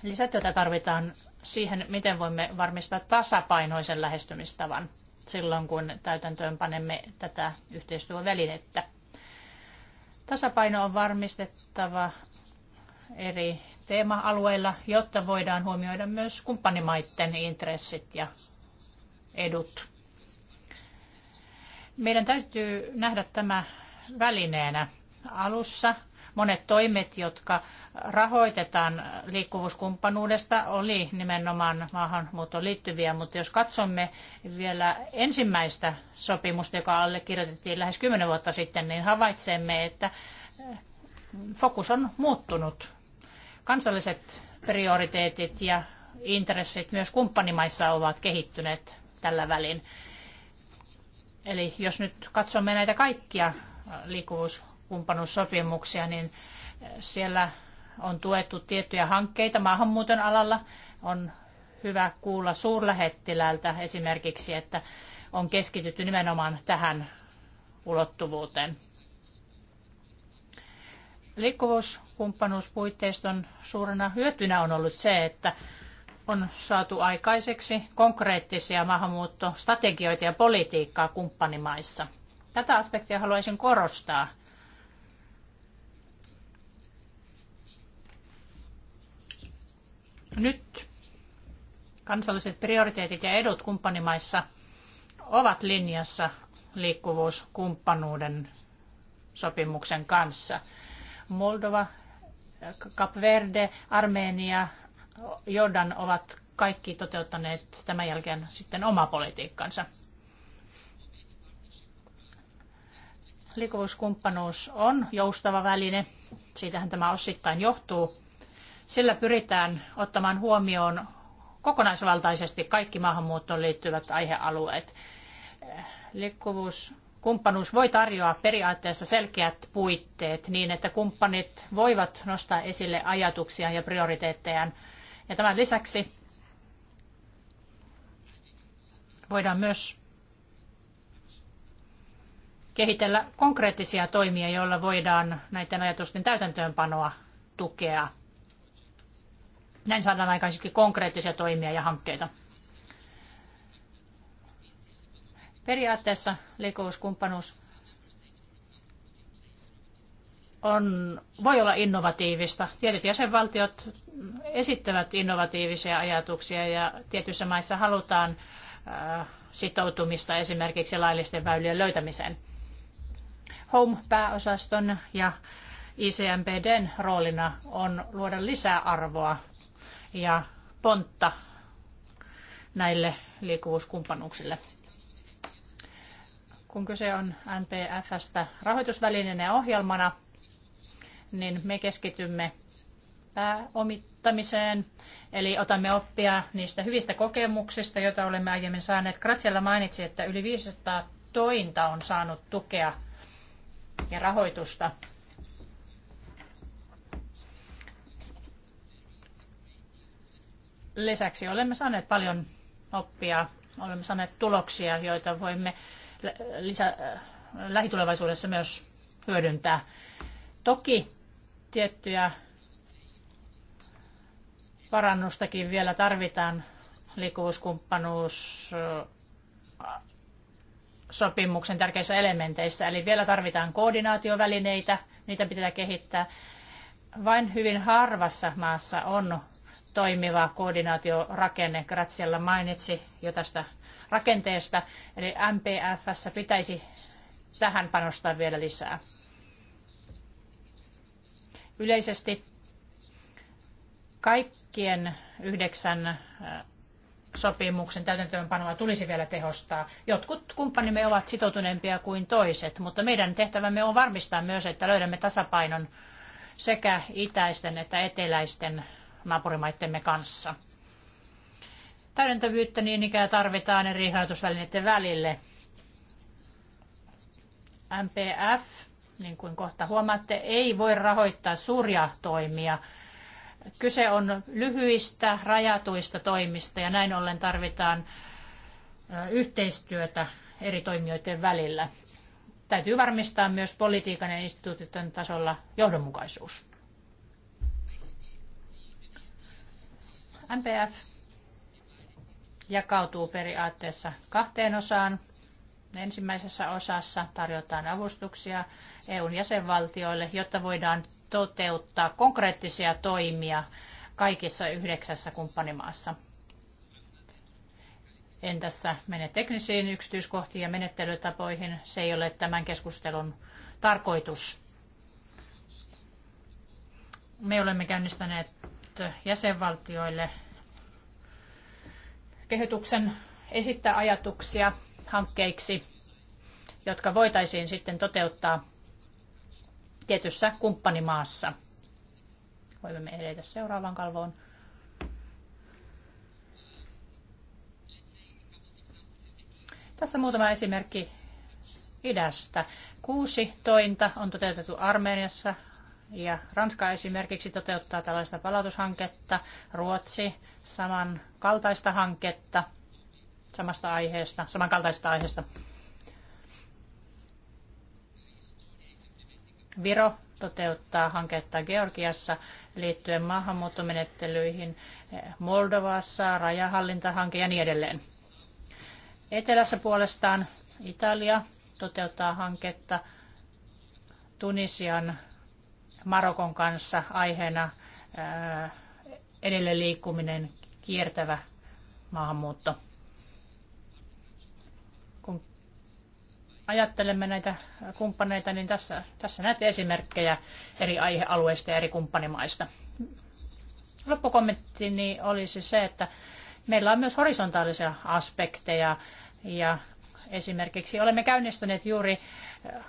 B: Lisätyötä tarvitaan siihen, miten voimme varmistaa tasapainoisen lähestymistavan silloin, kun täytäntöön panemme tätä yhteistyövälinettä. Tasapaino on varmistettava eri teema-alueilla, jotta voidaan huomioida myös kumppanimaiden intressit ja edut. Meidän täytyy nähdä tämä välineenä alussa. Monet toimet, jotka rahoitetaan liikkuvuuskumppanuudesta, oli nimenomaan maahanmuuttoon liittyviä, mutta jos katsomme vielä ensimmäistä sopimusta, joka allekirjoitettiin lähes kymmenen vuotta sitten, niin havaitsemme, että fokus on muuttunut kansalliset prioriteetit ja intressit myös kumppanimaissa ovat kehittyneet tällä välin. Eli jos nyt katsomme näitä kaikkia liikkuvuuskumppanuussopimuksia, niin siellä on tuettu tiettyjä hankkeita maahanmuuton alalla. On hyvä kuulla suurlähettilältä esimerkiksi, että on keskitytty nimenomaan tähän ulottuvuuteen. Liikkuvuus kumppanuuspuitteiston suurena hyötynä on ollut se, että on saatu aikaiseksi konkreettisia maahanmuuttostrategioita ja politiikkaa kumppanimaissa. Tätä aspektia haluaisin korostaa. Nyt kansalliset prioriteetit ja edut kumppanimaissa ovat linjassa liikkuvuuskumppanuuden sopimuksen kanssa. Moldova, Kapverde, Armenia, Jordan ovat kaikki toteuttaneet tämän jälkeen sitten omaa politiikkansa. Liikkuvuuskumppanuus on joustava väline, siitähän tämä osittain johtuu. Sillä pyritään ottamaan huomioon kokonaisvaltaisesti kaikki maahanmuuttoon liittyvät aihealueet. Liikkuvuus kumppanuus voi tarjota periaatteessa selkeät puitteet niin, että kumppanit voivat nostaa esille ajatuksia ja prioriteettejaan. Ja tämän lisäksi voidaan myös kehitellä konkreettisia toimia, joilla voidaan näiden ajatusten täytäntöönpanoa tukea. Näin saadaan aikaisesti konkreettisia toimia ja hankkeita. Periaatteessa liikkuvuuskumppanuus on, voi olla innovatiivista. Tietyt jäsenvaltiot esittävät innovatiivisia ajatuksia ja tietyissä maissa halutaan äh, sitoutumista esimerkiksi laillisten väylien löytämiseen. Home-pääosaston ja ICMPDn roolina on luoda lisäarvoa ja pontta näille liikkuvuuskumppanuuksille kun kyse on NPFstä rahoitusvälineenä ja ohjelmana, niin me keskitymme pääomittamiseen, eli otamme oppia niistä hyvistä kokemuksista, joita olemme aiemmin saaneet. Kratsella mainitsi, että yli 500 tointa on saanut tukea ja rahoitusta. Lisäksi olemme saaneet paljon oppia, olemme saaneet tuloksia, joita voimme lisä, äh, lähitulevaisuudessa myös hyödyntää. Toki tiettyjä parannustakin vielä tarvitaan liikkuvuuskumppanuus äh, sopimuksen tärkeissä elementeissä. Eli vielä tarvitaan koordinaatiovälineitä, niitä pitää kehittää. Vain hyvin harvassa maassa on toimiva koordinaatiorakenne. Gratsiella mainitsi jo tästä rakenteesta, eli MPFssä pitäisi tähän panostaa vielä lisää. Yleisesti kaikkien yhdeksän sopimuksen täytäntöönpanoa tulisi vielä tehostaa. Jotkut kumppanimme ovat sitoutuneempia kuin toiset, mutta meidän tehtävämme on varmistaa myös, että löydämme tasapainon sekä itäisten että eteläisten naapurimaittemme kanssa. Täydentävyyttä niin ikään tarvitaan eri rahoitusvälineiden välille. MPF, niin kuin kohta huomaatte, ei voi rahoittaa suuria toimia. Kyse on lyhyistä, rajatuista toimista ja näin ollen tarvitaan yhteistyötä eri toimijoiden välillä. Täytyy varmistaa myös politiikan ja instituutioiden tasolla johdonmukaisuus. MPF jakautuu periaatteessa kahteen osaan. Ensimmäisessä osassa tarjotaan avustuksia EUn jäsenvaltioille, jotta voidaan toteuttaa konkreettisia toimia kaikissa yhdeksässä kumppanimaassa. En tässä mene teknisiin yksityiskohtiin ja menettelytapoihin. Se ei ole tämän keskustelun tarkoitus. Me olemme käynnistäneet jäsenvaltioille kehityksen esittää ajatuksia hankkeiksi, jotka voitaisiin sitten toteuttaa tietyssä kumppanimaassa. Voimme edetä seuraavaan kalvoon. Tässä muutama esimerkki idästä. Kuusi tointa on toteutettu Armeniassa, ja Ranska esimerkiksi toteuttaa tällaista palautushanketta, Ruotsi samankaltaista hanketta samasta aiheesta, samankaltaisesta aiheesta. Viro toteuttaa hanketta Georgiassa liittyen maahanmuuttomenettelyihin, Moldovassa, rajahallintahanke ja niin edelleen. Etelässä puolestaan Italia toteuttaa hanketta Tunisian Marokon kanssa aiheena edelleen liikkuminen, kiertävä maahanmuutto. Kun ajattelemme näitä kumppaneita, niin tässä, tässä näitä esimerkkejä eri aihealueista ja eri kumppanimaista. Loppukommenttini olisi se, että meillä on myös horisontaalisia aspekteja ja esimerkiksi olemme käynnistäneet juuri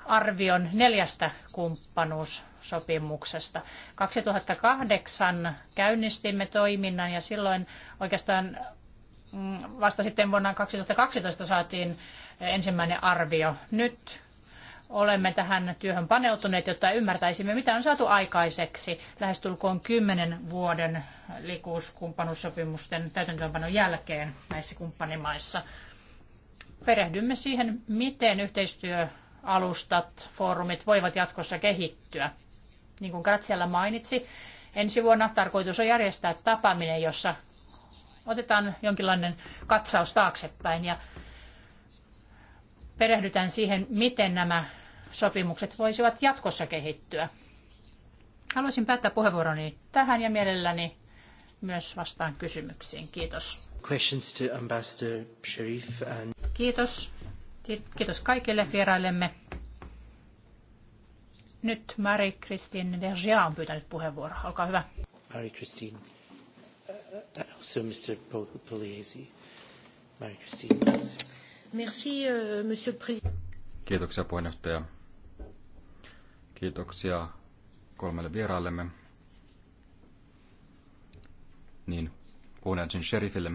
B: arvion neljästä kumppanuussopimuksesta. 2008 käynnistimme toiminnan ja silloin oikeastaan mm, vasta sitten vuonna 2012 saatiin ensimmäinen arvio. Nyt olemme tähän työhön paneutuneet, jotta ymmärtäisimme, mitä on saatu aikaiseksi lähestulkoon kymmenen vuoden liikkuuskumppanuussopimusten täytäntöönpanon jälkeen näissä kumppanimaissa. Perehdymme siihen, miten yhteistyö alustat, foorumit voivat jatkossa kehittyä. Niin kuin Gratsialla mainitsi, ensi vuonna tarkoitus on järjestää tapaaminen, jossa otetaan jonkinlainen katsaus taaksepäin ja perehdytään siihen, miten nämä sopimukset voisivat jatkossa kehittyä. Haluaisin päättää puheenvuoroni tähän ja mielelläni myös vastaan kysymyksiin. Kiitos. Kiitos Kiitos kaikille vieraillemme. Nyt Marie-Christine Vergia on pyytänyt puheenvuoroa. Olkaa hyvä.
A: Marie-Christine. And uh, uh, also Mr. Pugliese. Marie-Christine.
B: Merci, uh, Monsieur President.
C: Kiitoksia puheenjohtaja. Kiitoksia kolmelle vieraillemme. Niin, puhun sheriffille,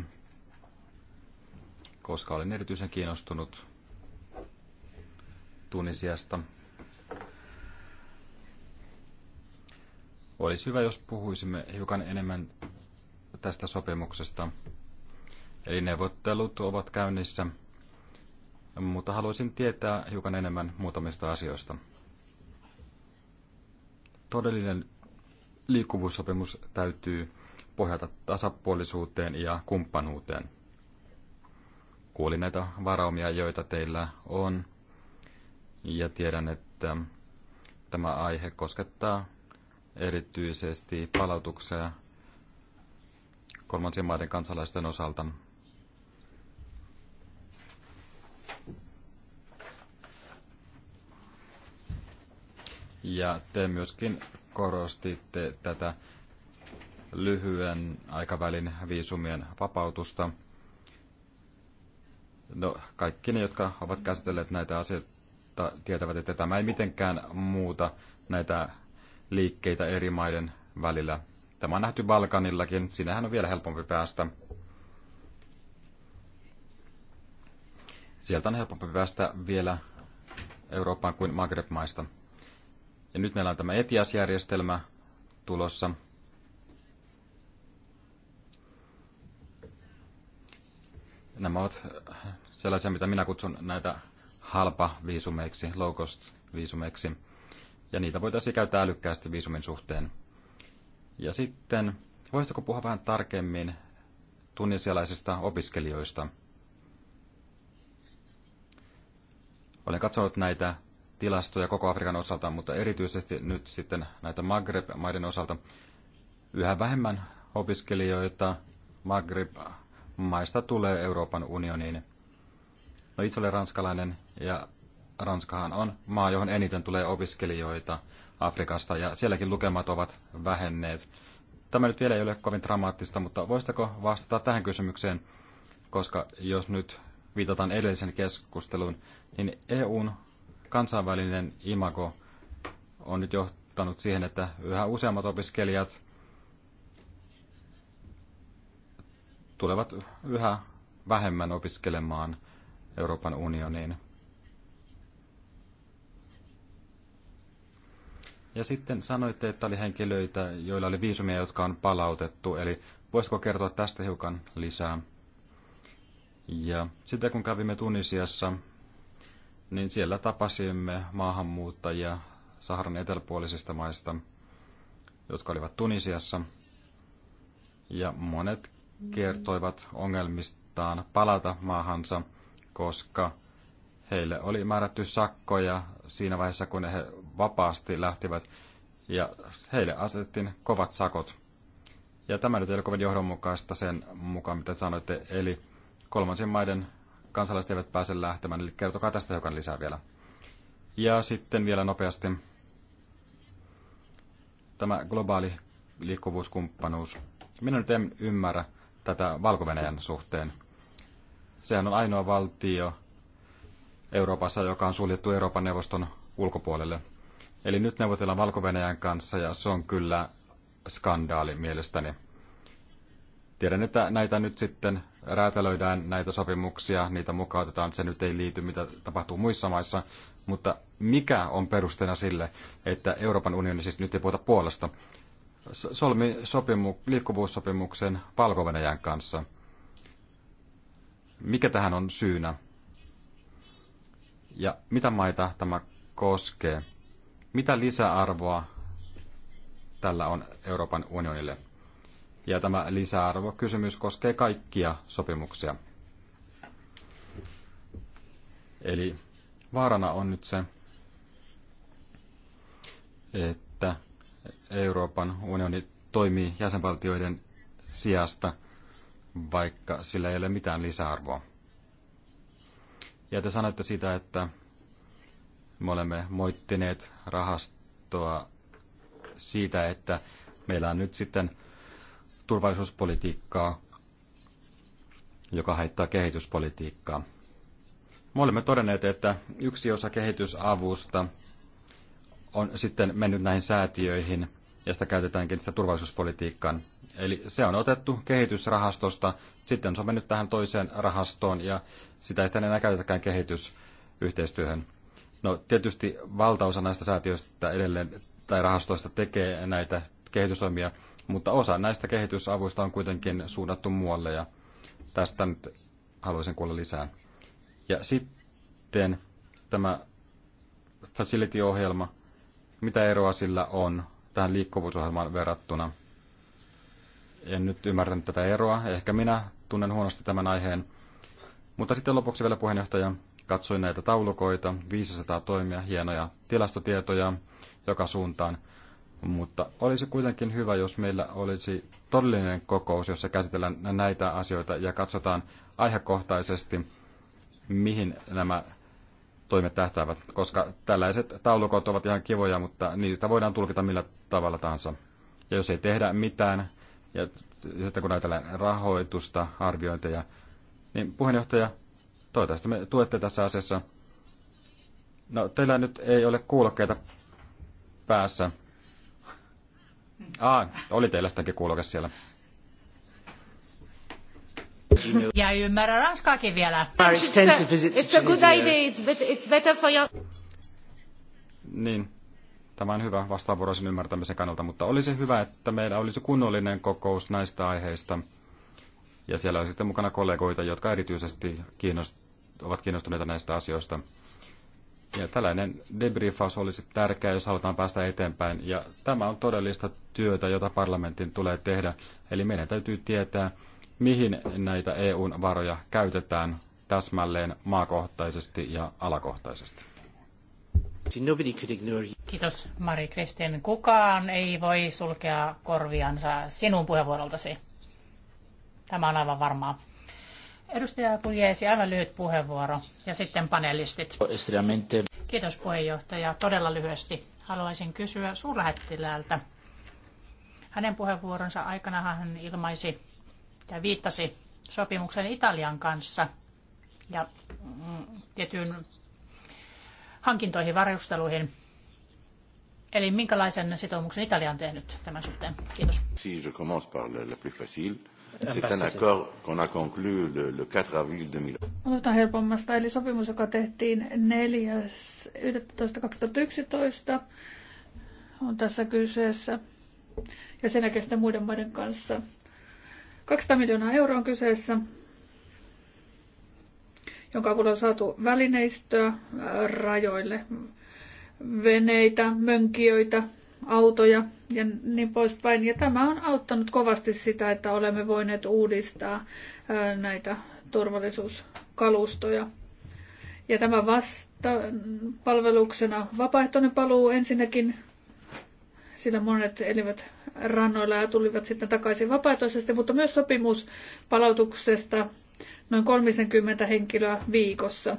C: koska olen erityisen kiinnostunut Tunisiasta. Olisi hyvä, jos puhuisimme hiukan enemmän tästä sopimuksesta. Eli neuvottelut ovat käynnissä, mutta haluaisin tietää hiukan enemmän muutamista asioista. Todellinen liikkuvuussopimus täytyy pohjata tasapuolisuuteen ja kumppanuuteen. Kuulin näitä varaumia, joita teillä on ja tiedän, että tämä aihe koskettaa erityisesti palautuksia kolmansien maiden kansalaisten osalta. Ja te myöskin korostitte tätä lyhyen aikavälin viisumien vapautusta. No, kaikki ne, jotka ovat käsitelleet näitä asioita, mutta tietävät, että tämä ei mitenkään muuta näitä liikkeitä eri maiden välillä. Tämä on nähty Balkanillakin, sinähän on vielä helpompi päästä. Sieltä on helpompi päästä vielä Eurooppaan kuin Maghreb-maista. Ja nyt meillä on tämä ETIAS-järjestelmä tulossa. Nämä ovat sellaisia, mitä minä kutsun näitä halpa viisumeiksi, low cost viisumeiksi, ja niitä voitaisiin käyttää älykkäästi viisumin suhteen. Ja sitten, voisitko puhua vähän tarkemmin tunnisialaisista opiskelijoista? Olen katsonut näitä tilastoja koko Afrikan osalta, mutta erityisesti nyt sitten näitä Maghreb-maiden osalta yhä vähemmän opiskelijoita Maghreb-maista tulee Euroopan unioniin. No itse olen ranskalainen ja Ranskahan on maa, johon eniten tulee opiskelijoita Afrikasta ja sielläkin lukemat ovat vähenneet. Tämä nyt vielä ei ole kovin dramaattista, mutta voisitko vastata tähän kysymykseen, koska jos nyt viitataan edellisen keskusteluun, niin EUn kansainvälinen imago on nyt johtanut siihen, että yhä useammat opiskelijat tulevat yhä vähemmän opiskelemaan – Euroopan unioniin. Ja sitten sanoitte, että oli henkilöitä, joilla oli viisumia, jotka on palautettu. Eli voisiko kertoa tästä hiukan lisää? Ja sitten kun kävimme Tunisiassa, niin siellä tapasimme maahanmuuttajia Saharan eteläpuolisista maista, jotka olivat Tunisiassa. Ja monet kertoivat ongelmistaan palata maahansa – koska heille oli määrätty sakkoja siinä vaiheessa, kun he vapaasti lähtivät, ja heille asetettiin kovat sakot. Ja tämä nyt ei ole kovin johdonmukaista sen mukaan, mitä sanoitte, eli kolmansien maiden kansalaiset eivät pääse lähtemään, eli kertokaa tästä hiukan lisää vielä. Ja sitten vielä nopeasti tämä globaali liikkuvuuskumppanuus. Minä nyt en ymmärrä tätä valko suhteen. Sehän on ainoa valtio Euroopassa, joka on suljettu Euroopan neuvoston ulkopuolelle. Eli nyt neuvotellaan valko kanssa ja se on kyllä skandaali mielestäni. Tiedän, että näitä nyt sitten räätälöidään, näitä sopimuksia, niitä mukautetaan, se nyt ei liity, mitä tapahtuu muissa maissa, mutta mikä on perusteena sille, että Euroopan unioni, siis nyt ei puhuta Puolasta, solmi sopimu- liikkuvuussopimuksen valko kanssa – mikä tähän on syynä? Ja mitä maita tämä koskee? Mitä lisäarvoa tällä on Euroopan unionille? Ja tämä lisäarvokysymys koskee kaikkia sopimuksia. Eli vaarana on nyt se, että Euroopan unioni toimii jäsenvaltioiden sijasta – vaikka sillä ei ole mitään lisäarvoa. Ja te sanoitte sitä, että me olemme moittineet rahastoa siitä, että meillä on nyt sitten turvallisuuspolitiikkaa, joka haittaa kehityspolitiikkaa. Me olemme todenneet, että yksi osa kehitysavusta on sitten mennyt näihin säätiöihin – ja sitä käytetäänkin sitä turvallisuuspolitiikkaan. Eli se on otettu kehitysrahastosta, sitten se on mennyt tähän toiseen rahastoon ja sitä ei sitten enää käytetäkään kehitysyhteistyöhön. No tietysti valtaosa näistä säätiöistä edelleen tai rahastoista tekee näitä kehitysoimia, mutta osa näistä kehitysavuista on kuitenkin suunnattu muualle ja tästä nyt haluaisin kuulla lisää. Ja sitten tämä facility-ohjelma, mitä eroa sillä on tähän liikkuvuusohjelmaan verrattuna. En nyt ymmärtänyt tätä eroa. Ehkä minä tunnen huonosti tämän aiheen. Mutta sitten lopuksi vielä puheenjohtaja katsoi näitä taulukoita, 500 toimia, hienoja tilastotietoja joka suuntaan. Mutta olisi kuitenkin hyvä, jos meillä olisi todellinen kokous, jossa käsitellään näitä asioita ja katsotaan aihekohtaisesti, mihin nämä toimet tähtäävät, koska tällaiset taulukot ovat ihan kivoja, mutta niitä voidaan tulkita millä tavalla tahansa. Ja jos ei tehdä mitään, ja sitten kun ajatellaan rahoitusta, arviointeja, niin puheenjohtaja, toivottavasti me tuette tässä asiassa. No, teillä nyt ei ole kuulokkeita päässä. Ah, oli teillä sitäkin kuulokas siellä. Ja
B: ymmärrän ranskaakin vielä. It's a, it's a good idea. It's better for your...
C: Niin. Tämä on hyvä vastaavuoroisen ymmärtämisen kannalta, mutta olisi hyvä, että meillä olisi kunnollinen kokous näistä aiheista. Ja siellä on sitten mukana kollegoita, jotka erityisesti kiinnost- ovat kiinnostuneita näistä asioista. Ja tällainen debriefaus olisi tärkeä, jos halutaan päästä eteenpäin. Ja tämä on todellista työtä, jota parlamentin tulee tehdä. Eli meidän täytyy tietää, mihin näitä EUn varoja käytetään täsmälleen maakohtaisesti ja alakohtaisesti.
B: Kiitos Mari Kristin. Kukaan ei voi sulkea korviansa sinun puheenvuoroltasi. Tämä on aivan varmaa. Edustaja Kuljeesi, aivan lyhyt puheenvuoro ja sitten panelistit. Kiitos puheenjohtaja. Todella lyhyesti haluaisin kysyä suurlähettiläältä. Hänen puheenvuoronsa aikana hän ilmaisi ja viittasi sopimuksen Italian kanssa ja mm, tietyn hankintoihin, varusteluihin. Eli minkälaisen sitoumuksen Italia on tehnyt tämän suhteen? Kiitos.
A: Si je commence par le, le plus facile. C'est un accord qu'on a conclu le, le 4 avril 2000.
D: Aloitan helpommasta, eli sopimus, joka tehtiin 4.11.2011 on tässä kyseessä. Ja sen jälkeen muiden maiden kanssa. 200 miljoonaa euroa on kyseessä jonka avulla on saatu välineistöä rajoille, veneitä, mönkijöitä, autoja ja niin poispäin. Ja tämä on auttanut kovasti sitä, että olemme voineet uudistaa näitä turvallisuuskalustoja. Ja tämä vasta palveluksena vapaaehtoinen paluu ensinnäkin, sillä monet elivät rannoilla ja tulivat sitten takaisin vapaaehtoisesti, mutta myös sopimus palautuksesta noin 30 henkilöä viikossa.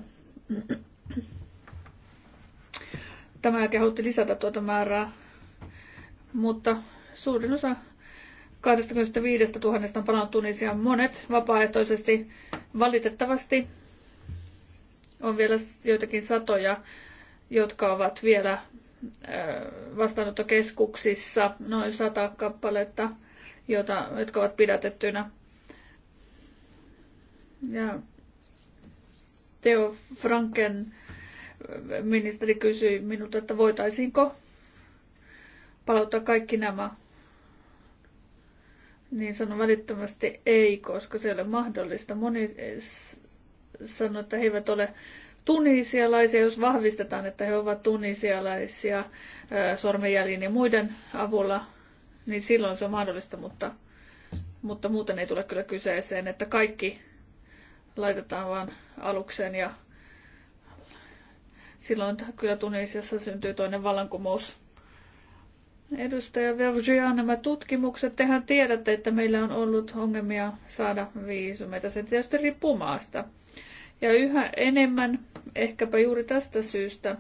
D: Tämä kehotti lisätä tuota määrää, mutta suurin osa 25 000 on palannut Tunisiaan. Monet vapaaehtoisesti valitettavasti on vielä joitakin satoja, jotka ovat vielä vastaanottokeskuksissa, noin sata kappaletta, jota, jotka ovat pidätettynä. Ja Teo Franken äh, ministeri kysyi minulta, että voitaisiinko palauttaa kaikki nämä. Niin sanon välittömästi ei, koska se ei ole mahdollista. Moni sanoi, että he eivät ole tunisialaisia, jos vahvistetaan, että he ovat tunisialaisia äh, sormenjäljen ja muiden avulla, niin silloin se on mahdollista, mutta, mutta muuten ei tule kyllä kyseeseen, että kaikki laitetaan vaan alukseen ja silloin kyllä Tunisiassa syntyy toinen vallankumous. Edustaja Vergia, nämä tutkimukset, tehän tiedätte, että meillä on ollut ongelmia saada viisumeita. Se tietysti riippuu maasta. Ja yhä enemmän, ehkäpä juuri tästä syystä,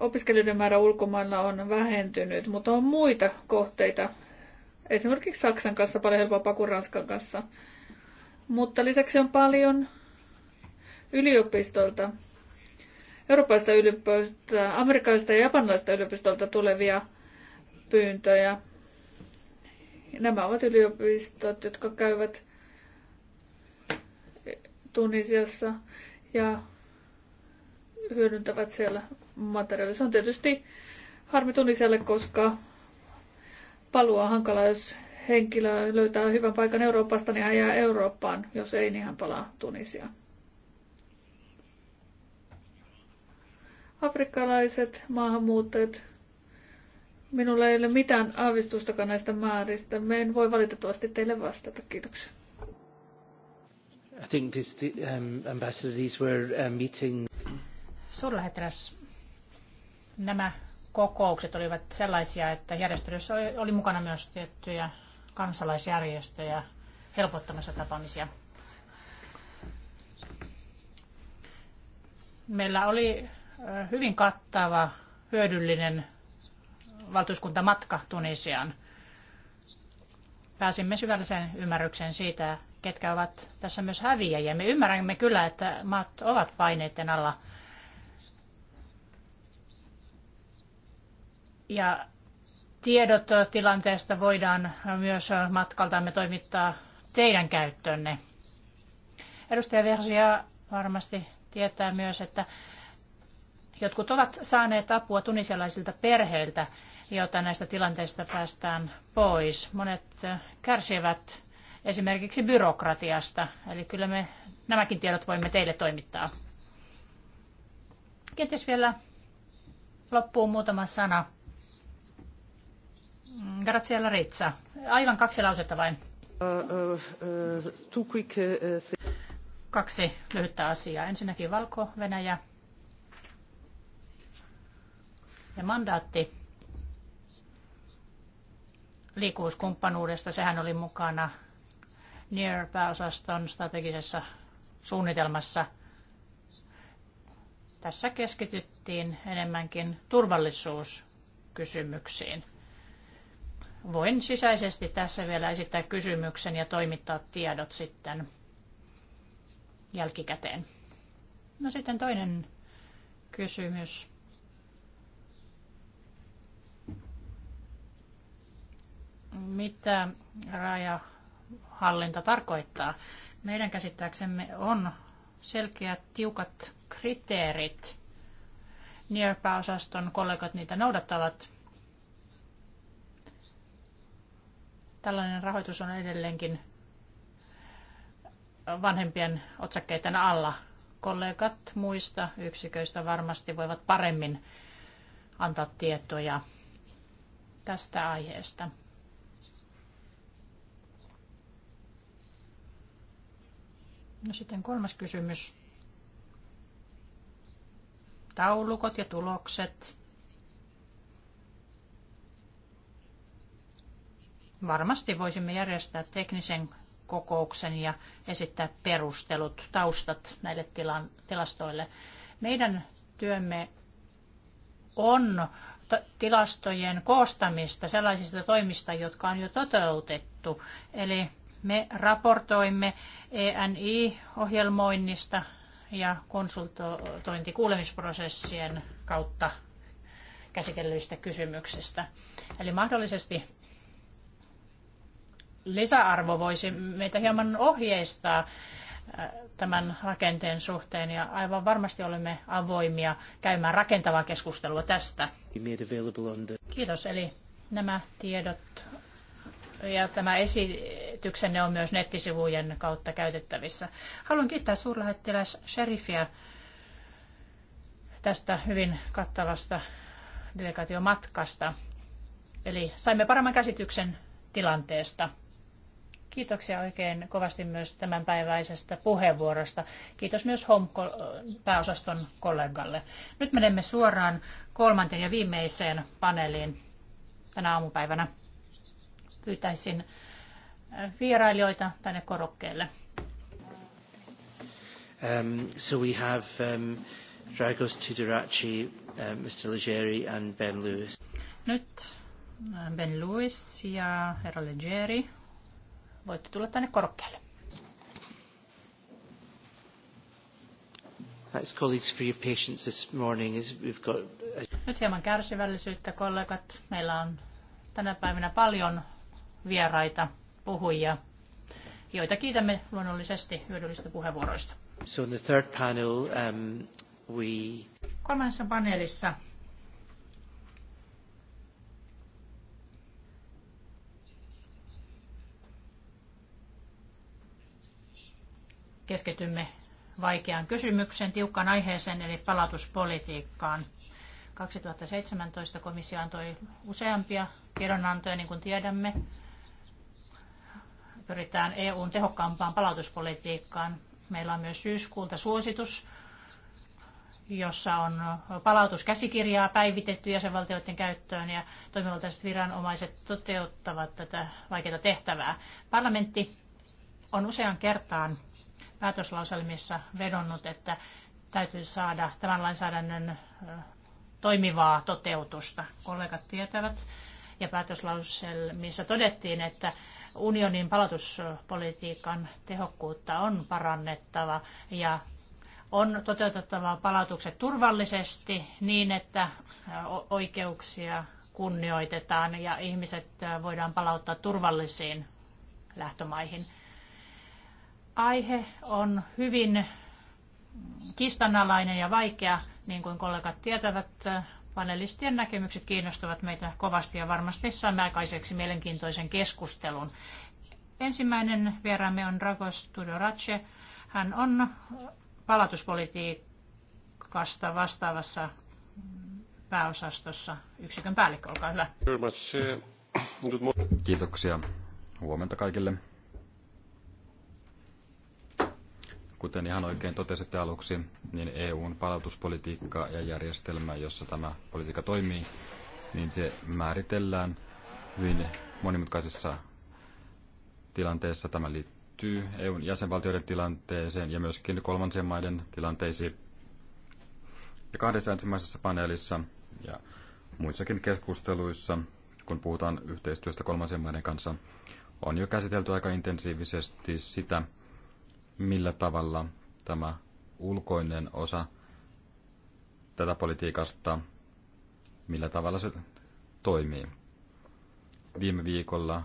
D: opiskelijoiden määrä ulkomailla on vähentynyt, mutta on muita kohteita. Esimerkiksi Saksan kanssa paljon helpompaa kuin Ranskan kanssa. Mutta lisäksi on paljon yliopistoilta, eurooppalaisista yliopistoilta, amerikkalaisista ja japanilaisista yliopistoilta tulevia pyyntöjä. Nämä ovat yliopistot, jotka käyvät Tunisiassa ja hyödyntävät siellä materiaalia. Se on tietysti harmi Tunisialle, koska palua on hankala, jos henkilö löytää hyvän paikan Euroopasta, niin hän jää Eurooppaan. Jos ei, niin hän palaa Tunisiaan. Afrikkalaiset maahanmuuttajat. Minulla ei ole mitään aavistustakaan näistä määristä. Me en voi valitettavasti teille vastata. Kiitoksia.
A: I think this, the um, ambassador, these were uh, meeting.
D: Suurlähettiläs,
B: nämä kokoukset olivat sellaisia, että järjestelyssä oli, oli mukana myös tiettyjä kansalaisjärjestöjä helpottamassa tapaamisia. Meillä oli hyvin kattava, hyödyllinen valtuuskuntamatka Tunisiaan. Pääsimme syvälliseen ymmärrykseen siitä, ketkä ovat tässä myös häviäjiä. Me ymmärrämme kyllä, että maat ovat paineiden alla. Ja tiedot tilanteesta voidaan myös matkaltamme toimittaa teidän käyttöönne. Edustaja Versia varmasti tietää myös, että jotkut ovat saaneet apua tunisialaisilta perheiltä, jotta näistä tilanteista päästään pois. Monet kärsivät esimerkiksi byrokratiasta, eli kyllä me nämäkin tiedot voimme teille toimittaa. Kenties vielä loppuun muutama sana Mm, Graziella Rezza. Aivan kaksi lausetta vain. Kaksi lyhyttä asiaa. Ensinnäkin Valko-Venäjä ja mandaatti liikkuvuuskumppanuudesta. Sehän oli mukana nir pääosaston strategisessa suunnitelmassa. Tässä keskityttiin enemmänkin turvallisuuskysymyksiin voin sisäisesti tässä vielä esittää kysymyksen ja toimittaa tiedot sitten jälkikäteen. No sitten toinen kysymys. Mitä rajahallinta tarkoittaa? Meidän käsittääksemme on selkeät, tiukat kriteerit. Nierpä-osaston kollegat niitä noudattavat – Tällainen rahoitus on edelleenkin vanhempien otsakkeiden alla. Kollegat muista yksiköistä varmasti voivat paremmin antaa tietoja tästä aiheesta. No sitten kolmas kysymys. Taulukot ja tulokset. Varmasti voisimme järjestää teknisen kokouksen ja esittää perustelut, taustat näille tilan, tilastoille. Meidän työmme on tilastojen koostamista sellaisista toimista, jotka on jo toteutettu. Eli me raportoimme ENI-ohjelmoinnista ja konsultointikuulemisprosessien kautta käsitellyistä kysymyksistä. Eli mahdollisesti lisäarvo voisi meitä hieman ohjeistaa äh, tämän rakenteen suhteen ja aivan varmasti olemme avoimia käymään rakentavaa keskustelua tästä. Kiitos. Eli nämä tiedot ja tämä esityksenne on myös nettisivujen kautta käytettävissä. Haluan kiittää suurlähettiläs Sheriffiä tästä hyvin kattavasta delegaatiomatkasta. Eli saimme paremman käsityksen tilanteesta. Kiitoksia oikein kovasti myös tämänpäiväisestä puheenvuorosta. Kiitos myös HOM-pääosaston kollegalle. Nyt menemme suoraan kolmanteen ja viimeiseen paneeliin tänä aamupäivänä. Pyytäisin äh, vierailijoita tänne korokkeelle.
A: Um, so we have um, Dragos Tudorachi, uh, Mr. Legeri and Ben Lewis.
B: Nyt äh, Ben Lewis ja herra Legeri Voitte tulla tänne korokkeelle.
A: Thanks colleagues for your patience this morning. We've got...
B: Nyt hieman kärsivällisyyttä kollegat. Meillä on tänä päivänä paljon vieraita puhujia, joita kiitämme luonnollisesti hyödyllisistä puheenvuoroista.
A: So in the third panel, um, we...
B: Kolmannessa paneelissa keskitymme vaikeaan kysymykseen, tiukkaan aiheeseen eli palautuspolitiikkaan. 2017 komissio antoi useampia tiedonantoja, niin kuin tiedämme. Pyritään EUn tehokkaampaan palautuspolitiikkaan. Meillä on myös syyskuulta suositus, jossa on palautuskäsikirjaa päivitetty jäsenvaltioiden käyttöön ja toimivaltaiset viranomaiset toteuttavat tätä vaikeaa tehtävää. Parlamentti on usean kertaan päätöslauselmissa vedonnut, että täytyy saada tämän lainsäädännön toimivaa toteutusta. Kollegat tietävät ja päätöslauselmissa todettiin, että unionin palautuspolitiikan tehokkuutta on parannettava ja on toteutettava palautukset turvallisesti niin, että oikeuksia kunnioitetaan ja ihmiset voidaan palauttaa turvallisiin lähtömaihin – Aihe on hyvin kistanalainen ja vaikea, niin kuin kollegat tietävät. Panelistien näkemykset kiinnostavat meitä kovasti ja varmasti saamme aikaiseksi mielenkiintoisen keskustelun. Ensimmäinen vieraamme on Dragos Tudorace. Hän on palautuspolitiikasta vastaavassa pääosastossa yksikön päällikkö. Olkaa hyvä.
C: Kiitoksia. Huomenta kaikille. Kuten ihan oikein totesitte aluksi, niin EUn palautuspolitiikka ja järjestelmä, jossa tämä politiikka toimii, niin se määritellään hyvin monimutkaisessa tilanteessa. Tämä liittyy EUn jäsenvaltioiden tilanteeseen ja myöskin kolmansien maiden tilanteisiin. Ja kahdessa ensimmäisessä paneelissa ja muissakin keskusteluissa, kun puhutaan yhteistyöstä kolmansien maiden kanssa, on jo käsitelty aika intensiivisesti sitä, millä tavalla tämä ulkoinen osa tätä politiikasta, millä tavalla se toimii. Viime viikolla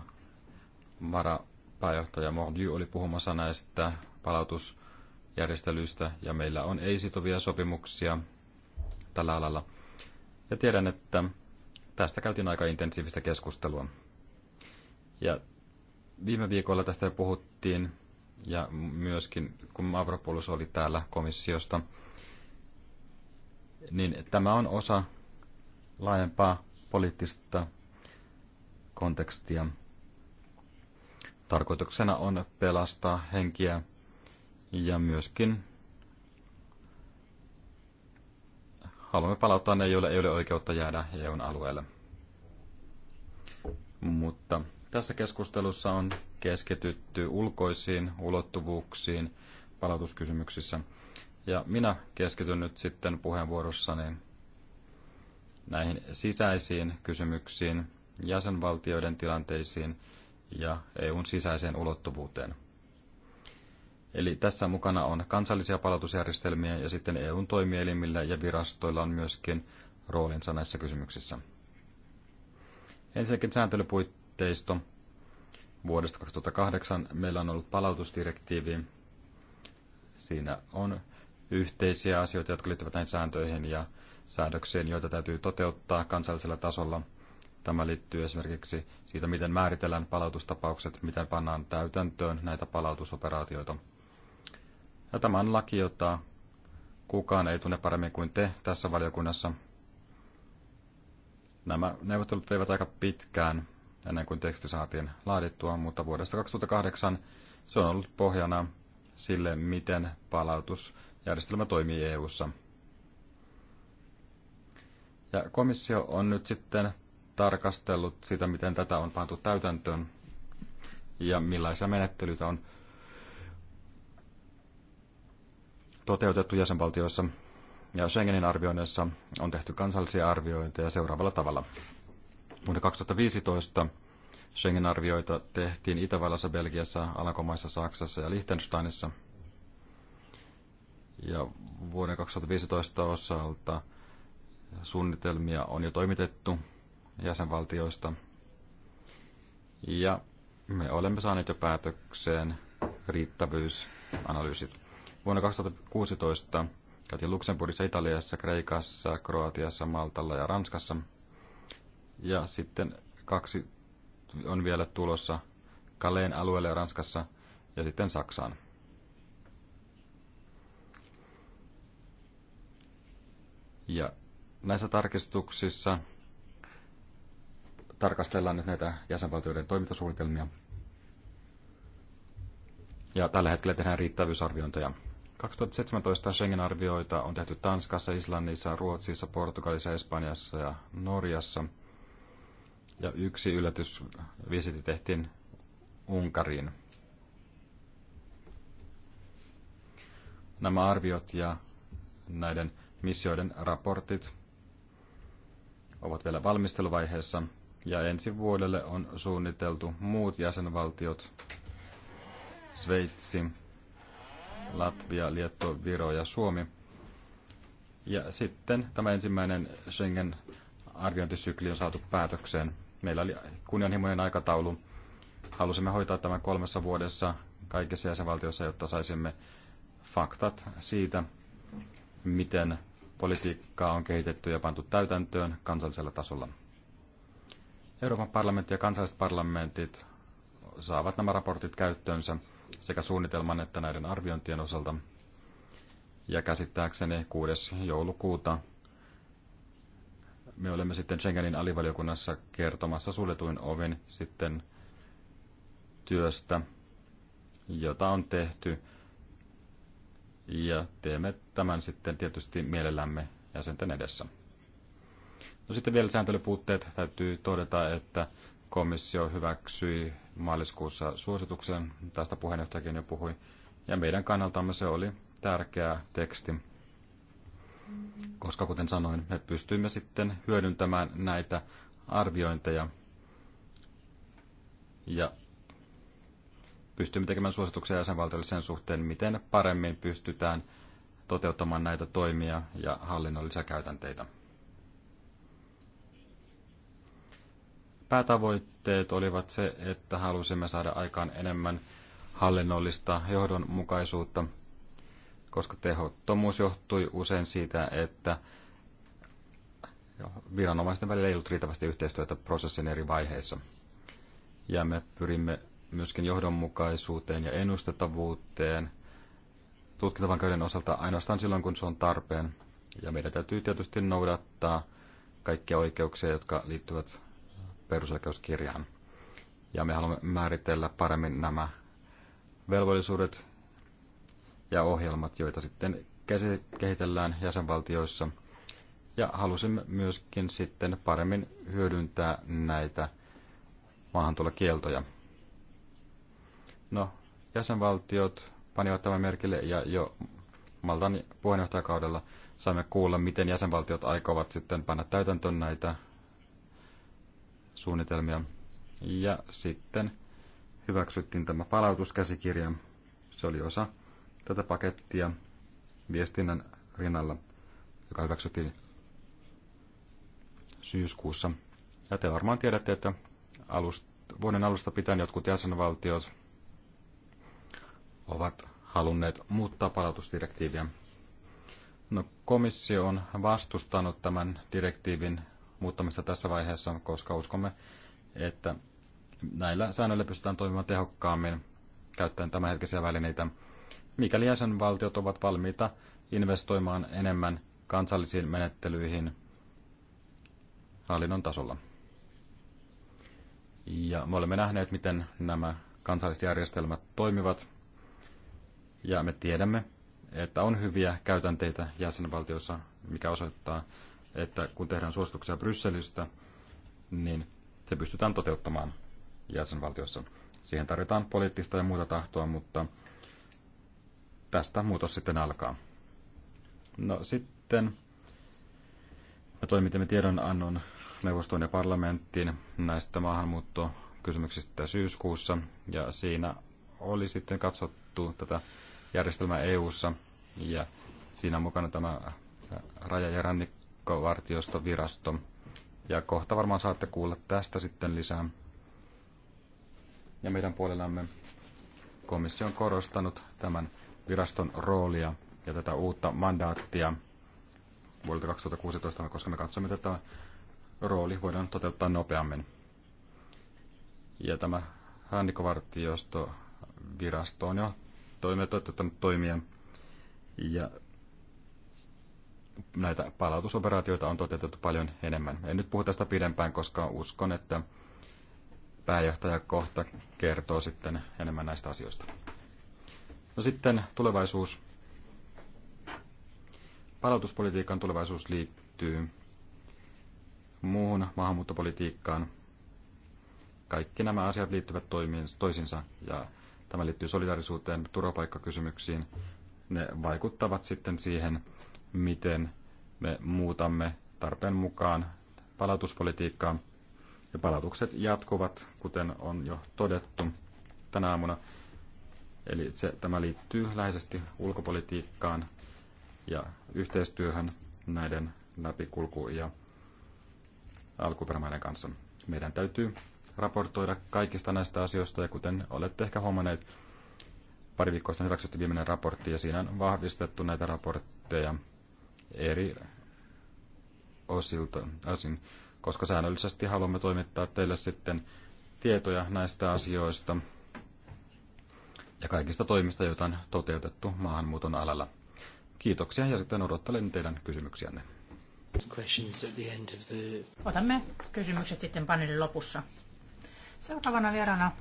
C: varapääjohtaja Mordy oli puhumassa näistä palautusjärjestelyistä ja meillä on ei-sitovia sopimuksia tällä alalla. Ja tiedän, että tästä käytiin aika intensiivistä keskustelua. Ja viime viikolla tästä puhuttiin ja myöskin kun Mavropoulos oli täällä komissiosta, niin tämä on osa laajempaa poliittista kontekstia. Tarkoituksena on pelastaa henkiä ja myöskin haluamme palauttaa ne, joille ei ole oikeutta jäädä EUn alueelle. Mutta tässä keskustelussa on keskitytty ulkoisiin ulottuvuuksiin palautuskysymyksissä. Ja minä keskityn nyt sitten puheenvuorossani näihin sisäisiin kysymyksiin, jäsenvaltioiden tilanteisiin ja EUn sisäiseen ulottuvuuteen. Eli tässä mukana on kansallisia palautusjärjestelmiä ja sitten EUn toimielimillä ja virastoilla on myöskin roolinsa näissä kysymyksissä. Ensinnäkin sääntelypuitteisto. Vuodesta 2008 meillä on ollut palautusdirektiivi. Siinä on yhteisiä asioita, jotka liittyvät näihin sääntöihin ja säädöksiin, joita täytyy toteuttaa kansallisella tasolla. Tämä liittyy esimerkiksi siitä, miten määritellään palautustapaukset, miten pannaan täytäntöön näitä palautusoperaatioita. Ja tämä on laki, jota kukaan ei tunne paremmin kuin te tässä valiokunnassa. Nämä neuvottelut veivät aika pitkään ennen kuin teksti saatiin laadittua, mutta vuodesta 2008 se on ollut pohjana sille, miten palautusjärjestelmä toimii EU:ssa. Ja komissio on nyt sitten tarkastellut sitä, miten tätä on pantu täytäntöön ja millaisia menettelyitä on toteutettu jäsenvaltioissa. Ja Schengenin arvioinnissa on tehty kansallisia arviointeja seuraavalla tavalla. Vuonna 2015 Schengen-arvioita tehtiin Itävallassa, Belgiassa, Alankomaissa, Saksassa ja Liechtensteinissa. Ja vuoden 2015 osalta suunnitelmia on jo toimitettu jäsenvaltioista. Ja me olemme saaneet jo päätökseen riittävyysanalyysit. Vuonna 2016 käytiin Luxemburgissa, Italiassa, Kreikassa, Kroatiassa, Maltalla ja Ranskassa – ja sitten kaksi on vielä tulossa Kaleen alueelle Ranskassa ja sitten Saksaan. Ja näissä tarkistuksissa tarkastellaan nyt näitä jäsenvaltioiden toimintasuunnitelmia. Ja tällä hetkellä tehdään riittävyysarviointeja. 2017 Schengen-arvioita on tehty Tanskassa, Islannissa, Ruotsissa, Portugalissa, Espanjassa ja Norjassa – ja yksi yllätysvisiti tehtiin Unkariin. Nämä arviot ja näiden missioiden raportit ovat vielä valmisteluvaiheessa ja ensi vuodelle on suunniteltu muut jäsenvaltiot, Sveitsi, Latvia, Liettua, Viro ja Suomi. Ja sitten tämä ensimmäinen Schengen arviointisykli on saatu päätökseen. Meillä oli kunnianhimoinen aikataulu. Halusimme hoitaa tämän kolmessa vuodessa kaikissa jäsenvaltioissa, jotta saisimme faktat siitä, miten politiikkaa on kehitetty ja pantu täytäntöön kansallisella tasolla. Euroopan parlamentti ja kansalliset parlamentit saavat nämä raportit käyttöönsä sekä suunnitelman että näiden arviointien osalta. Ja käsittääkseni 6. joulukuuta me olemme sitten Schengenin alivaliokunnassa kertomassa suljetuin ovin sitten työstä, jota on tehty. Ja teemme tämän sitten tietysti mielellämme jäsenten edessä. No sitten vielä sääntelypuutteet. Täytyy todeta, että komissio hyväksyi maaliskuussa suosituksen. Tästä puheenjohtajakin jo puhui. Ja meidän kannaltamme se oli tärkeä teksti koska kuten sanoin, me pystyimme sitten hyödyntämään näitä arviointeja ja pystymme tekemään suosituksia jäsenvaltioille sen suhteen, miten paremmin pystytään toteuttamaan näitä toimia ja hallinnollisia käytänteitä. Päätavoitteet olivat se, että halusimme saada aikaan enemmän hallinnollista johdonmukaisuutta – koska tehottomuus johtui usein siitä, että viranomaisten välillä ei ollut riittävästi yhteistyötä prosessin eri vaiheissa. Ja me pyrimme myöskin johdonmukaisuuteen ja ennustettavuuteen tutkintavankeuden osalta ainoastaan silloin, kun se on tarpeen. Ja meidän täytyy tietysti noudattaa kaikkia oikeuksia, jotka liittyvät perusoikeuskirjaan. Ja me haluamme määritellä paremmin nämä velvollisuudet ja ohjelmat, joita sitten kehitellään jäsenvaltioissa. Ja halusimme myöskin sitten paremmin hyödyntää näitä maahantulokieltoja. No, jäsenvaltiot panivat tämän merkille ja jo Maltan puheenjohtajakaudella saimme kuulla, miten jäsenvaltiot aikovat sitten panna täytäntöön näitä suunnitelmia. Ja sitten hyväksyttiin tämä palautuskäsikirja. Se oli osa tätä pakettia viestinnän rinnalla, joka hyväksyttiin syyskuussa. Ja te varmaan tiedätte, että alusta, vuoden alusta pitäen jotkut jäsenvaltiot ovat halunneet muuttaa palautusdirektiiviä. No, komissio on vastustanut tämän direktiivin muuttamista tässä vaiheessa, koska uskomme, että näillä säännöillä pystytään toimimaan tehokkaammin käyttäen tämänhetkisiä välineitä – mikäli jäsenvaltiot ovat valmiita investoimaan enemmän kansallisiin menettelyihin hallinnon tasolla. Ja me olemme nähneet, miten nämä kansalliset järjestelmät toimivat, ja me tiedämme, että on hyviä käytänteitä jäsenvaltioissa, mikä osoittaa, että kun tehdään suosituksia Brysselistä, niin se pystytään toteuttamaan jäsenvaltiossa. Siihen tarvitaan poliittista ja muuta tahtoa, mutta tästä muutos sitten alkaa. No sitten me toimitimme tiedonannon neuvoston ja parlamenttiin näistä maahanmuuttokysymyksistä syyskuussa, ja siinä oli sitten katsottu tätä järjestelmää EU-ssa, ja siinä on mukana tämä raja- ja rannikkovartiostovirasto, ja kohta varmaan saatte kuulla tästä sitten lisää. Ja meidän puolellamme komissio on korostanut tämän viraston roolia ja tätä uutta mandaattia vuodelta 2016, koska me katsomme tätä rooli voidaan toteuttaa nopeammin. Ja tämä Hannikovartiosto virasto on jo toimia, toteuttanut toimia ja näitä palautusoperaatioita on toteutettu paljon enemmän. En nyt puhu tästä pidempään, koska uskon, että pääjohtaja kohta kertoo sitten enemmän näistä asioista. No sitten tulevaisuus. Palautuspolitiikan tulevaisuus liittyy muuhun maahanmuuttopolitiikkaan. Kaikki nämä asiat liittyvät toisiinsa ja tämä liittyy solidarisuuteen, turvapaikkakysymyksiin. Ne vaikuttavat sitten siihen, miten me muutamme tarpeen mukaan palautuspolitiikkaa. Ja palautukset jatkuvat, kuten on jo todettu tänä aamuna. Eli se, tämä liittyy läheisesti ulkopolitiikkaan ja yhteistyöhön näiden läpikulku- ja alkuperämaiden kanssa. Meidän täytyy raportoida kaikista näistä asioista, ja kuten olette ehkä huomanneet, pari viikkoa sitten hyväksytti viimeinen raportti, ja siinä on vahvistettu näitä raportteja eri osilta, osin, koska säännöllisesti haluamme toimittaa teille sitten tietoja näistä asioista ja kaikista toimista, joita on toteutettu maahanmuuton alalla. Kiitoksia ja sitten odottelen teidän kysymyksiänne.
B: Otamme kysymykset sitten paneelin lopussa. Seuraavana vierana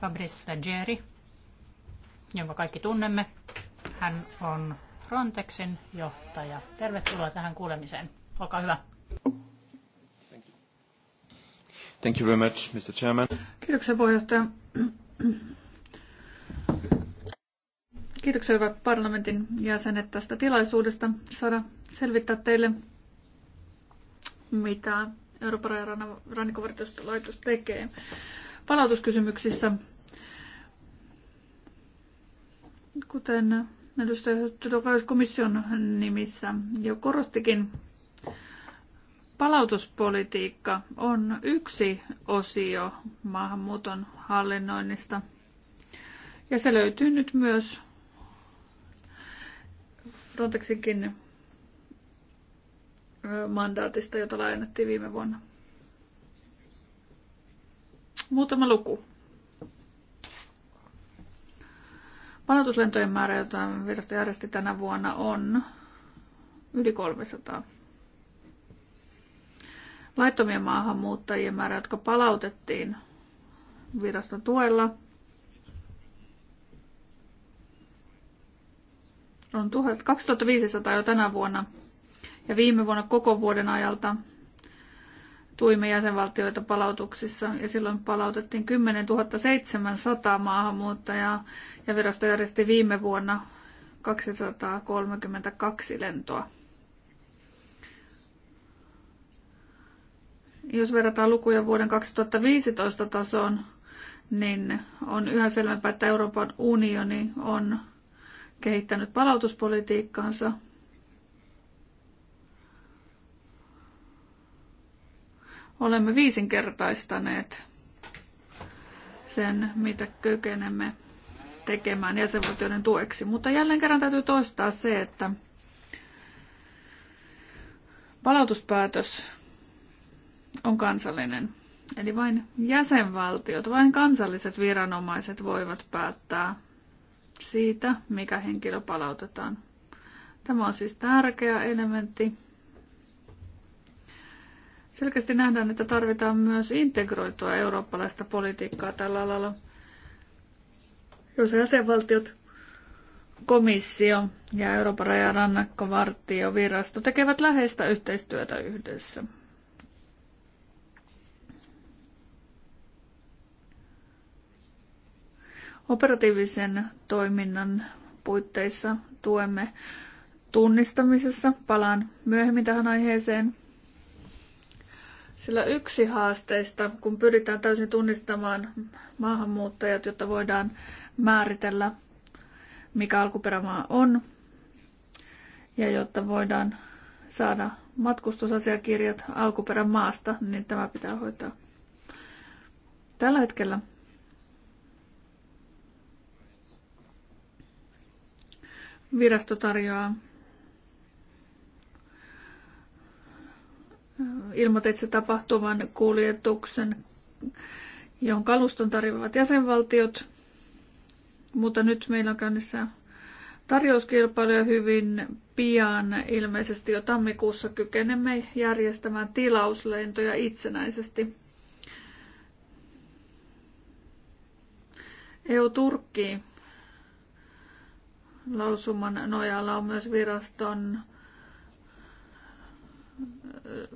B: Fabrice Leggeri, jonka kaikki tunnemme. Hän on Frontexin johtaja. Tervetuloa tähän kuulemiseen. Olkaa hyvä.
C: Thank you very much, Mr. Chairman.
D: Kiitoksia puheenjohtaja. Kiitoksia hyvät parlamentin jäsenet tästä tilaisuudesta saada selvittää teille, mitä Euroopan rannikkovartiostolaitos tekee palautuskysymyksissä. Kuten edustaja komission nimissä jo korostikin, palautuspolitiikka on yksi osio maahanmuuton hallinnoinnista – ja se löytyy nyt myös Frontexinkin mandaatista, jota laajennettiin viime vuonna. Muutama luku. Palautuslentojen määrä, jota virasto järjesti tänä vuonna, on yli 300. Laittomien maahanmuuttajien määrä, jotka palautettiin viraston tuella, on 2500 jo tänä vuonna. Ja viime vuonna koko vuoden ajalta tuimme jäsenvaltioita palautuksissa ja silloin palautettiin 10 700 maahanmuuttajaa ja virasto järjesti viime vuonna 232 lentoa. Jos verrataan lukuja vuoden 2015 tasoon, niin on yhä selvempää, että Euroopan unioni on kehittänyt palautuspolitiikkaansa. Olemme viisinkertaistaneet sen, mitä kykenemme tekemään jäsenvaltioiden tueksi. Mutta jälleen kerran täytyy toistaa se, että palautuspäätös on kansallinen. Eli vain jäsenvaltiot, vain kansalliset viranomaiset voivat päättää siitä, mikä henkilö palautetaan. Tämä on siis tärkeä elementti. Selkeästi nähdään, että tarvitaan myös integroitua eurooppalaista politiikkaa tällä alalla. Jos jäsenvaltiot, komissio ja Euroopan rajarannakkovartiovirasto tekevät läheistä yhteistyötä yhdessä. Operatiivisen toiminnan puitteissa tuemme tunnistamisessa. Palaan myöhemmin tähän aiheeseen. Sillä yksi haasteista, kun pyritään täysin tunnistamaan maahanmuuttajat, jotta voidaan määritellä, mikä alkuperämaa on, ja jotta voidaan saada matkustusasiakirjat alkuperämaasta, niin tämä pitää hoitaa. Tällä hetkellä Virasto tarjoaa ilmoitetse tapahtuvan kuljetuksen, jonka kaluston tarjoavat jäsenvaltiot. Mutta nyt meillä on käynnissä tarjouskilpailu ja hyvin pian, ilmeisesti jo tammikuussa, kykenemme järjestämään tilauslentoja itsenäisesti. eu turkkiin lausuman nojalla on myös viraston eh,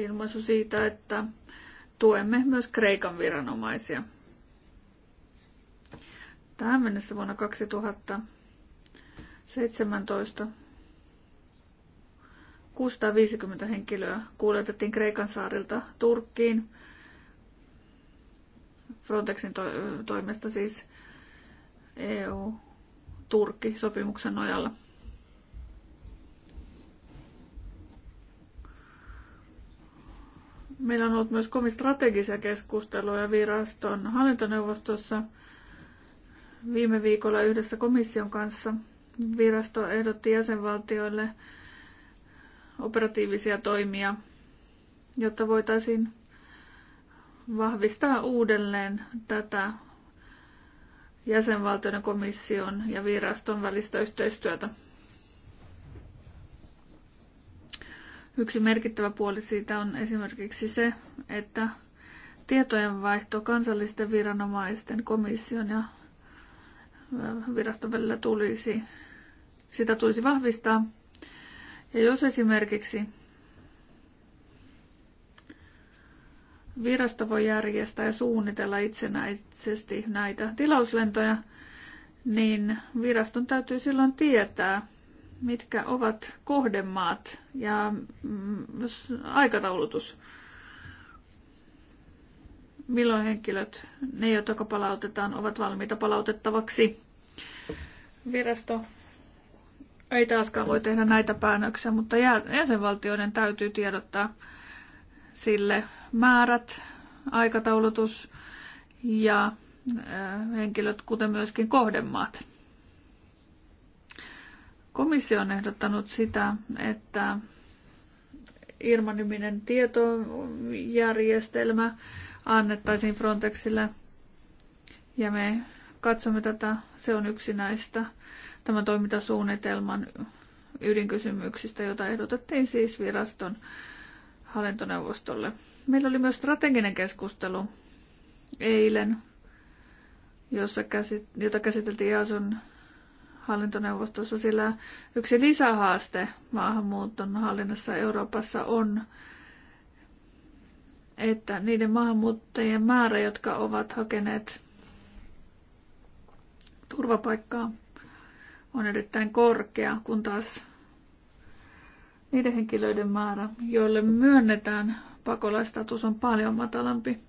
D: ilmaisu siitä, että tuemme myös Kreikan viranomaisia. Tähän mennessä vuonna 2017 650 henkilöä kuljetettiin Kreikan saarilta Turkkiin. Frontexin to- toimesta siis EU Turkki-sopimuksen nojalla. Meillä on ollut myös kovin strategisia keskusteluja viraston hallintoneuvostossa viime viikolla yhdessä komission kanssa. Virasto ehdotti jäsenvaltioille operatiivisia toimia, jotta voitaisiin vahvistaa uudelleen tätä jäsenvaltioiden komission ja viraston välistä yhteistyötä. Yksi merkittävä puoli siitä on esimerkiksi se, että tietojenvaihto kansallisten viranomaisten, komission ja viraston välillä tulisi, sitä tulisi vahvistaa. Ja jos esimerkiksi Virasto voi järjestää ja suunnitella itsenäisesti näitä tilauslentoja, niin viraston täytyy silloin tietää, mitkä ovat kohdemaat ja mm, aikataulutus. Milloin henkilöt, ne jotka palautetaan, ovat valmiita palautettavaksi. Virasto ei taaskaan voi tehdä näitä päätöksiä, mutta jäsenvaltioiden täytyy tiedottaa sille määrät, aikataulutus ja äh, henkilöt, kuten myöskin kohdemaat. Komissio on ehdottanut sitä, että Irma-niminen tietojärjestelmä annettaisiin Frontexille ja me katsomme tätä. Se on yksi näistä tämän toimintasuunnitelman ydinkysymyksistä, jota ehdotettiin siis viraston hallintoneuvostolle. Meillä oli myös strateginen keskustelu eilen, jossa käsit- jota käsiteltiin Jaason hallintoneuvostossa, sillä yksi lisähaaste maahanmuuton hallinnassa Euroopassa on, että niiden maahanmuuttajien määrä, jotka ovat hakeneet turvapaikkaa, on erittäin korkea, kun taas niiden henkilöiden määrä, joille myönnetään pakolaistatus, on paljon matalampi.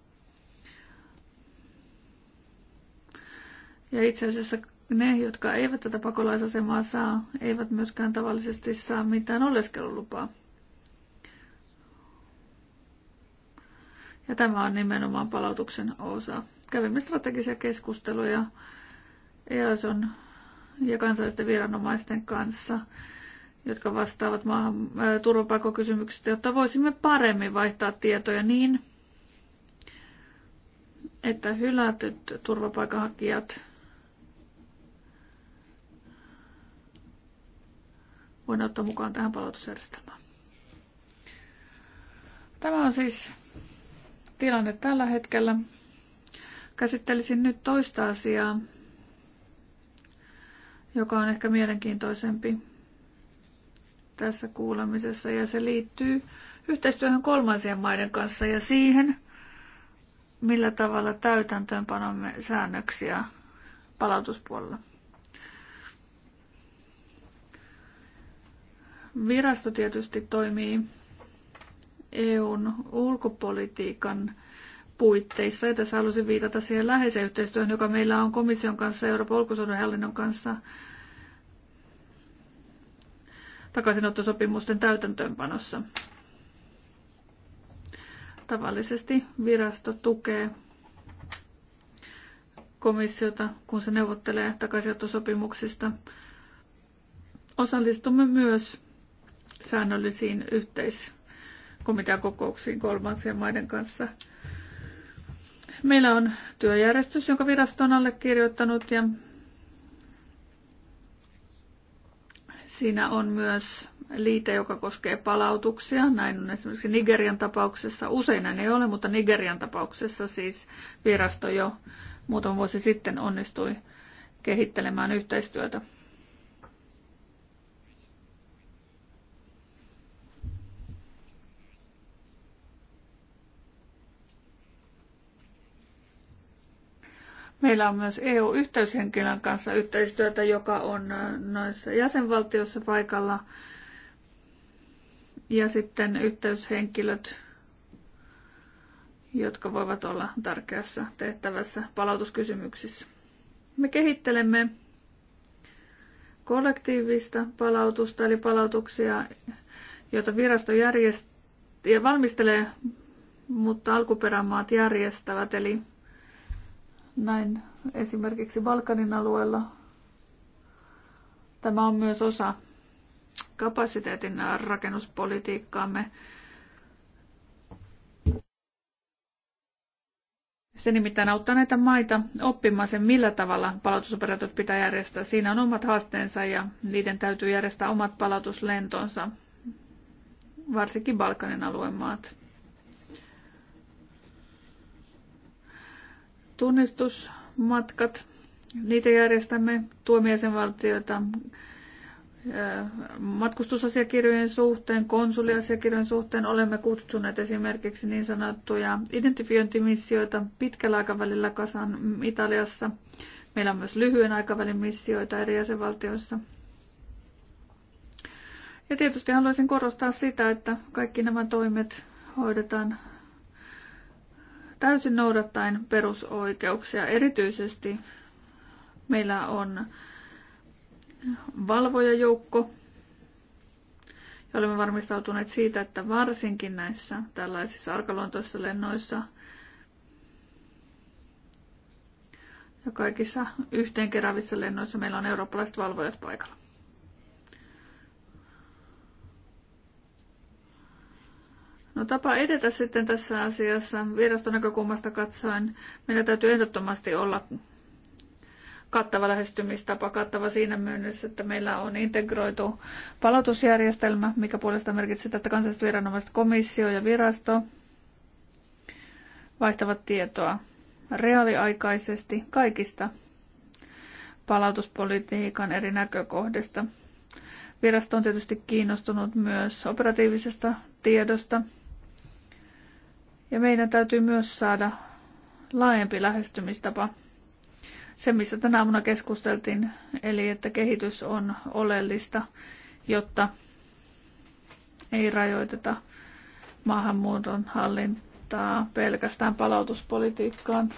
D: Ja itse asiassa ne, jotka eivät tätä pakolaisasemaa saa, eivät myöskään tavallisesti saa mitään oleskelulupaa. Ja tämä on nimenomaan palautuksen osa. Kävimme strategisia keskusteluja EASON ja kansallisten viranomaisten kanssa jotka vastaavat maahan, turvapaikkakysymyksistä, jotta voisimme paremmin vaihtaa tietoja niin, että hylätyt turvapaikanhakijat voidaan ottaa mukaan tähän palautusjärjestelmään. Tämä on siis tilanne tällä hetkellä. Käsittelisin nyt toista asiaa, joka on ehkä mielenkiintoisempi tässä kuulemisessa ja se liittyy yhteistyöhön kolmansien maiden kanssa ja siihen, millä tavalla täytäntöönpanomme säännöksiä palautuspuolella. Virasto tietysti toimii EUn ulkopolitiikan puitteissa. Ja tässä halusin viitata siihen läheiseen yhteistyöhön, joka meillä on komission kanssa, Euroopan ulkosuudenhallinnon kanssa takaisinottosopimusten täytäntöönpanossa. Tavallisesti virasto tukee komissiota, kun se neuvottelee takaisinottosopimuksista. Osallistumme myös säännöllisiin yhteiskomiteakokouksiin kolmansien maiden kanssa. Meillä on työjärjestys, jonka virasto on allekirjoittanut ja Siinä on myös liite, joka koskee palautuksia. Näin on esimerkiksi Nigerian tapauksessa. Usein näin ei ole, mutta Nigerian tapauksessa siis virasto jo muutama vuosi sitten onnistui kehittelemään yhteistyötä. Meillä on myös EU-yhteyshenkilön kanssa yhteistyötä, joka on äh, noissa jäsenvaltioissa paikalla. Ja sitten yhteyshenkilöt, jotka voivat olla tärkeässä tehtävässä palautuskysymyksissä. Me kehittelemme kollektiivista palautusta, eli palautuksia, joita virasto järjestää ja valmistelee, mutta alkuperämaat järjestävät, eli näin esimerkiksi Balkanin alueella. Tämä on myös osa kapasiteetin rakennuspolitiikkaamme. Se nimittäin auttaa näitä maita oppimaan sen, millä tavalla palautusoperaatiot pitää järjestää. Siinä on omat haasteensa ja niiden täytyy järjestää omat palautuslentonsa, varsinkin Balkanin alueen maat. tunnistusmatkat. Niitä järjestämme tuomiesenvaltioita matkustusasiakirjojen suhteen, konsuliasiakirjojen suhteen olemme kutsuneet esimerkiksi niin sanottuja identifiointimissioita pitkällä aikavälillä kasan Italiassa. Meillä on myös lyhyen aikavälin missioita eri jäsenvaltioissa. Ja tietysti haluaisin korostaa sitä, että kaikki nämä toimet hoidetaan täysin noudattaen perusoikeuksia. Erityisesti meillä on valvojajoukko, ja olemme varmistautuneet siitä, että varsinkin näissä tällaisissa arkaluontoisissa lennoissa ja kaikissa yhteenkerävissä lennoissa meillä on eurooppalaiset valvojat paikalla. No tapa edetä sitten tässä asiassa viraston näkökulmasta katsoen, meillä täytyy ehdottomasti olla kattava lähestymistapa, kattava siinä myönnessä, että meillä on integroitu palautusjärjestelmä, mikä puolestaan merkitsee, että kansalliset viranomaiset komissio ja virasto vaihtavat tietoa reaaliaikaisesti kaikista palautuspolitiikan eri näkökohdista. Virasto on tietysti kiinnostunut myös operatiivisesta tiedosta, ja meidän täytyy myös saada laajempi lähestymistapa. Se, missä tänä aamuna keskusteltiin, eli että kehitys on oleellista, jotta ei rajoiteta maahanmuuton hallintaa pelkästään palautuspolitiikkaan.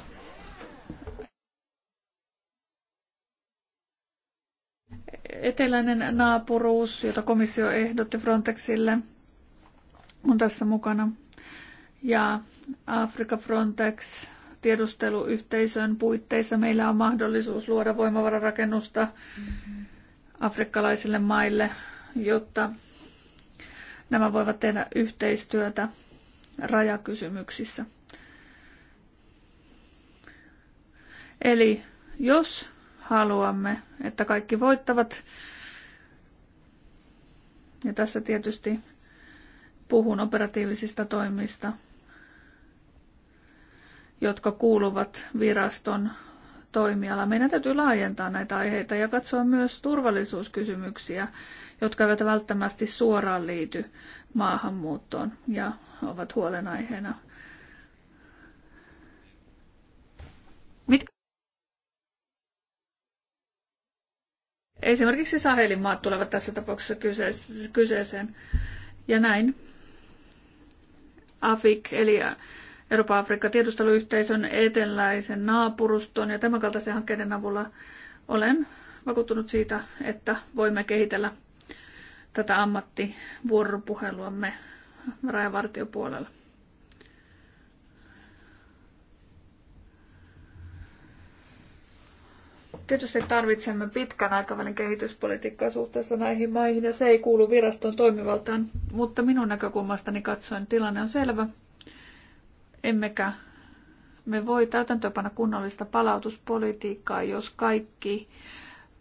D: Eteläinen naapuruus, jota komissio ehdotti Frontexille, on tässä mukana ja Afrika Frontex tiedusteluyhteisön puitteissa meillä on mahdollisuus luoda voimavararakennusta mm-hmm. afrikkalaisille maille, jotta nämä voivat tehdä yhteistyötä rajakysymyksissä. Eli jos haluamme, että kaikki voittavat, ja tässä tietysti puhun operatiivisista toimista – jotka kuuluvat viraston toimialaan. Meidän täytyy laajentaa näitä aiheita ja katsoa myös turvallisuuskysymyksiä, jotka eivät välttämättä suoraan liity maahanmuuttoon ja ovat huolenaiheena. Mitkä esimerkiksi Sahelin maat tulevat tässä tapauksessa kyseeseen. Ja näin. AFIC, eli Euroopan Afrikka tiedusteluyhteisön eteläisen naapuruston ja tämän kaltaisten hankkeiden avulla olen vakuuttunut siitä, että voimme kehitellä tätä ammattivuoropuheluamme rajavartiopuolella. Tietysti tarvitsemme pitkän aikavälin kehityspolitiikkaa suhteessa näihin maihin ja se ei kuulu viraston toimivaltaan, mutta minun näkökulmastani katsoen tilanne on selvä. Emmekä me voi täytäntöönpanna kunnollista palautuspolitiikkaa, jos kaikki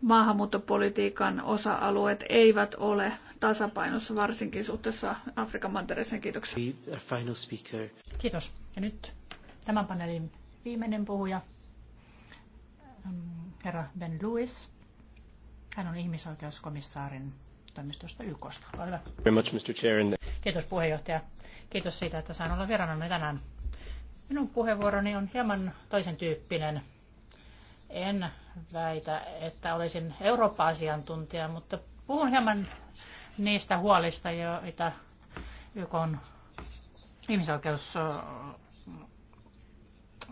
D: maahanmuuttopolitiikan osa-alueet eivät ole tasapainossa, varsinkin suhteessa Afrikan mantereeseen. Kiitoksia.
A: Uh, final speaker.
D: Kiitos. Ja nyt tämän paneelin viimeinen puhuja,
B: mm, herra Ben Lewis. Hän on ihmisoikeuskomissaarin toimistosta YKsta. Olkaa hyvä.
A: Much, Mr. Chair.
B: Kiitos puheenjohtaja. Kiitos siitä, että saan olla vieraana tänään. Minun puheenvuoroni on hieman toisen tyyppinen. En väitä, että olisin Eurooppa-asiantuntija, mutta puhun hieman niistä huolista, joita YK on ihmisoikeus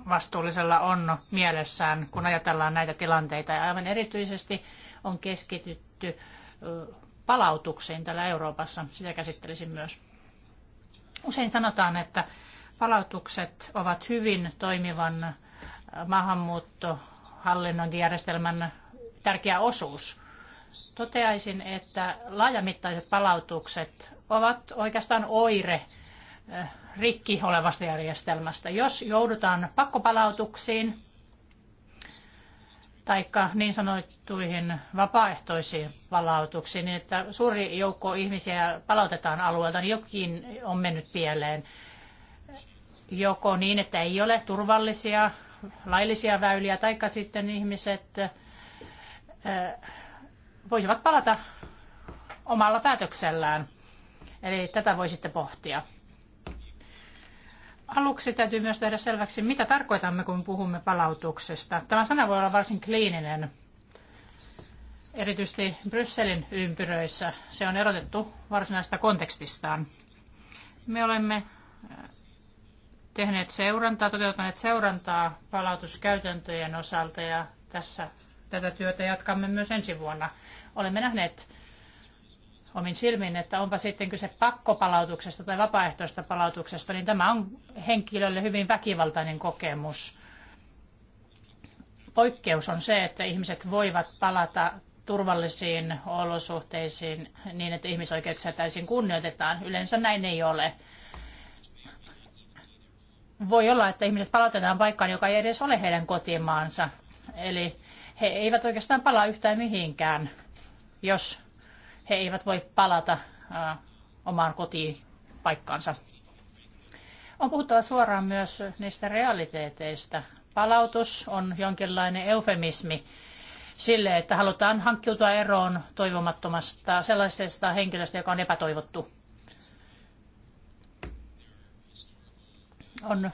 B: vastuullisella on mielessään, kun ajatellaan näitä tilanteita. Ja aivan erityisesti on keskitytty palautuksiin täällä Euroopassa. Sitä käsittelisin myös. Usein sanotaan, että palautukset ovat hyvin toimivan järjestelmän tärkeä osuus. Toteaisin, että laajamittaiset palautukset ovat oikeastaan oire eh, rikki olevasta järjestelmästä. Jos joudutaan pakkopalautuksiin tai niin sanottuihin vapaaehtoisiin palautuksiin, niin että suuri joukko ihmisiä palautetaan alueelta, niin jokin on mennyt pieleen joko niin, että ei ole turvallisia, laillisia väyliä, tai sitten ihmiset voisivat palata omalla päätöksellään. Eli tätä voisitte pohtia. Aluksi täytyy myös tehdä selväksi, mitä tarkoitamme, kun puhumme palautuksesta. Tämä sana voi olla varsin kliininen, erityisesti Brysselin ympyröissä. Se on erotettu varsinaista kontekstistaan. Me olemme tehneet seurantaa, toteuttaneet seurantaa palautuskäytäntöjen osalta ja tässä tätä työtä jatkamme myös ensi vuonna. Olemme nähneet omin silmin, että onpa sitten kyse pakkopalautuksesta tai vapaaehtoista palautuksesta, niin tämä on henkilölle hyvin väkivaltainen kokemus. Poikkeus on se, että ihmiset voivat palata turvallisiin olosuhteisiin niin, että ihmisoikeuksia täysin kunnioitetaan. Yleensä näin ei ole voi olla, että ihmiset palautetaan paikkaan, joka ei edes ole heidän kotimaansa. Eli he eivät oikeastaan palaa yhtään mihinkään, jos he eivät voi palata äh, omaan kotipaikkaansa. On puhuttava suoraan myös niistä realiteeteista. Palautus on jonkinlainen eufemismi sille, että halutaan hankkiutua eroon toivomattomasta sellaisesta henkilöstä, joka on epätoivottu. on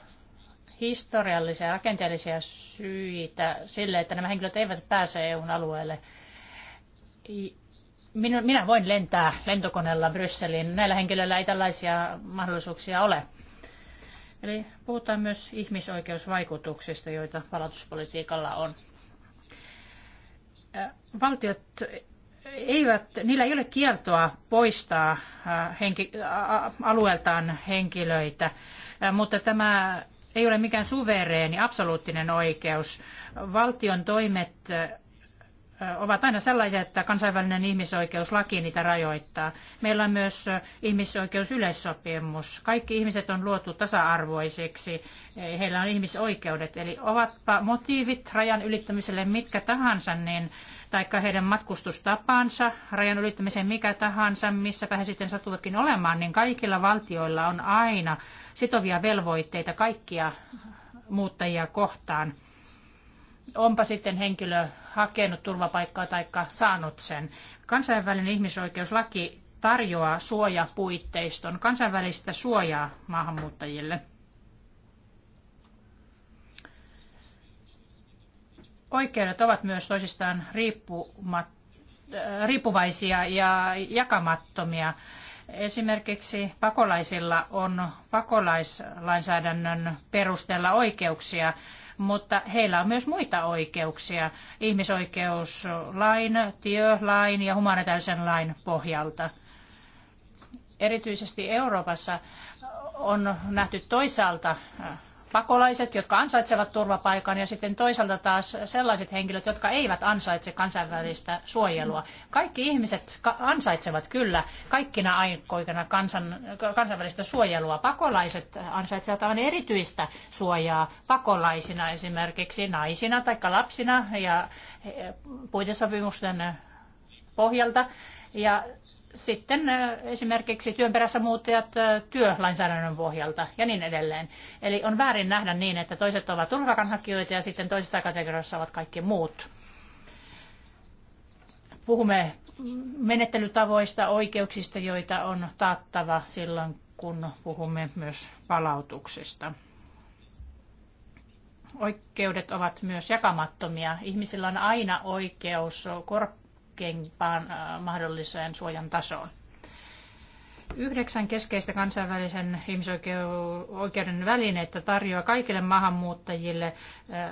B: historiallisia ja rakenteellisia syitä sille, että nämä henkilöt eivät pääse eu alueelle. Minä, minä voin lentää lentokoneella Brysseliin. Näillä henkilöillä ei tällaisia mahdollisuuksia ole. Eli puhutaan myös ihmisoikeusvaikutuksista, joita palautuspolitiikalla on. Valtiot eivät, niillä ei ole kieltoa poistaa äh, henki, äh, alueeltaan henkilöitä, äh, mutta tämä ei ole mikään suvereeni, absoluuttinen oikeus. Valtion toimet ovat aina sellaisia, että kansainvälinen ihmisoikeuslaki niitä rajoittaa. Meillä on myös ihmisoikeusyleissopimus. Kaikki ihmiset on luotu tasa-arvoisiksi, heillä on ihmisoikeudet. Eli ovatpa motiivit rajan ylittämiselle mitkä tahansa, niin, taikka heidän matkustustapansa rajan ylittämiseen mikä tahansa, missäpä he sitten satuvatkin olemaan, niin kaikilla valtioilla on aina sitovia velvoitteita kaikkia muuttajia kohtaan – onpa sitten henkilö hakenut turvapaikkaa tai saanut sen. Kansainvälinen ihmisoikeuslaki tarjoaa suojapuitteiston, kansainvälistä suojaa maahanmuuttajille. Oikeudet ovat myös toisistaan äh, riippuvaisia ja jakamattomia. Esimerkiksi pakolaisilla on pakolaislainsäädännön perusteella oikeuksia mutta heillä on myös muita oikeuksia ihmisoikeuslain, työlain ja humanitaarisen lain pohjalta. Erityisesti Euroopassa on nähty toisaalta äh, pakolaiset, jotka ansaitsevat turvapaikan, ja sitten toisaalta taas sellaiset henkilöt, jotka eivät ansaitse kansainvälistä suojelua. Kaikki ihmiset ansaitsevat kyllä kaikkina aikoina kansan, kansainvälistä suojelua. Pakolaiset ansaitsevat aivan erityistä suojaa pakolaisina, esimerkiksi naisina tai lapsina ja eh, puitesopimusten eh, pohjalta. Ja sitten esimerkiksi työn perässä muuttajat työlainsäädännön pohjalta ja niin edelleen. Eli on väärin nähdä niin, että toiset ovat turvakanhakijoita ja sitten toisessa kategoriassa ovat kaikki muut. Puhumme menettelytavoista, oikeuksista, joita on taattava silloin, kun puhumme myös palautuksista. Oikeudet ovat myös jakamattomia. Ihmisillä on aina oikeus korkeimpaan äh, mahdolliseen suojan tasoon. Yhdeksän keskeistä kansainvälisen ihmisoikeuden välineitä tarjoaa kaikille maahanmuuttajille äh,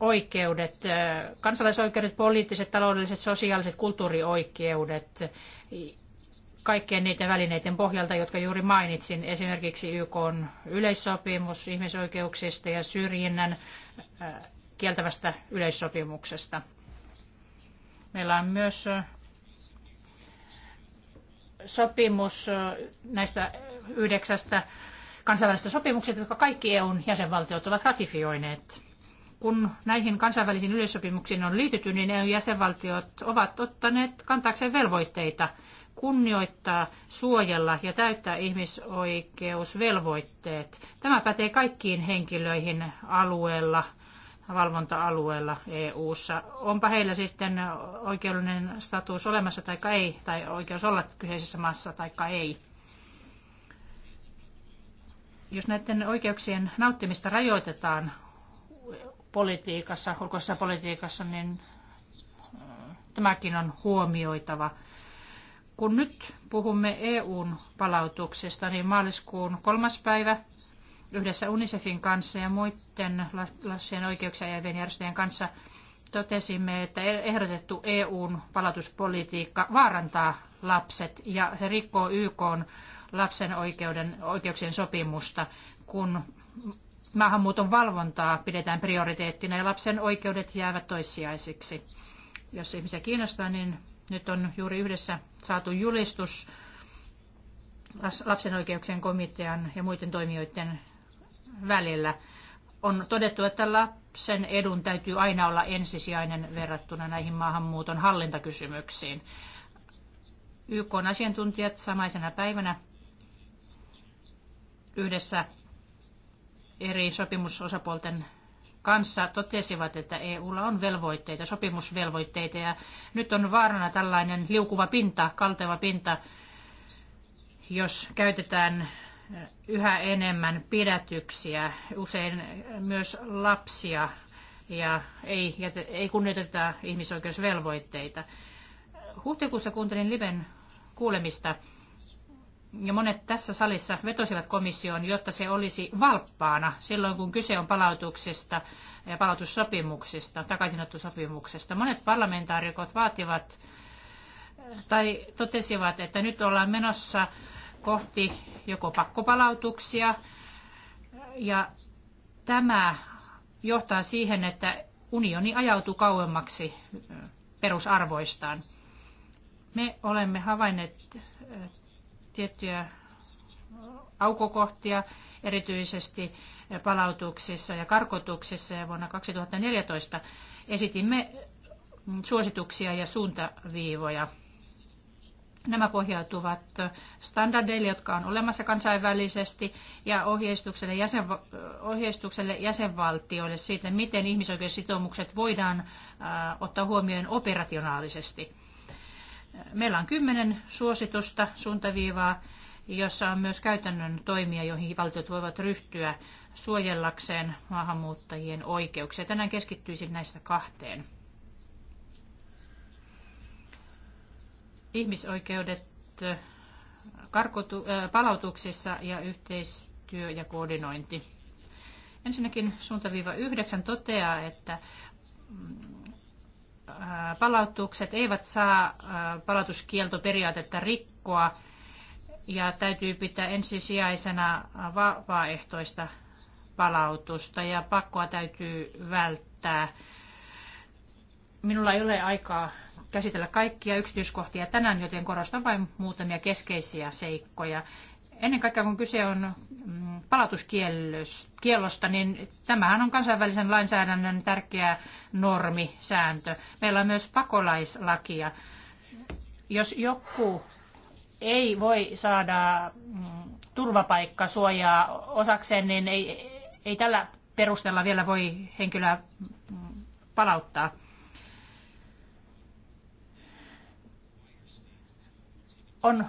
B: oikeudet, äh, kansalaisoikeudet, poliittiset, taloudelliset, sosiaaliset, kulttuurioikeudet, kaikkien niiden välineiden pohjalta, jotka juuri mainitsin, esimerkiksi YK yleissopimus ihmisoikeuksista ja syrjinnän kieltävästä yleissopimuksesta. Meillä on myös sopimus näistä yhdeksästä kansainvälisestä sopimuksesta, jotka kaikki EUn jäsenvaltiot ovat ratifioineet. Kun näihin kansainvälisiin yleissopimuksiin on liitytty, niin EUn jäsenvaltiot ovat ottaneet kantaakseen velvoitteita kunnioittaa, suojella ja täyttää ihmisoikeusvelvoitteet. Tämä pätee kaikkiin henkilöihin alueella valvonta-alueella EU-ssa. Onpa heillä sitten oikeudellinen status olemassa tai ei, tai oikeus olla kyseisessä maassa tai ei. Jos näiden oikeuksien nauttimista rajoitetaan politiikassa, ulkoisessa politiikassa, niin äh, tämäkin on huomioitava. Kun nyt puhumme EUn palautuksesta, niin maaliskuun kolmas päivä – yhdessä UNICEFin kanssa ja muiden lasten oikeuksia ja järjestöjen kanssa totesimme, että e- ehdotettu EUn palautuspolitiikka vaarantaa lapset ja se rikkoo YK lapsen oikeuden, oikeuksien sopimusta, kun maahanmuuton valvontaa pidetään prioriteettina ja lapsen oikeudet jäävät toissijaisiksi. Jos ihmisiä kiinnostaa, niin nyt on juuri yhdessä saatu julistus lapsen oikeuksien komitean ja muiden toimijoiden välillä. On todettu, että lapsen edun täytyy aina olla ensisijainen verrattuna näihin maahanmuuton hallintakysymyksiin. YK asiantuntijat samaisena päivänä yhdessä eri sopimusosapuolten kanssa totesivat, että EUlla on velvoitteita, sopimusvelvoitteita ja nyt on vaarana tällainen liukuva pinta, kalteva pinta, jos käytetään yhä enemmän pidätyksiä, usein myös lapsia, ja ei, ei kunnioiteta ihmisoikeusvelvoitteita. Huhtikuussa kuuntelin Liven kuulemista, ja monet tässä salissa vetosivat komissioon, jotta se olisi valppaana silloin, kun kyse on palautuksesta ja palautussopimuksista, takaisinottosopimuksesta. Monet parlamentaarikot vaativat tai totesivat, että nyt ollaan menossa kohti joko pakkopalautuksia. Ja tämä johtaa siihen, että unioni ajautuu kauemmaksi äh, perusarvoistaan. Me olemme havainneet äh, tiettyjä aukokohtia, erityisesti äh, palautuksissa ja karkotuksissa. Ja vuonna 2014 esitimme mm, suosituksia ja suuntaviivoja Nämä pohjautuvat standardeille, jotka on olemassa kansainvälisesti, ja ohjeistukselle, jäsen, ohjeistukselle jäsenvaltioille siitä, miten ihmisoikeussitoumukset voidaan äh, ottaa huomioon operationaalisesti. Meillä on kymmenen suositusta suuntaviivaa, jossa on myös käytännön toimia, joihin valtiot voivat ryhtyä suojellakseen maahanmuuttajien oikeuksia. Tänään keskittyisin näistä kahteen. ihmisoikeudet äh, karkotu, äh, palautuksissa ja yhteistyö ja koordinointi. Ensinnäkin suuntaviiva 9 toteaa, että mm, äh, palautukset eivät saa palautuskieltoperiaatetta rikkoa ja täytyy pitää ensisijaisena vapaaehtoista palautusta ja pakkoa täytyy välttää. Minulla ei ole aikaa käsitellä kaikkia yksityiskohtia tänään, joten korostan vain muutamia keskeisiä seikkoja. Ennen kaikkea kun kyse on mm, palautuskiellosta, niin tämähän on kansainvälisen lainsäädännön tärkeä normisääntö. Meillä on myös pakolaislakia. Jos joku ei voi saada mm, turvapaikkasuojaa osakseen, niin ei, ei tällä perusteella vielä voi henkilöä mm, palauttaa. on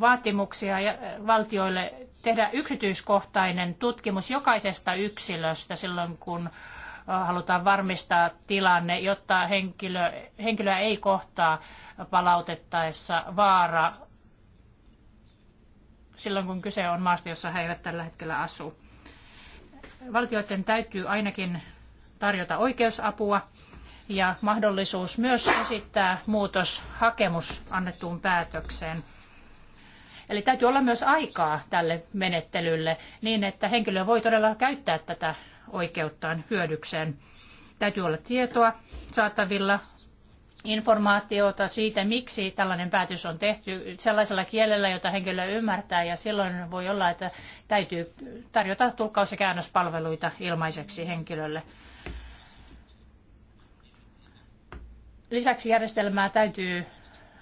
B: vaatimuksia eh, valtioille tehdä yksityiskohtainen tutkimus jokaisesta yksilöstä silloin, kun eh, halutaan varmistaa tilanne, jotta henkilö, henkilöä ei kohtaa palautettaessa vaara silloin, kun kyse on maasta, jossa he eivät tällä hetkellä asu. Valtioiden täytyy ainakin tarjota oikeusapua ja mahdollisuus myös esittää muutoshakemus annettuun päätökseen. Eli täytyy olla myös aikaa tälle menettelylle niin, että henkilö voi todella käyttää tätä oikeuttaan hyödykseen. Täytyy olla tietoa saatavilla, informaatiota siitä, miksi tällainen päätös on tehty sellaisella kielellä, jota henkilö ymmärtää, ja silloin voi olla, että täytyy tarjota tulkkaus- ja käännöspalveluita ilmaiseksi henkilölle. Lisäksi järjestelmää täytyy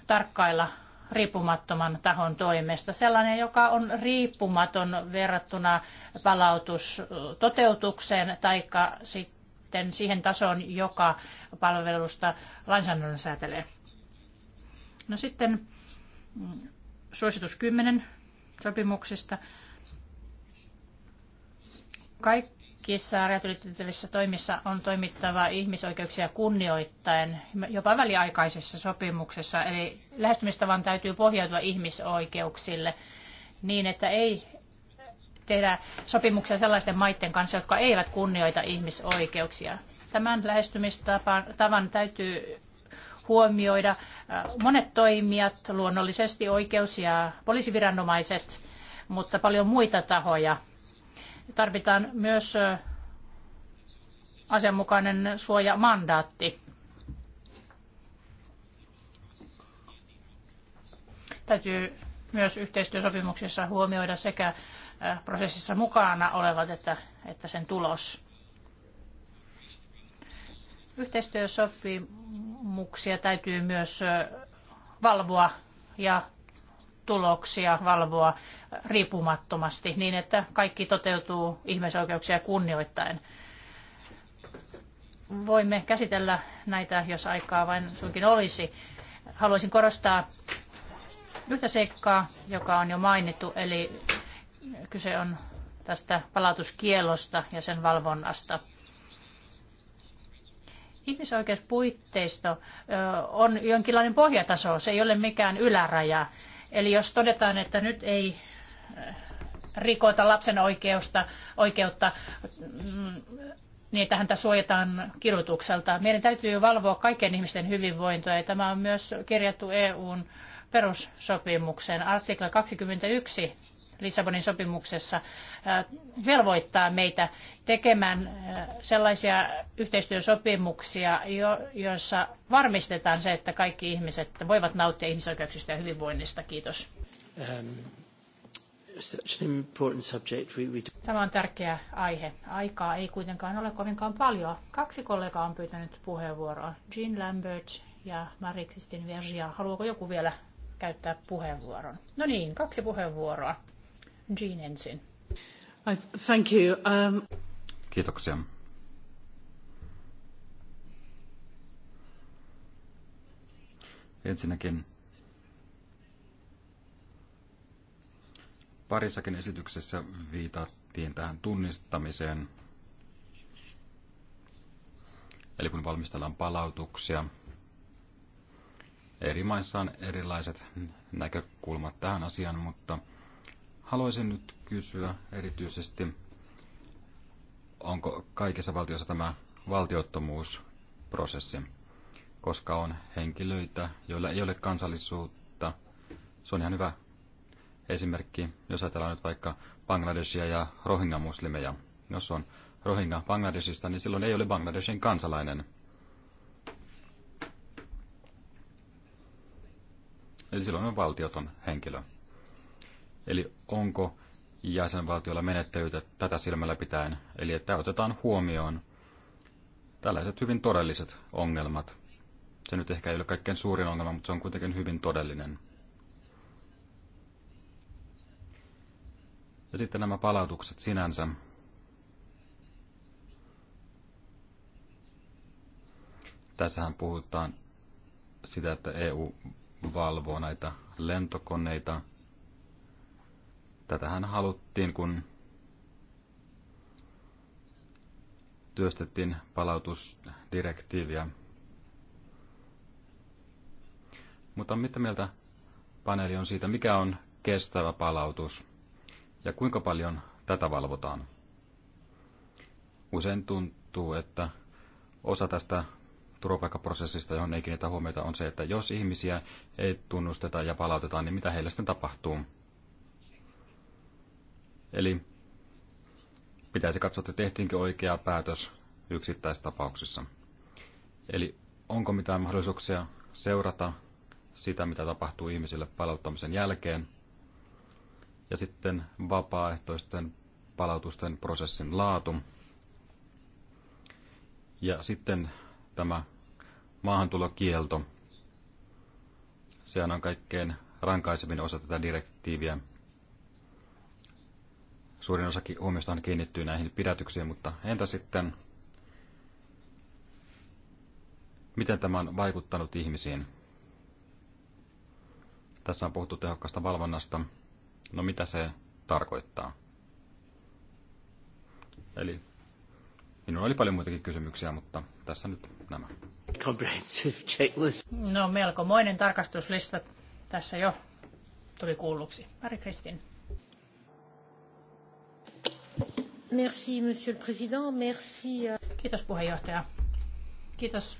B: tarkkailla riippumattoman tahon toimesta. Sellainen, joka on riippumaton verrattuna palautustoteutukseen tai sitten siihen tasoon, joka palvelusta lainsäädännön säätelee. No sitten mm, suositus 10 sopimuksista. Kaikki kaikissa rajat ylittävissä toimissa on toimittava ihmisoikeuksia kunnioittaen, jopa väliaikaisessa sopimuksessa. Eli lähestymistavan täytyy pohjautua ihmisoikeuksille niin, että ei tehdä sopimuksia sellaisten maiden kanssa, jotka eivät kunnioita ihmisoikeuksia. Tämän lähestymistavan täytyy huomioida äh, monet toimijat, luonnollisesti oikeus- ja poliisiviranomaiset, mutta paljon muita tahoja – Tarvitaan myös asianmukainen suojamandaatti. Täytyy myös yhteistyösopimuksessa huomioida sekä prosessissa mukana olevat että, että sen tulos. Yhteistyösopimuksia täytyy myös valvoa ja tuloksia valvoa riippumattomasti niin, että kaikki toteutuu ihmisoikeuksia kunnioittaen. Voimme käsitellä näitä, jos aikaa vain suinkin olisi. Haluaisin korostaa yhtä seikkaa, joka on jo mainittu, eli kyse on tästä palautuskielosta ja sen valvonnasta. Ihmisoikeuspuitteisto on jonkinlainen pohjataso, se ei ole mikään yläraja. Eli jos todetaan, että nyt ei äh, rikota lapsen oikeusta, oikeutta, mm, niin että häntä suojataan kidutukselta. Meidän täytyy valvoa kaikkien ihmisten hyvinvointoa, ja tämä on myös kirjattu EUn perussopimukseen. Artikla 21 Lissabonin sopimuksessa velvoittaa meitä tekemään sellaisia yhteistyösopimuksia, joissa varmistetaan se, että kaikki ihmiset voivat nauttia ihmisoikeuksista ja hyvinvoinnista. Kiitos. Um, Tämä on tärkeä aihe. Aikaa ei kuitenkaan ole kovinkaan paljon. Kaksi kollegaa on pyytänyt puheenvuoroa. Jean Lambert ja Marie-Christine Vergia. Haluaako joku vielä käyttää puheenvuoron? No niin, kaksi puheenvuoroa. Jean ensin.
C: thank you. Um... Kiitoksia. Ensinnäkin parissakin esityksessä viitattiin tähän tunnistamiseen. Eli kun valmistellaan palautuksia, eri maissa on erilaiset näkökulmat tähän asiaan, mutta Haluaisin nyt kysyä erityisesti, onko kaikissa valtioissa tämä valtiottomuusprosessi, koska on henkilöitä, joilla ei ole kansallisuutta. Se on ihan hyvä esimerkki, jos ajatellaan nyt vaikka Bangladesia ja Rohingya-muslimeja. Jos on Rohingya Bangladesista, niin silloin ei ole Bangladesin kansalainen. Eli silloin on valtioton henkilö. Eli onko jäsenvaltiolla menettelyitä tätä silmällä pitäen, eli että otetaan huomioon tällaiset hyvin todelliset ongelmat. Se nyt ehkä ei ole kaikkein suurin ongelma, mutta se on kuitenkin hyvin todellinen. Ja sitten nämä palautukset sinänsä. Tässähän puhutaan sitä, että EU valvoo näitä lentokoneita – Tätähän haluttiin, kun työstettiin palautusdirektiiviä. Mutta mitä mieltä paneeli on siitä, mikä on kestävä palautus ja kuinka paljon tätä valvotaan? Usein tuntuu, että osa tästä turvapaikkaprosessista, johon ei kiinnitä huomiota, on se, että jos ihmisiä ei tunnusteta ja palautetaan, niin mitä heille sitten tapahtuu? Eli pitäisi katsoa, että tehtiinkö oikea päätös yksittäistapauksissa. Eli onko mitään mahdollisuuksia seurata sitä, mitä tapahtuu ihmisille palauttamisen jälkeen. Ja sitten vapaaehtoisten palautusten prosessin laatu. Ja sitten tämä maahantulokielto. Sehän on kaikkein rankaisemmin osa tätä direktiiviä suurin osakin huomiostahan kiinnittyy näihin pidätyksiin, mutta entä sitten, miten tämä on vaikuttanut ihmisiin? Tässä on puhuttu tehokkaasta valvonnasta. No mitä se tarkoittaa? Eli minulla oli paljon muitakin kysymyksiä, mutta tässä nyt nämä. Comprehensive checklist.
B: No melkomoinen tarkastuslista tässä jo tuli kuulluksi. Mari Kristin. monsieur le président. Merci. Euh, Kiitos puheenjohtaja. Kiitos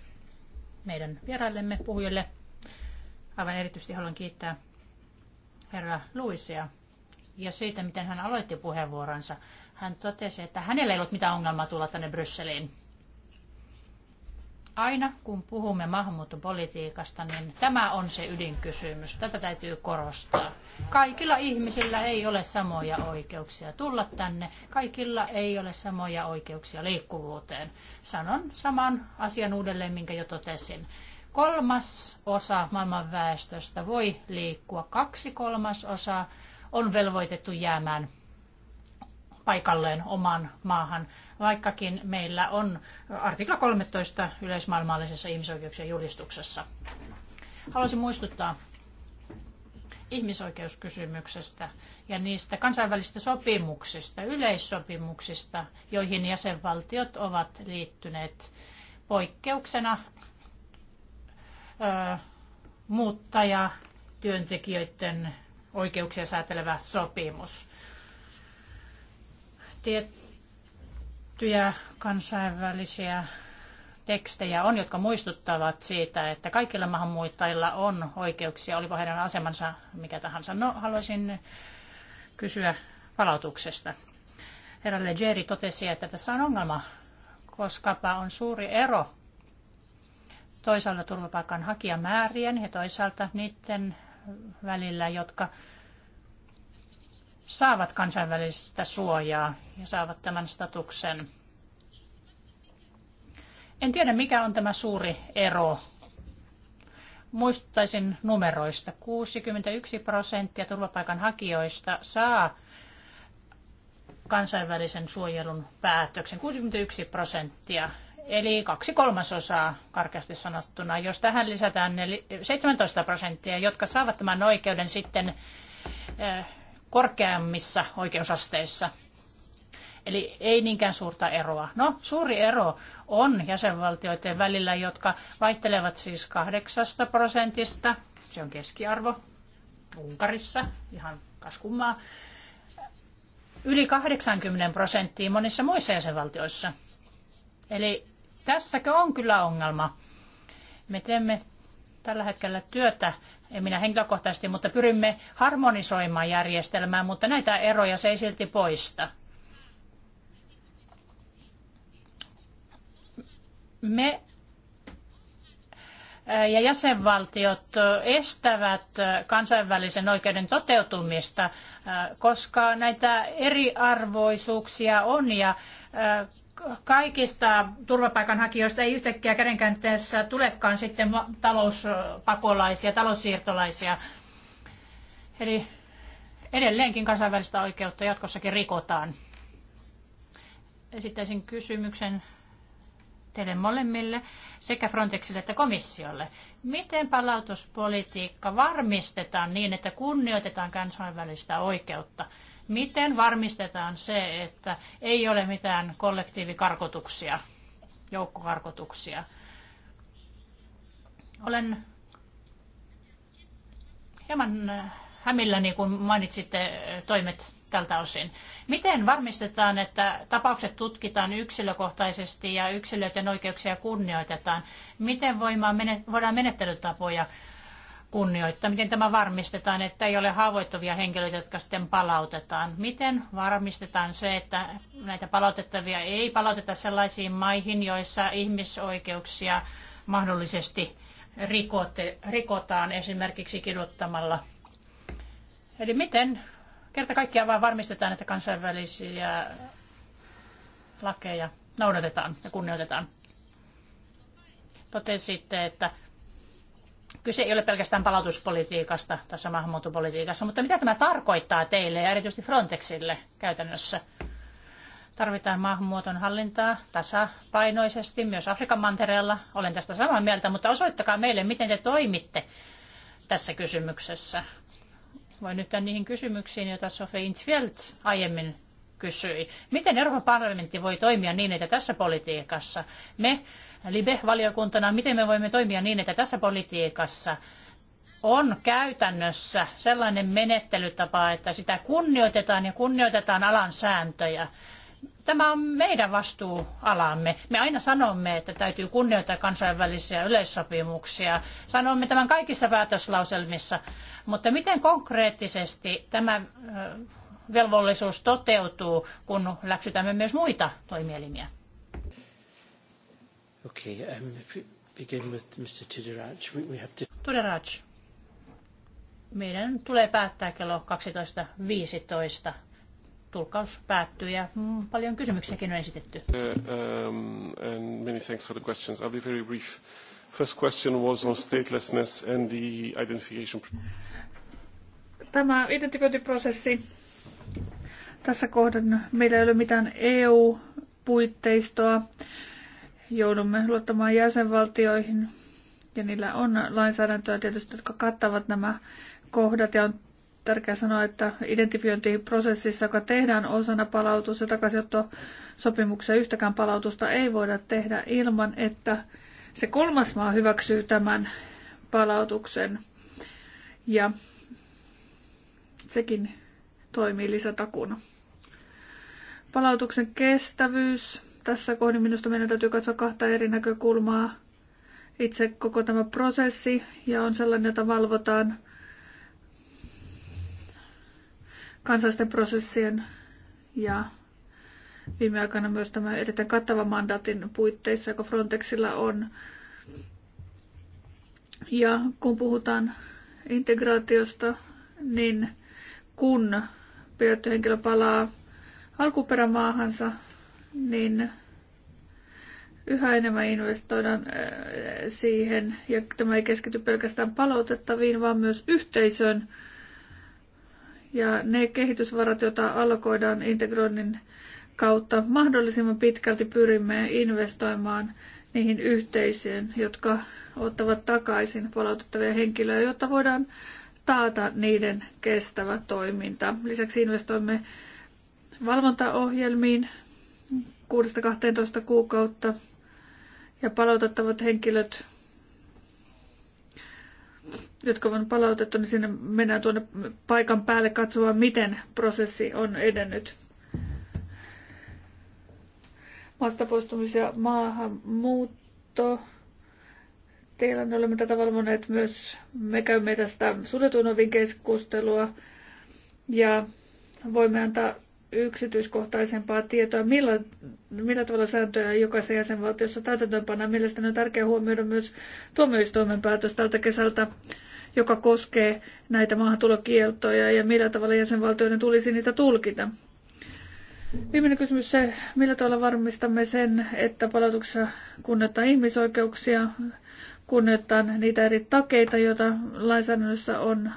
B: meidän vieraillemme puhujille. Aivan erityisesti haluan kiittää herra Luisia ja siitä, miten hän aloitti puheenvuoronsa. Hän totesi, että hänellä ei ollut mitään ongelmaa tulla tänne Brysseliin. Aina kun puhumme maahanmuuttopolitiikasta, niin tämä on se ydinkysymys. Tätä täytyy korostaa. Kaikilla ihmisillä ei ole samoja oikeuksia tulla tänne. Kaikilla ei ole samoja oikeuksia liikkuvuuteen. Sanon saman asian uudelleen, minkä jo totesin kolmas osa maailman väestöstä voi liikkua. Kaksi kolmas osa on velvoitettu jäämään paikalleen oman maahan, vaikkakin meillä on artikla 13 yleismaailmallisessa ihmisoikeuksien julistuksessa. Haluaisin muistuttaa ihmisoikeuskysymyksestä ja niistä kansainvälisistä sopimuksista, yleissopimuksista, joihin jäsenvaltiot ovat liittyneet poikkeuksena ö, muuttaja työntekijöiden oikeuksia säätelevä sopimus. Tiettyjä kansainvälisiä tekstejä on, jotka muistuttavat siitä, että kaikilla maahanmuuttajilla on oikeuksia, olipa heidän asemansa mikä tahansa. No, haluaisin kysyä palautuksesta. Herra Legeri totesi, että tässä on ongelma, koska on suuri ero toisaalta turvapaikanhakijamäärien ja toisaalta niiden välillä, jotka saavat kansainvälistä suojaa ja saavat tämän statuksen. En tiedä, mikä on tämä suuri ero. Muistaisin numeroista. 61 prosenttia turvapaikanhakijoista saa kansainvälisen suojelun päätöksen. 61 prosenttia, eli kaksi kolmasosaa karkeasti sanottuna. Jos tähän lisätään ne 17 prosenttia, jotka saavat tämän oikeuden sitten eh, korkeammissa oikeusasteissa. Eli ei niinkään suurta eroa. No, suuri ero on jäsenvaltioiden välillä, jotka vaihtelevat siis kahdeksasta prosentista, se on keskiarvo, Unkarissa, ihan kaskummaa, yli 80 prosenttia monissa muissa jäsenvaltioissa. Eli tässäkö on kyllä ongelma. Me teemme tällä hetkellä työtä en minä henkilökohtaisesti, mutta pyrimme harmonisoimaan järjestelmää, mutta näitä eroja se ei silti poista. Me ja jäsenvaltiot estävät kansainvälisen oikeuden toteutumista, koska näitä eriarvoisuuksia on ja kaikista turvapaikanhakijoista ei yhtäkkiä kädenkäänteessä tulekaan sitten talouspakolaisia, taloussiirtolaisia. Eli edelleenkin kansainvälistä oikeutta jatkossakin rikotaan. Esittäisin kysymyksen teille molemmille, sekä Frontexille että komissiolle. Miten palautuspolitiikka varmistetaan niin, että kunnioitetaan kansainvälistä oikeutta? Miten varmistetaan se, että ei ole mitään kollektiivikarkotuksia, joukkokarkotuksia? Olen hieman äh, hämilläni, kun mainitsitte äh, toimet tältä osin. Miten varmistetaan, että tapaukset tutkitaan yksilökohtaisesti ja yksilöiden oikeuksia kunnioitetaan? Miten voidaan menettelytapoja kunnioittaa? Miten tämä varmistetaan, että ei ole haavoittuvia henkilöitä, jotka sitten palautetaan? Miten varmistetaan se, että näitä palautettavia ei palauteta sellaisiin maihin, joissa ihmisoikeuksia mahdollisesti rikote, rikotaan esimerkiksi kiduttamalla? Eli miten kerta kaikkiaan vaan varmistetaan, että kansainvälisiä lakeja noudatetaan ja kunnioitetaan? Totesitte, että Kyse ei ole pelkästään palautuspolitiikasta tässä maahanmuuttopolitiikassa, mutta mitä tämä tarkoittaa teille ja erityisesti Frontexille käytännössä? Tarvitaan maahanmuuton hallintaa tasapainoisesti myös Afrikan mantereella. Olen tästä samaa mieltä, mutta osoittakaa meille, miten te toimitte tässä kysymyksessä. Voin nyt niihin kysymyksiin, joita Sofie Intfeldt aiemmin kysyi. Miten Euroopan parlamentti voi toimia niin, että tässä politiikassa me LIBE-valiokuntana, miten me voimme toimia niin, että tässä politiikassa on käytännössä sellainen menettelytapa, että sitä kunnioitetaan ja kunnioitetaan alan sääntöjä. Tämä on meidän vastuualamme. Me aina sanomme, että täytyy kunnioittaa kansainvälisiä yleissopimuksia. Sanomme tämän kaikissa päätöslauselmissa. Mutta miten konkreettisesti tämä velvollisuus toteutuu, kun läksytämme myös muita toimielimiä?
A: Okay, um, if we begin with Mr. Tudoraj, we have to...
B: Tudoraj, meidän tulee päättää kello 12.15. Tulkaus päättyy ja mm, paljon kysymyksiäkin on esitetty. Uh,
A: um, and many thanks for the questions. I'll be very brief. First question was on statelessness and the identification.
D: Tämä identifiointiprosessi. Tässä kohdan meillä ei ole mitään EU-puitteistoa joudumme luottamaan jäsenvaltioihin ja niillä on lainsäädäntöä tietysti, jotka kattavat nämä kohdat ja on tärkeää sanoa, että identifiointiprosessissa, joka tehdään osana palautus- ja takaisinottosopimuksia, yhtäkään palautusta ei voida tehdä ilman, että se kolmas maa hyväksyy tämän palautuksen. Ja sekin toimii lisätakuna. Palautuksen kestävyys tässä kohdin minusta meidän täytyy katsoa kahta eri näkökulmaa. Itse koko tämä prosessi ja on sellainen, jota valvotaan kansallisten prosessien ja viime aikoina myös tämä erittäin kattava mandaatin puitteissa, joka Frontexilla on. Ja kun puhutaan integraatiosta, niin kun pidetty henkilö palaa alkuperämaahansa, niin yhä enemmän investoidaan äh, siihen, ja tämä ei keskity pelkästään palautettaviin, vaan myös yhteisöön. Ja ne kehitysvarat, joita alkoidaan integroinnin kautta, mahdollisimman pitkälti pyrimme investoimaan niihin yhteisöön, jotka ottavat takaisin palautettavia henkilöjä, jotta voidaan taata niiden kestävä toiminta. Lisäksi investoimme valvontaohjelmiin, 6-12 kuukautta ja palautettavat henkilöt, jotka on palautettu, niin sinne mennään tuonne paikan päälle katsomaan, miten prosessi on edennyt. poistumis- ja maahanmuutto. Teillä me olemme tätä valvoneet myös. Me käymme tästä suljetun ovin keskustelua ja voimme antaa yksityiskohtaisempaa tietoa, milloin, millä tavalla sääntöjä jokaisessa jäsenvaltiossa täytäntöönpannaan. Mielestäni on tärkeää huomioida myös tuomioistuimen päätös tältä kesältä, joka koskee näitä maahantulokieltoja ja millä tavalla jäsenvaltioiden tulisi niitä tulkita. Viimeinen kysymys se, millä tavalla varmistamme sen, että palautuksessa kunnioittaa ihmisoikeuksia, kunnioittaa niitä eri takeita, joita lainsäädännössä on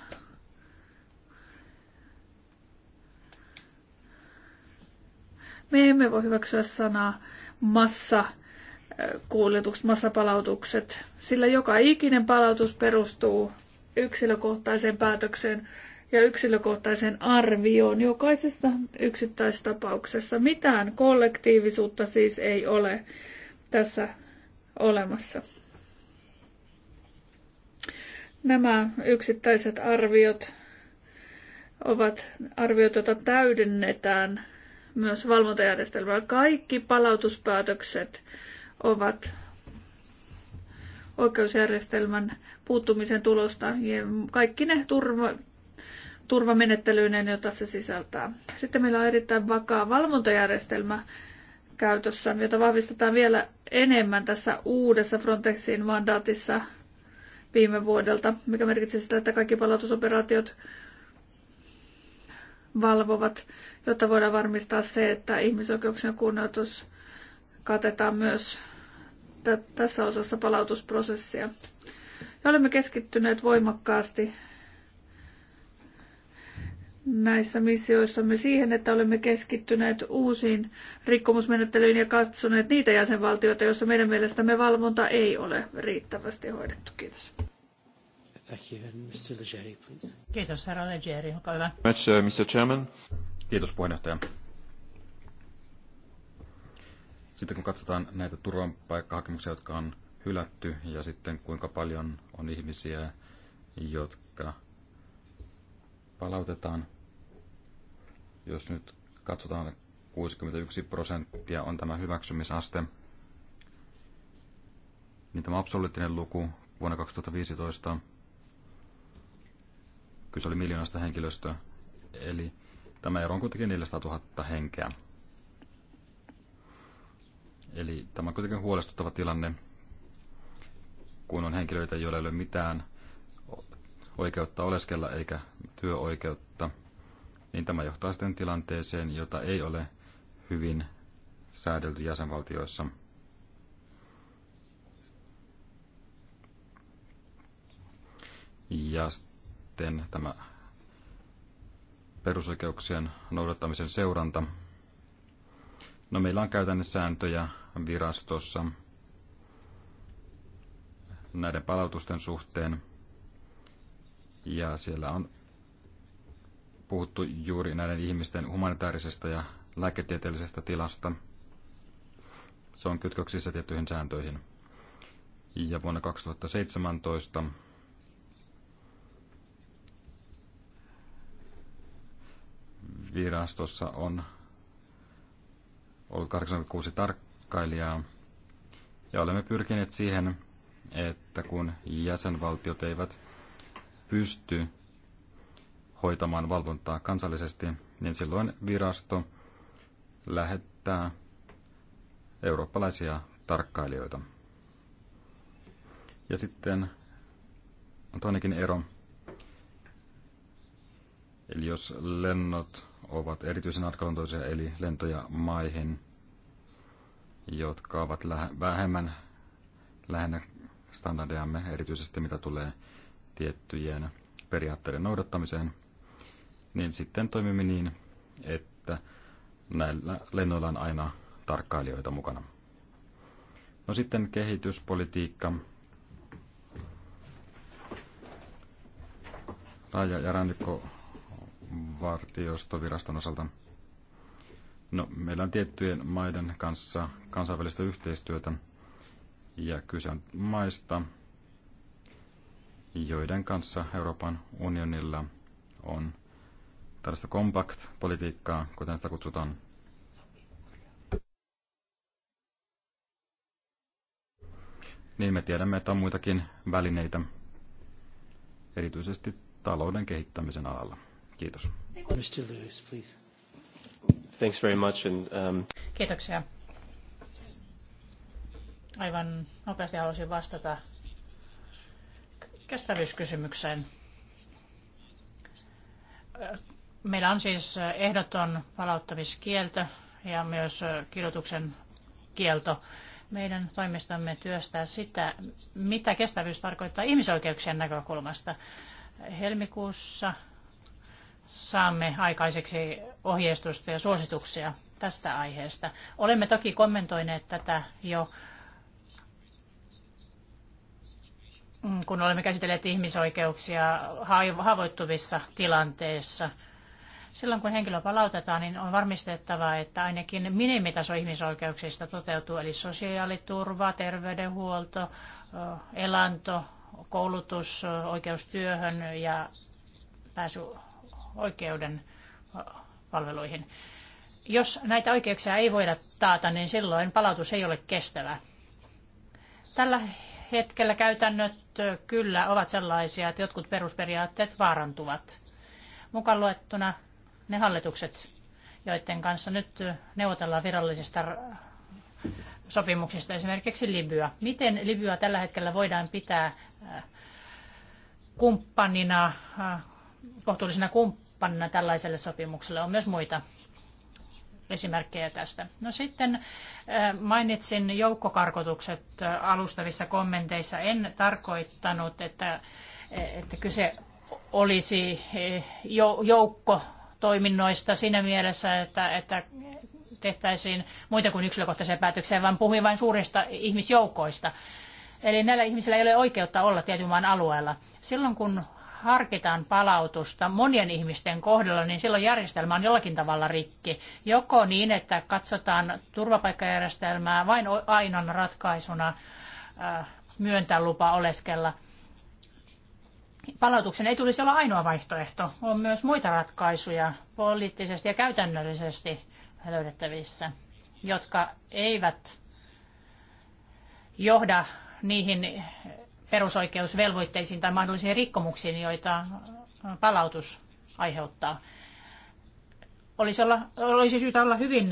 D: Me emme voi hyväksyä sanaa massa äh, kuljetukset, massapalautukset, sillä joka ikinen palautus perustuu yksilökohtaiseen päätökseen ja yksilökohtaiseen arvioon jokaisesta yksittäistapauksessa. Mitään kollektiivisuutta siis ei ole tässä olemassa. Nämä yksittäiset arviot ovat arviot, joita täydennetään myös valvontajärjestelmää. Kaikki palautuspäätökset ovat oikeusjärjestelmän puuttumisen tulosta ja kaikki ne turva, turvamenettelyinen, jota se sisältää. Sitten meillä on erittäin vakaa valvontajärjestelmä käytössä, jota vahvistetaan vielä enemmän tässä uudessa Frontexin mandaatissa viime vuodelta, mikä merkitsee sitä, että kaikki palautusoperaatiot valvovat jotta voidaan varmistaa se, että ihmisoikeuksien kunnioitus katetaan myös tässä osassa palautusprosessia. Ja olemme keskittyneet voimakkaasti näissä missioissamme siihen, että olemme keskittyneet uusiin rikkomusmenettelyihin ja katsoneet niitä jäsenvaltioita, joissa meidän mielestämme valvonta ei ole riittävästi hoidettu. Kiitos.
A: Thank you. And Mr. Legeri, please.
B: Kiitos, herra Legeri. Olkaa hyvä.
C: Much, uh, Mr. Chairman. Kiitos, puheenjohtaja. Sitten kun katsotaan näitä turvapaikkahakemuksia, jotka on hylätty, ja sitten kuinka paljon on ihmisiä, jotka palautetaan, jos nyt katsotaan, 61 prosenttia on tämä hyväksymisaste, niin tämä absoluuttinen luku vuonna 2015 Kyse oli miljoonasta henkilöstöä. eli tämä ero on kuitenkin 400 000 henkeä. Eli tämä on kuitenkin huolestuttava tilanne, kun on henkilöitä, joilla ei ole mitään oikeutta oleskella eikä työoikeutta, niin tämä johtaa sitten tilanteeseen, jota ei ole hyvin säädelty jäsenvaltioissa. Ja sitten tämä perusoikeuksien noudattamisen seuranta. No meillä on käytännön sääntöjä virastossa näiden palautusten suhteen. Ja siellä on puhuttu juuri näiden ihmisten humanitaarisesta ja lääketieteellisestä tilasta. Se on kytköksissä tiettyihin sääntöihin. Ja vuonna 2017 virastossa on ollut 86 tarkkailijaa, ja olemme pyrkineet siihen, että kun jäsenvaltiot eivät pysty hoitamaan valvontaa kansallisesti, niin silloin virasto lähettää eurooppalaisia tarkkailijoita. Ja sitten on toinenkin ero. Eli jos lennot ovat erityisen arkaluontoisia, eli lentoja maihin, jotka ovat lähe, vähemmän lähinnä standardeamme, erityisesti mitä tulee tiettyjen periaatteiden noudattamiseen, niin sitten toimimme niin, että näillä lennoilla on aina tarkkailijoita mukana. No sitten kehityspolitiikka. Raja- ja rannikko vartiostoviraston osalta? No, meillä on tiettyjen maiden kanssa kansainvälistä yhteistyötä ja kyse on maista, joiden kanssa Euroopan unionilla on tällaista kompakt politiikkaa kuten sitä kutsutaan. Niin me tiedämme, että on muitakin välineitä, erityisesti talouden kehittämisen alalla. Kiitos.
A: Mr. Lewis, please.
C: Thanks very much and, um...
B: Kiitoksia. Aivan nopeasti haluaisin vastata kestävyyskysymykseen. Meillä on siis ehdoton palauttamiskielto ja myös kirjoituksen kielto. Meidän toimistamme työstää sitä, mitä kestävyys tarkoittaa ihmisoikeuksien näkökulmasta. Helmikuussa saamme aikaiseksi ohjeistusta ja suosituksia tästä aiheesta. Olemme toki kommentoineet tätä jo, kun olemme käsitelleet ihmisoikeuksia haavoittuvissa tilanteissa. Silloin kun henkilö palautetaan, niin on varmistettava, että ainakin minimitaso ihmisoikeuksista toteutuu, eli sosiaaliturva, terveydenhuolto, elanto, koulutus, oikeus työhön ja pääsy oikeuden palveluihin. Jos näitä oikeuksia ei voida taata, niin silloin palautus ei ole kestävä. Tällä hetkellä käytännöt kyllä ovat sellaisia, että jotkut perusperiaatteet vaarantuvat. Mukaan luettuna ne hallitukset, joiden kanssa nyt neuvotellaan virallisista sopimuksista, esimerkiksi Libya. Miten Libya tällä hetkellä voidaan pitää kumppanina, kohtuullisena kumppanina? kumppanina tällaiselle sopimukselle. On myös muita esimerkkejä tästä. No sitten mainitsin joukkokarkotukset alustavissa kommenteissa. En tarkoittanut, että, e, että kyse olisi e, joukko toiminnoista siinä mielessä, että, että tehtäisiin muita kuin yksilökohtaisia päätöksiä, vaan puhuin vain suurista ihmisjoukoista. Eli näillä ihmisillä ei ole oikeutta olla tietyn maan alueella. Silloin kun harkitaan palautusta monien ihmisten kohdalla, niin silloin järjestelmä on jollakin tavalla rikki. Joko niin, että katsotaan turvapaikkajärjestelmää vain ainoana ratkaisuna äh, myöntää lupa oleskella. Palautuksen ei tulisi olla ainoa vaihtoehto. On myös muita ratkaisuja poliittisesti ja käytännöllisesti löydettävissä, jotka eivät johda niihin perusoikeusvelvoitteisiin tai mahdollisiin rikkomuksiin, joita palautus aiheuttaa. Olisi, olla, olisi syytä olla hyvin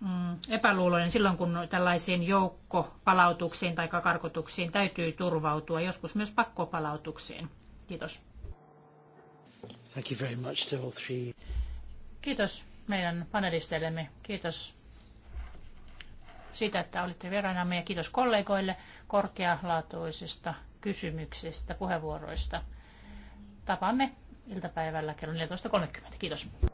B: mm, epäluuloinen silloin, kun tällaisiin joukkopalautuksiin tai karkotuksiin täytyy turvautua, joskus myös pakkopalautuksiin. Kiitos.
A: Thank you very much to all three.
B: Kiitos meidän panelisteillemme. Kiitos siitä, että olitte vieraanamme ja kiitos kollegoille korkealaatuisista kysymyksistä, puheenvuoroista. Tapaamme iltapäivällä kello 14.30. Kiitos.